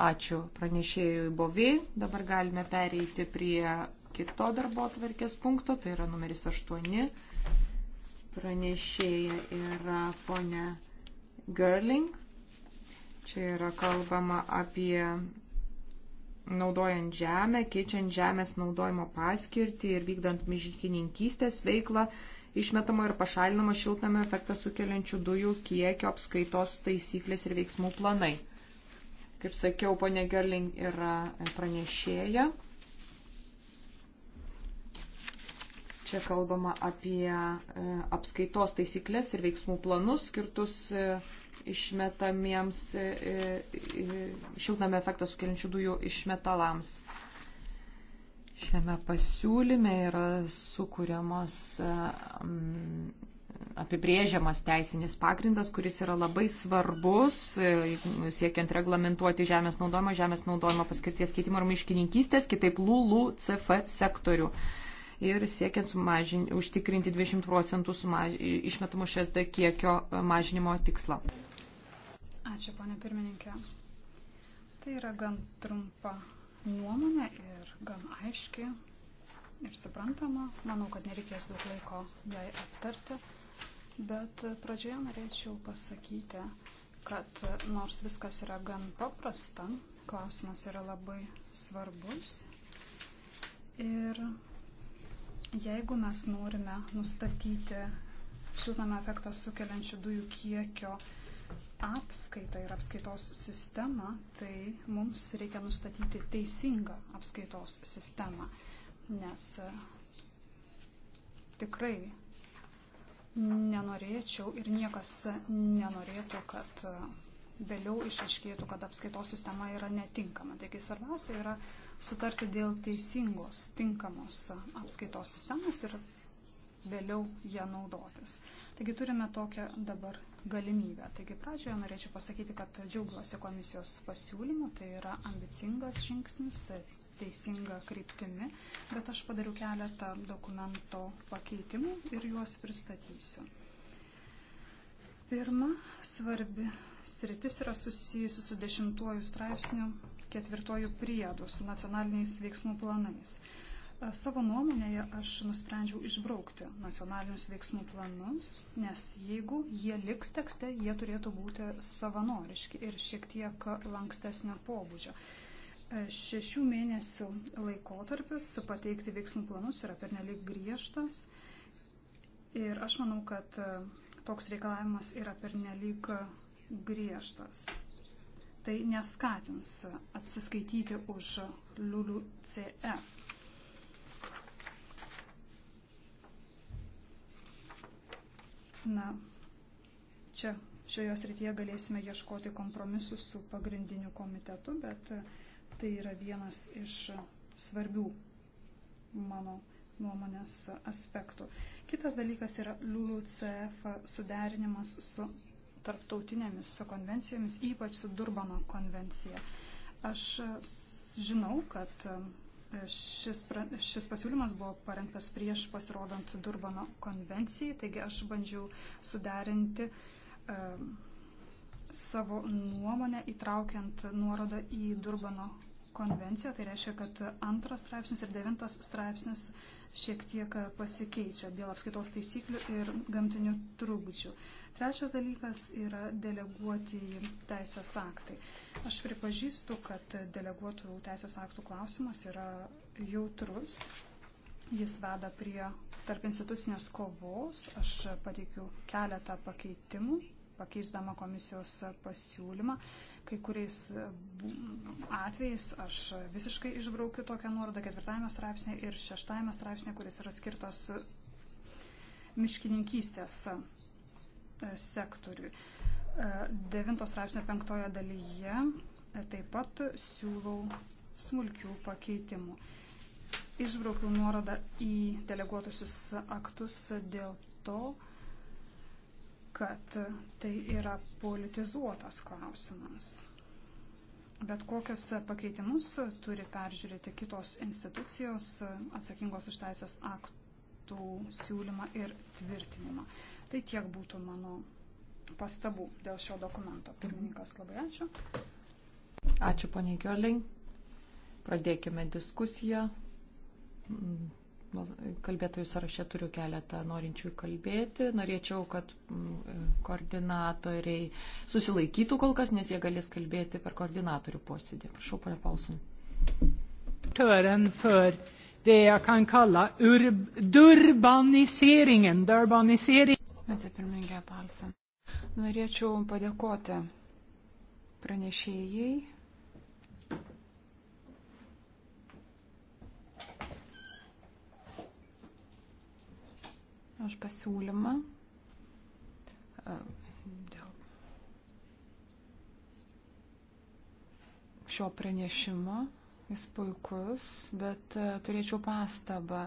ačiū pranešėjui Bovi. Dabar galime pereiti prie kito darbo atvarkės punkto, tai yra numeris 8. Pranešėja yra ponia Gerling. Čia yra kalbama apie naudojant žemę, keičiant žemės naudojimo paskirtį ir vykdant miškininkystės veiklą, išmetamo ir pašalinamo šiltnamio efektą sukeliančių dujų kiekio apskaitos taisyklės ir veiksmų planai. Kaip sakiau, ponė Gerling yra pranešėja. Čia kalbama apie e, apskaitos taisyklės ir veiksmų planus skirtus e, išmetamiems e, e, šiltnamio efektą sukeliančių dujų išmetalams. Šiame pasiūlyme yra sukūriamos e, apibrėžiamas teisinis pagrindas, kuris yra labai svarbus, siekiant reglamentuoti žemės naudojimą, žemės naudojimo paskirties keitimo ir miškininkystės, kitaip LULUCF sektorių. Ir siekiant sumažin, užtikrinti 20 procentų sumaž, išmetamų šesdą kiekio mažinimo tikslą. Ačiū, ponė pirmininkė. Tai yra gan trumpa nuomonė ir gan aiški ir suprantama. Manau, kad nereikės daug laiko jai aptarti. Bet pradžioje norėčiau pasakyti, kad nors viskas yra gan paprasta, klausimas yra labai svarbus. Ir jeigu mes norime nustatyti šiltnamio efektą sukeliančių dujų kiekio apskaitą ir apskaitos sistemą, tai mums reikia nustatyti teisingą apskaitos sistemą, nes e, tikrai nenorėčiau ir niekas nenorėtų, kad e, vėliau išaiškėtų, kad apskaitos sistema yra netinkama. Taigi svarbiausia yra sutarti dėl teisingos, tinkamos e, apskaitos sistemos ir vėliau ją naudotis. Taigi turime tokią dabar galimybę. Taigi pradžioje norėčiau pasakyti, kad džiaugiuosi komisijos pasiūlymu, tai yra ambicingas žingsnis, teisinga kryptimi, bet aš padariau keletą dokumento pakeitimų ir juos pristatysiu. Pirma svarbi sritis yra susijusi su dešimtuoju straipsniu ketvirtuoju priedu, su nacionaliniais veiksmų planais. Savo nuomonėje aš nusprendžiau išbraukti nacionalinius veiksmų planus, nes jeigu jie liks tekste, jie turėtų būti savanoriški ir šiek tiek lankstesnio pobūdžio. E, šešių mėnesių laikotarpis pateikti veiksmų planus yra pernelyg griežtas ir aš manau, kad e, toks reikalavimas yra pernelyg griežtas. Tai neskatins atsiskaityti už LULUCF. Na, čia šioje srityje galėsime ieškoti kompromisų su pagrindiniu komitetu, bet e, tai yra vienas iš svarbių mano nuomonės aspektų. Kitas dalykas yra LULUCF suderinimas su tarptautinėmis su konvencijomis, ypač su Durbano konvencija. Aš e, žinau, kad Šis, šis pasiūlymas buvo parengtas prieš pasirodant Durbano konvencijai, taigi aš bandžiau suderinti um, savo nuomonę įtraukiant nuorodą į Durbano konvenciją. Tai reiškia, kad antras straipsnis ir devintas straipsnis uh, šiek tiek e, pasikeičia dėl apskaitos taisyklių ir gamtinių trūkdžių. Trečias dalykas yra deleguoti teisės aktai. Aš pripažįstu, kad deleguotų teisės aktų klausimas yra jautrus. Jis veda prie tarp institucinės kovos. Aš pateikiu keletą pakeitimų pakeisdama komisijos pasiūlymą. Kai kuriais atvejais aš visiškai išbraukiu tokią nuorodą ketvirtajame straipsnėje ir šeštajame straipsnėje, kuris yra skirtas miškininkystės e, sektoriui. E, devinto straipsnio penktojo dalyje e, taip pat siūlau smulkių pakeitimų. Išbraukiau nuorodą į deleguotusius aktus dėl to, kad tai yra politizuotas klausimas. Bet kokius pakeitimus turi peržiūrėti kitos institucijos atsakingos už teisės aktų siūlymą ir tvirtinimą. Tai tiek būtų mano pastabų dėl šio dokumento. Pirmininkas, labai ačiū. Ačiū poniai Gioliai. Pradėkime diskusiją. Mm kalbėtojų sąraše turiu keletą norinčių kalbėti. Norėčiau, kad mm, koordinatoriai susilaikytų kol kas, nes jie galės kalbėti per koordinatorių posėdį. Prašau, ponia Paulsen. Tören för det jag kan kalla ur, durbaniseringen. Durbanisering. Norėčiau padėkoti pranešėjai už pasiūlymą. E, dėl šio pranešimo jis puikus, bet e, turėčiau pastabą.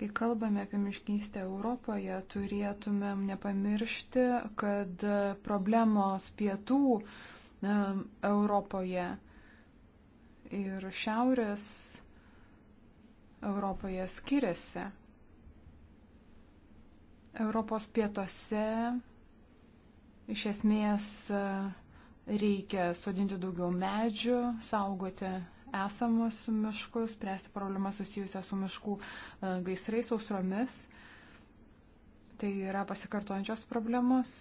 Kai kalbame apie miškystę Europoje, turėtumėm nepamiršti, kad e, problemos pietų Europoje ir šiaurės Europoje skiriasi. Europos pietuose iš esmės e, reikia sodinti daugiau medžių, saugoti esamus miškus, spręsti problemas susijusią su miškų e, gaisrais, sausromis. Tai yra pasikartojančios problemos.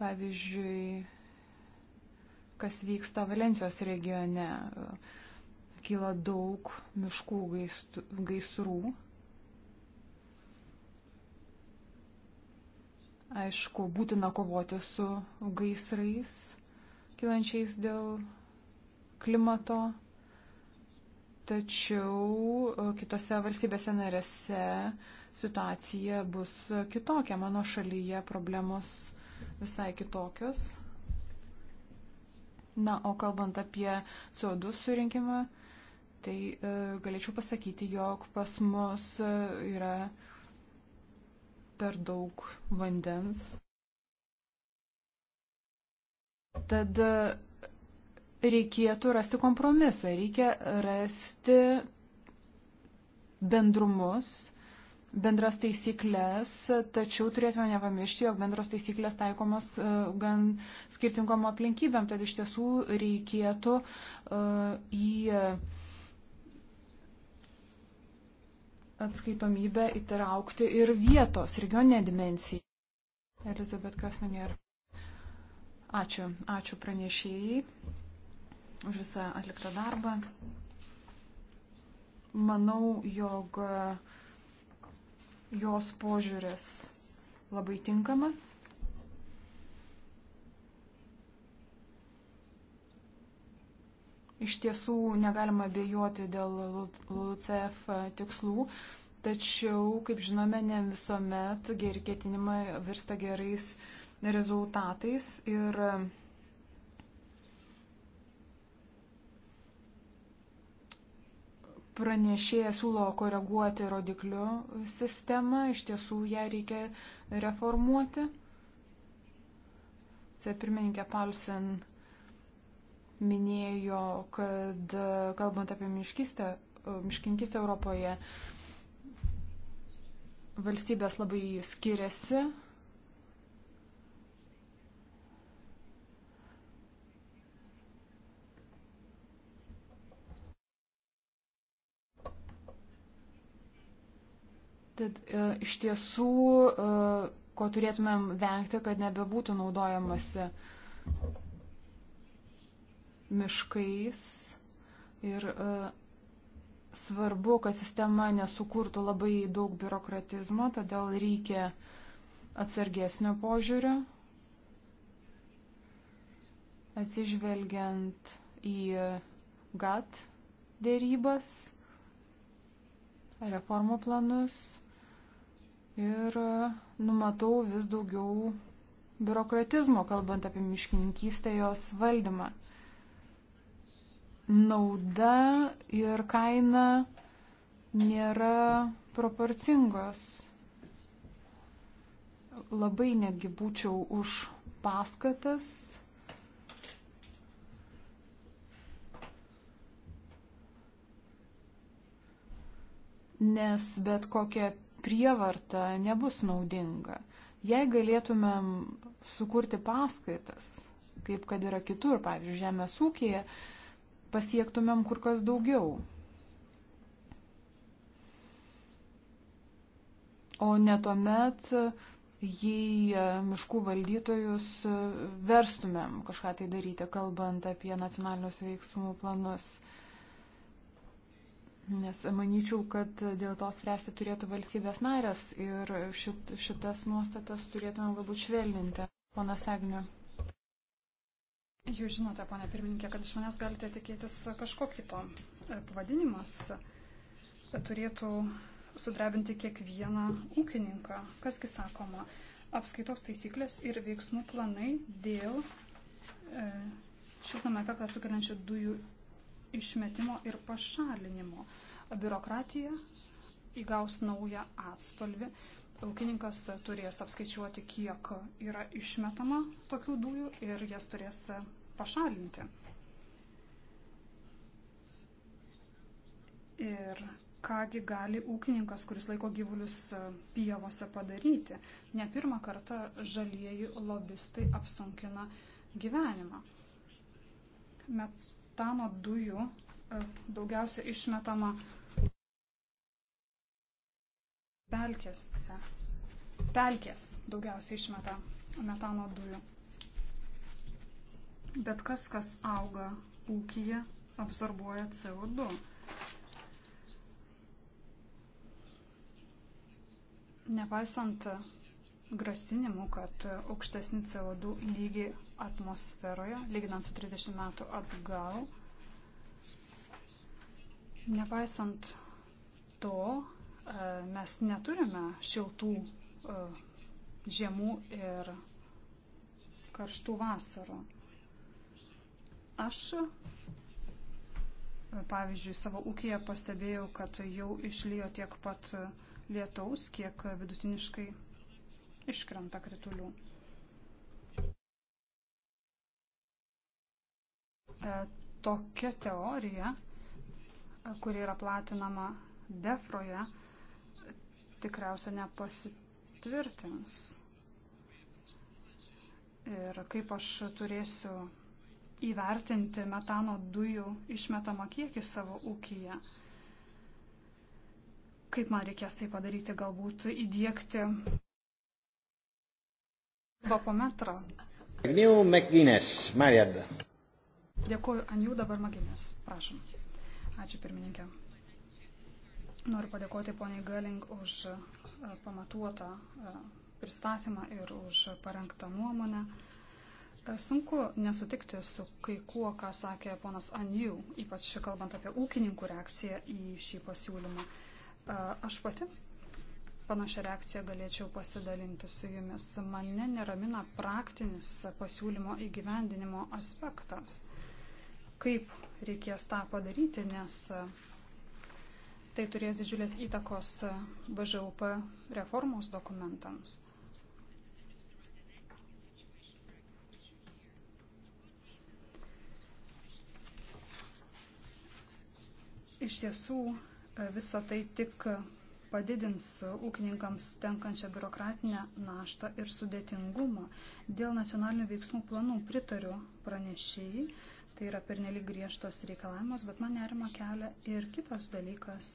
Pavyzdžiui, kas vyksta Valencijos regione, e, kyla daug miškų gaistų, gaisrų. Aišku, būtina kovoti su gaisrais, kilančiais dėl klimato, tačiau e, kitose valstybėse narėse situacija bus kitokia. Mano šalyje problemos visai kitokios. Na, o kalbant apie CO2 surinkimą, tai e, galėčiau pasakyti, jog pas mus e, yra per daug vandens. Tad e, reikėtų rasti kompromisą, reikia rasti bendrumus, bendras taisyklės, tačiau turėtume nepamiršti, jog bendros taisyklės taikomas e, gan skirtingom aplinkybėm, tad iš tiesų reikėtų e, į atskaitomybę įtraukti ir vietos, regioninę dimensiją. Elizabet Kosnager. Ačiū, ačiū pranešėjai už visą atliktą darbą. Manau, jog jos požiūris labai tinkamas. Iš tiesų negalima bejoti dėl LUCF e, tikslų, tačiau, kaip žinome, ne visuomet geri ketinimai virsta gerais rezultatais. Ir e, pranešėja siūlo koreguoti rodiklių sistemą, iš tiesų ją reikia reformuoti. Pirmininkė Palsen minėjo, kad e, kalbant apie miškistę, e, miškinkistę Europoje, valstybės labai skiriasi. Tad e, iš tiesų, e, ko turėtumėm vengti, kad nebebūtų naudojamasi miškais ir e, svarbu, kad sistema nesukurtų labai daug biurokratizmo, todėl reikia atsargesnio požiūrio, atsižvelgiant į GAT dėrybas, reformų planus ir e, numatau vis daugiau biurokratizmo, kalbant apie miškininkystę jos valdymą nauda ir kaina nėra proporcingos. Labai netgi būčiau už paskatas. Nes bet kokia prievarta nebus naudinga. Jei galėtumėm sukurti paskaitas, kaip kad yra kitur, pavyzdžiui, žemės ūkėje, uh, pasiektumėm kur kas daugiau. O ne tuomet, jei e, miškų valdytojus e, verstumėm kažką tai daryti, kalbant apie nacionalinius veiksmų planus. Nes manyčiau, kad dėl to spręsti turėtų valstybės narės ir šit, šitas nuostatas turėtume galbūt švelninti. Ponas Agniu. Jūs žinote, ponė pirmininkė, kad iš manęs galite tikėtis kažko kito. E, pavadinimas turėtų sudrebinti kiekvieną ūkininką. Kasgi sakoma, apskaitos taisyklės ir veiksmų planai dėl e, šiltnamą efektą sukeliančių dujų išmetimo ir pašalinimo. Biurokratija įgaus naują atspalvį Ūkininkas turės apskaičiuoti, kiek yra išmetama tokių dujų ir jas turės pašalinti. Ir kągi gali ūkininkas, kuris laiko gyvulius pievose padaryti. Ne pirmą kartą žalieji lobistai apsunkina gyvenimą. Metano dujų e, daugiausia išmetama pelkėse. Pelkės daugiausiai išmeta metano dujų. Bet kas, kas auga ūkija, absorbuoja CO2. Nepaisant grasinimų, kad aukštesni CO2 lygiai atmosferoje, lyginant su 30 metų atgal, nepaisant to, E, mes neturime šiltų e, žiemų ir karštų vasarų. Aš, pavyzdžiui, savo ūkiją pastebėjau, kad jau išlyjo tiek pat lietaus, kiek vidutiniškai iškrenta kritulių. E, tokia teorija, kuri yra platinama defroje, tikriausia nepasitvirtins. Ir kaip aš turėsiu įvertinti metano dujų išmetamą kiekį savo ūkyje. Kaip man reikės tai padaryti, galbūt įdėkti vapometrą. Agniu Mekinės, Marijad. Dėkuoju, Anjų dabar Maginės, prašom. Ačiū pirmininkė. Noriu padėkoti poniai Galing už e, pamatuotą e, pristatymą ir už parengtą nuomonę. E, sunku nesutikti su kai kuo, ką sakė ponas Anjų, ypač kalbant apie ūkininkų reakciją į šį pasiūlymą. Aš pati panašią reakciją galėčiau pasidalinti su jumis. Mane neramina praktinis pasiūlymo įgyvendinimo aspektas. Kaip reikės tą padaryti, nes Tai turės didžiulės įtakos BŽUP reformos dokumentams. Iš tiesų, visa tai tik padidins ūkininkams tenkančią biurokratinę naštą ir sudėtingumą. Dėl nacionalinių veiksmų planų pritariu pranešėjai tai yra pernelyg griežtos reikalavimas, bet man nerima kelia ir kitas dalykas,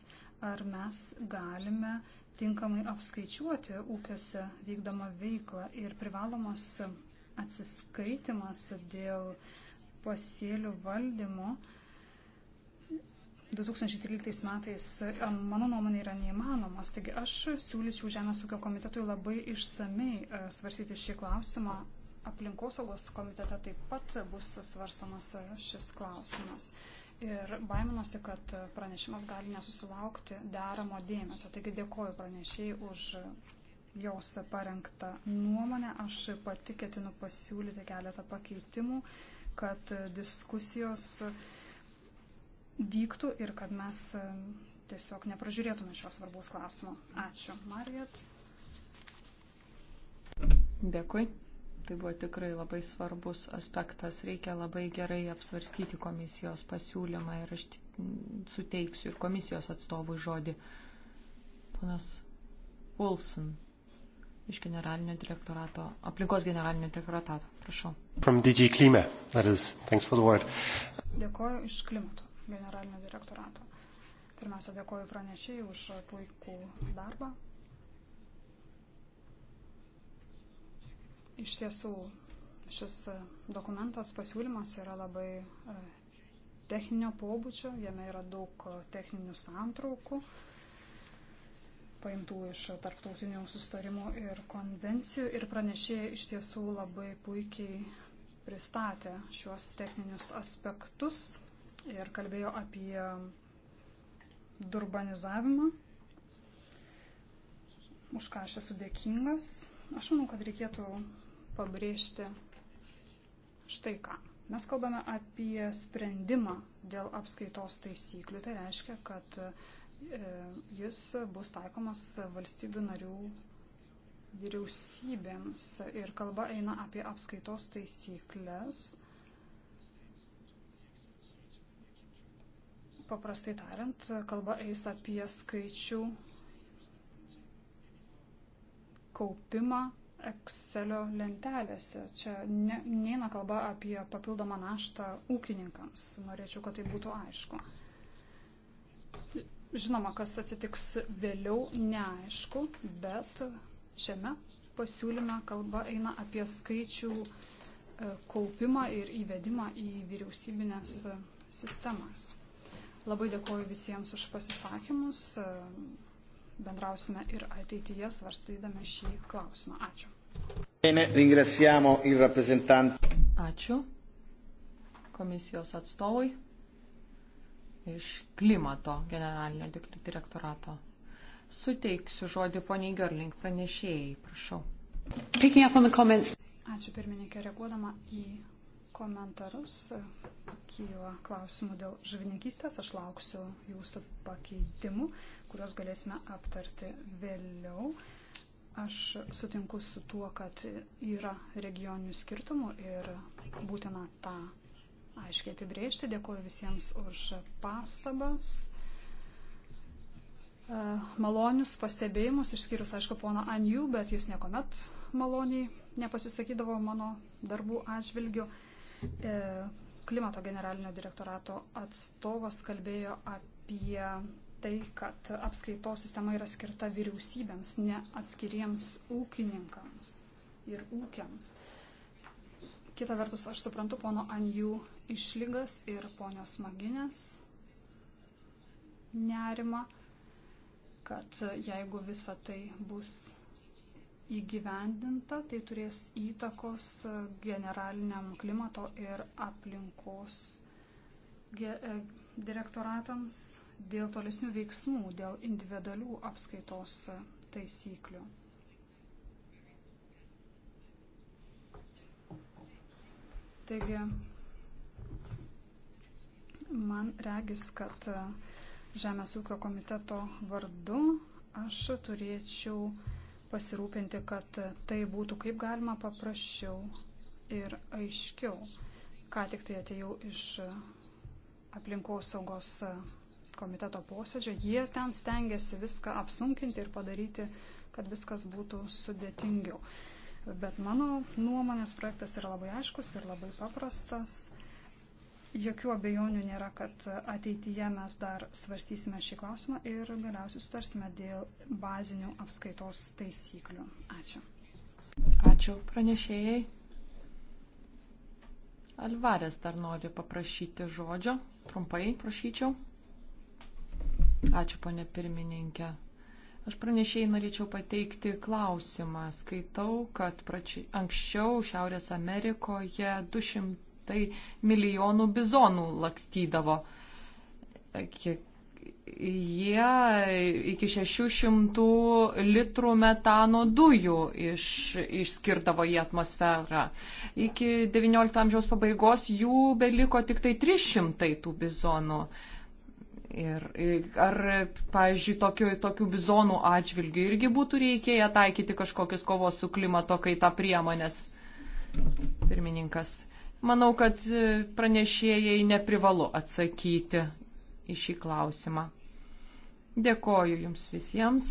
ar mes galime tinkamai apskaičiuoti ūkiuose vykdomą veiklą ir privalomas atsiskaitimas dėl pasėlių valdymo 2013 metais, mano nuomonė, yra neįmanomas. Taigi aš siūlyčiau Žemės ūkio komitetui labai išsamei svarstyti šį klausimą, aplinkosaugos komitete taip pat bus svarstamas šis klausimas. Ir baiminosi, kad pranešimas gali nesusilaukti deramo dėmesio. Taigi dėkoju pranešėjai už jos parengtą nuomonę. Aš pati ketinu pasiūlyti keletą pakeitimų, kad diskusijos vyktų ir kad mes tiesiog nepražiūrėtume šios svarbaus klausimo. Ačiū, Marijat. Dėkui. Tai buvo tikrai labai svarbus aspektas. Reikia labai gerai apsvarstyti komisijos pasiūlymą ir aš suteiksiu ir komisijos atstovui žodį. Ponas Wilson iš generalinio direktorato, aplinkos generalinio direktorato, prašau. From DG Klima, that is, thanks for the word. Dėkoju iš klimato generalinio direktorato. Pirmiausia, dėkoju pranešėjai už puikų darbą. Iš tiesų, šis e, dokumentas, pasiūlymas yra labai e, techninio pobūdžio, jame yra daug e, techninių santraukų, paimtų iš tarptautinių sustarimų ir konvencijų ir pranešėjai iš tiesų labai puikiai pristatė šiuos techninius aspektus ir kalbėjo apie durbanizavimą, už ką aš esu dėkingas. Aš manau, kad reikėtų pabrėžti štai ką. Mes kalbame apie sprendimą dėl apskaitos taisyklių. Tai reiškia, kad e, jis bus taikomas valstybių narių vyriausybėms. Ir kalba eina apie apskaitos taisyklės. Paprastai tariant, kalba eis apie skaičių kaupimą Excelio lentelėse. Čia ne, neina kalba apie papildomą naštą ūkininkams. Norėčiau, kad tai būtų aišku. Žinoma, kas atsitiks vėliau, neaišku, bet šiame pasiūlyme kalba eina apie skaičių e, kaupimą ir įvedimą į vyriausybinės sistemas. Labai dėkoju visiems už pasisakymus. E, bendrausime ir ateityje svarstydami šį klausimą. Ačiū. Ačiū komisijos atstovui iš klimato generalinio direktorato. Suteiksiu žodį poniai Gerling pranešėjai, prašau. Ačiū pirmininkė, reaguodama į komentarus. Kyla klausimų dėl žuvininkystės. Aš lauksiu jūsų pakeitimų, kuriuos galėsime aptarti vėliau. Aš sutinku su tuo, kad yra regioninių skirtumų ir būtina tą aiškiai apibrėžti. Dėkuoju visiems už pastabas e, malonius pastebėjimus, išskyrus, aišku, pono Anjų, bet jis niekuomet maloniai nepasisakydavo mano darbų atžvilgiu. E, klimato generalinio direktorato atstovas kalbėjo apie tai, kad apskaitos sistema yra skirta vyriausybėms, ne atskiriems ūkininkams ir ūkiams. Kita vertus, aš suprantu pono Anjų išlygas ir ponios Maginės nerima, kad jeigu visa tai bus įgyvendinta, tai turės įtakos generaliniam klimato ir aplinkos e, direktoratams dėl tolesnių veiksmų, dėl individualių apskaitos taisyklių. Taigi, man regis, kad Žemės ūkio komiteto vardu aš turėčiau pasirūpinti, kad tai būtų kaip galima paprasčiau ir aiškiau. Ką tik tai atėjau iš aplinkos saugos komiteto posėdžio, jie ten stengiasi viską apsunkinti ir padaryti, kad viskas būtų sudėtingiau. Bet mano nuomonės projektas yra labai aiškus ir labai paprastas. Jokių abejonių nėra, kad ateityje mes dar svarstysime šį klausimą ir galiausiai sutarsime dėl bazinių apskaitos taisyklių. Ačiū. Ačiū pranešėjai. Alvarės dar nori paprašyti žodžio. Trumpai prašyčiau. Ačiū, ponė pirmininkė. Aš pranešėjai norėčiau pateikti klausimą. Skaitau, kad prači... anksčiau Šiaurės Amerikoje 200 šimtai milijonų bizonų lakstydavo. Kiek jie iki 600 litrų metano dujų iš, išskirdavo į atmosferą. Iki XIX amžiaus pabaigos jų beliko tik tai 300 tų bizonų. Ir ar, pavyzdžiui, tokių, tokių bizonų atžvilgių irgi būtų reikėję taikyti kažkokius kovos su klimato kaita priemonės. Pirmininkas. Manau, kad e, pranešėjai neprivalu atsakyti į šį klausimą. Dėkoju Jums visiems.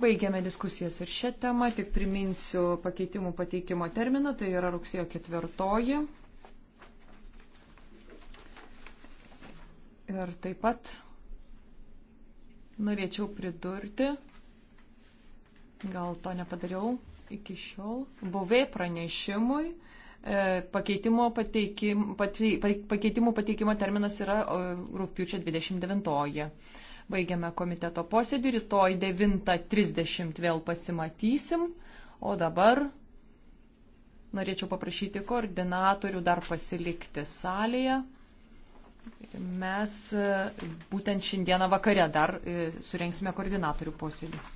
Baigiame diskusijas ir šią temą. Tik priminsiu pakeitimų pateikimo terminą, tai yra rugsėjo ketvirtoji. Ir taip pat norėčiau pridurti, gal to nepadariau, iki šiol buvai pranešimui e, pakeitimo, pateikim, patei, pakeitimo pateikimo terminas yra rūpiučio 29. Baigiame komiteto posėdį, rytoj 9.30 vėl pasimatysim, o dabar norėčiau paprašyti koordinatorių dar pasilikti salėje. Mes e, būtent šiandieną vakare dar e, surengsime koordinatorių posėdį.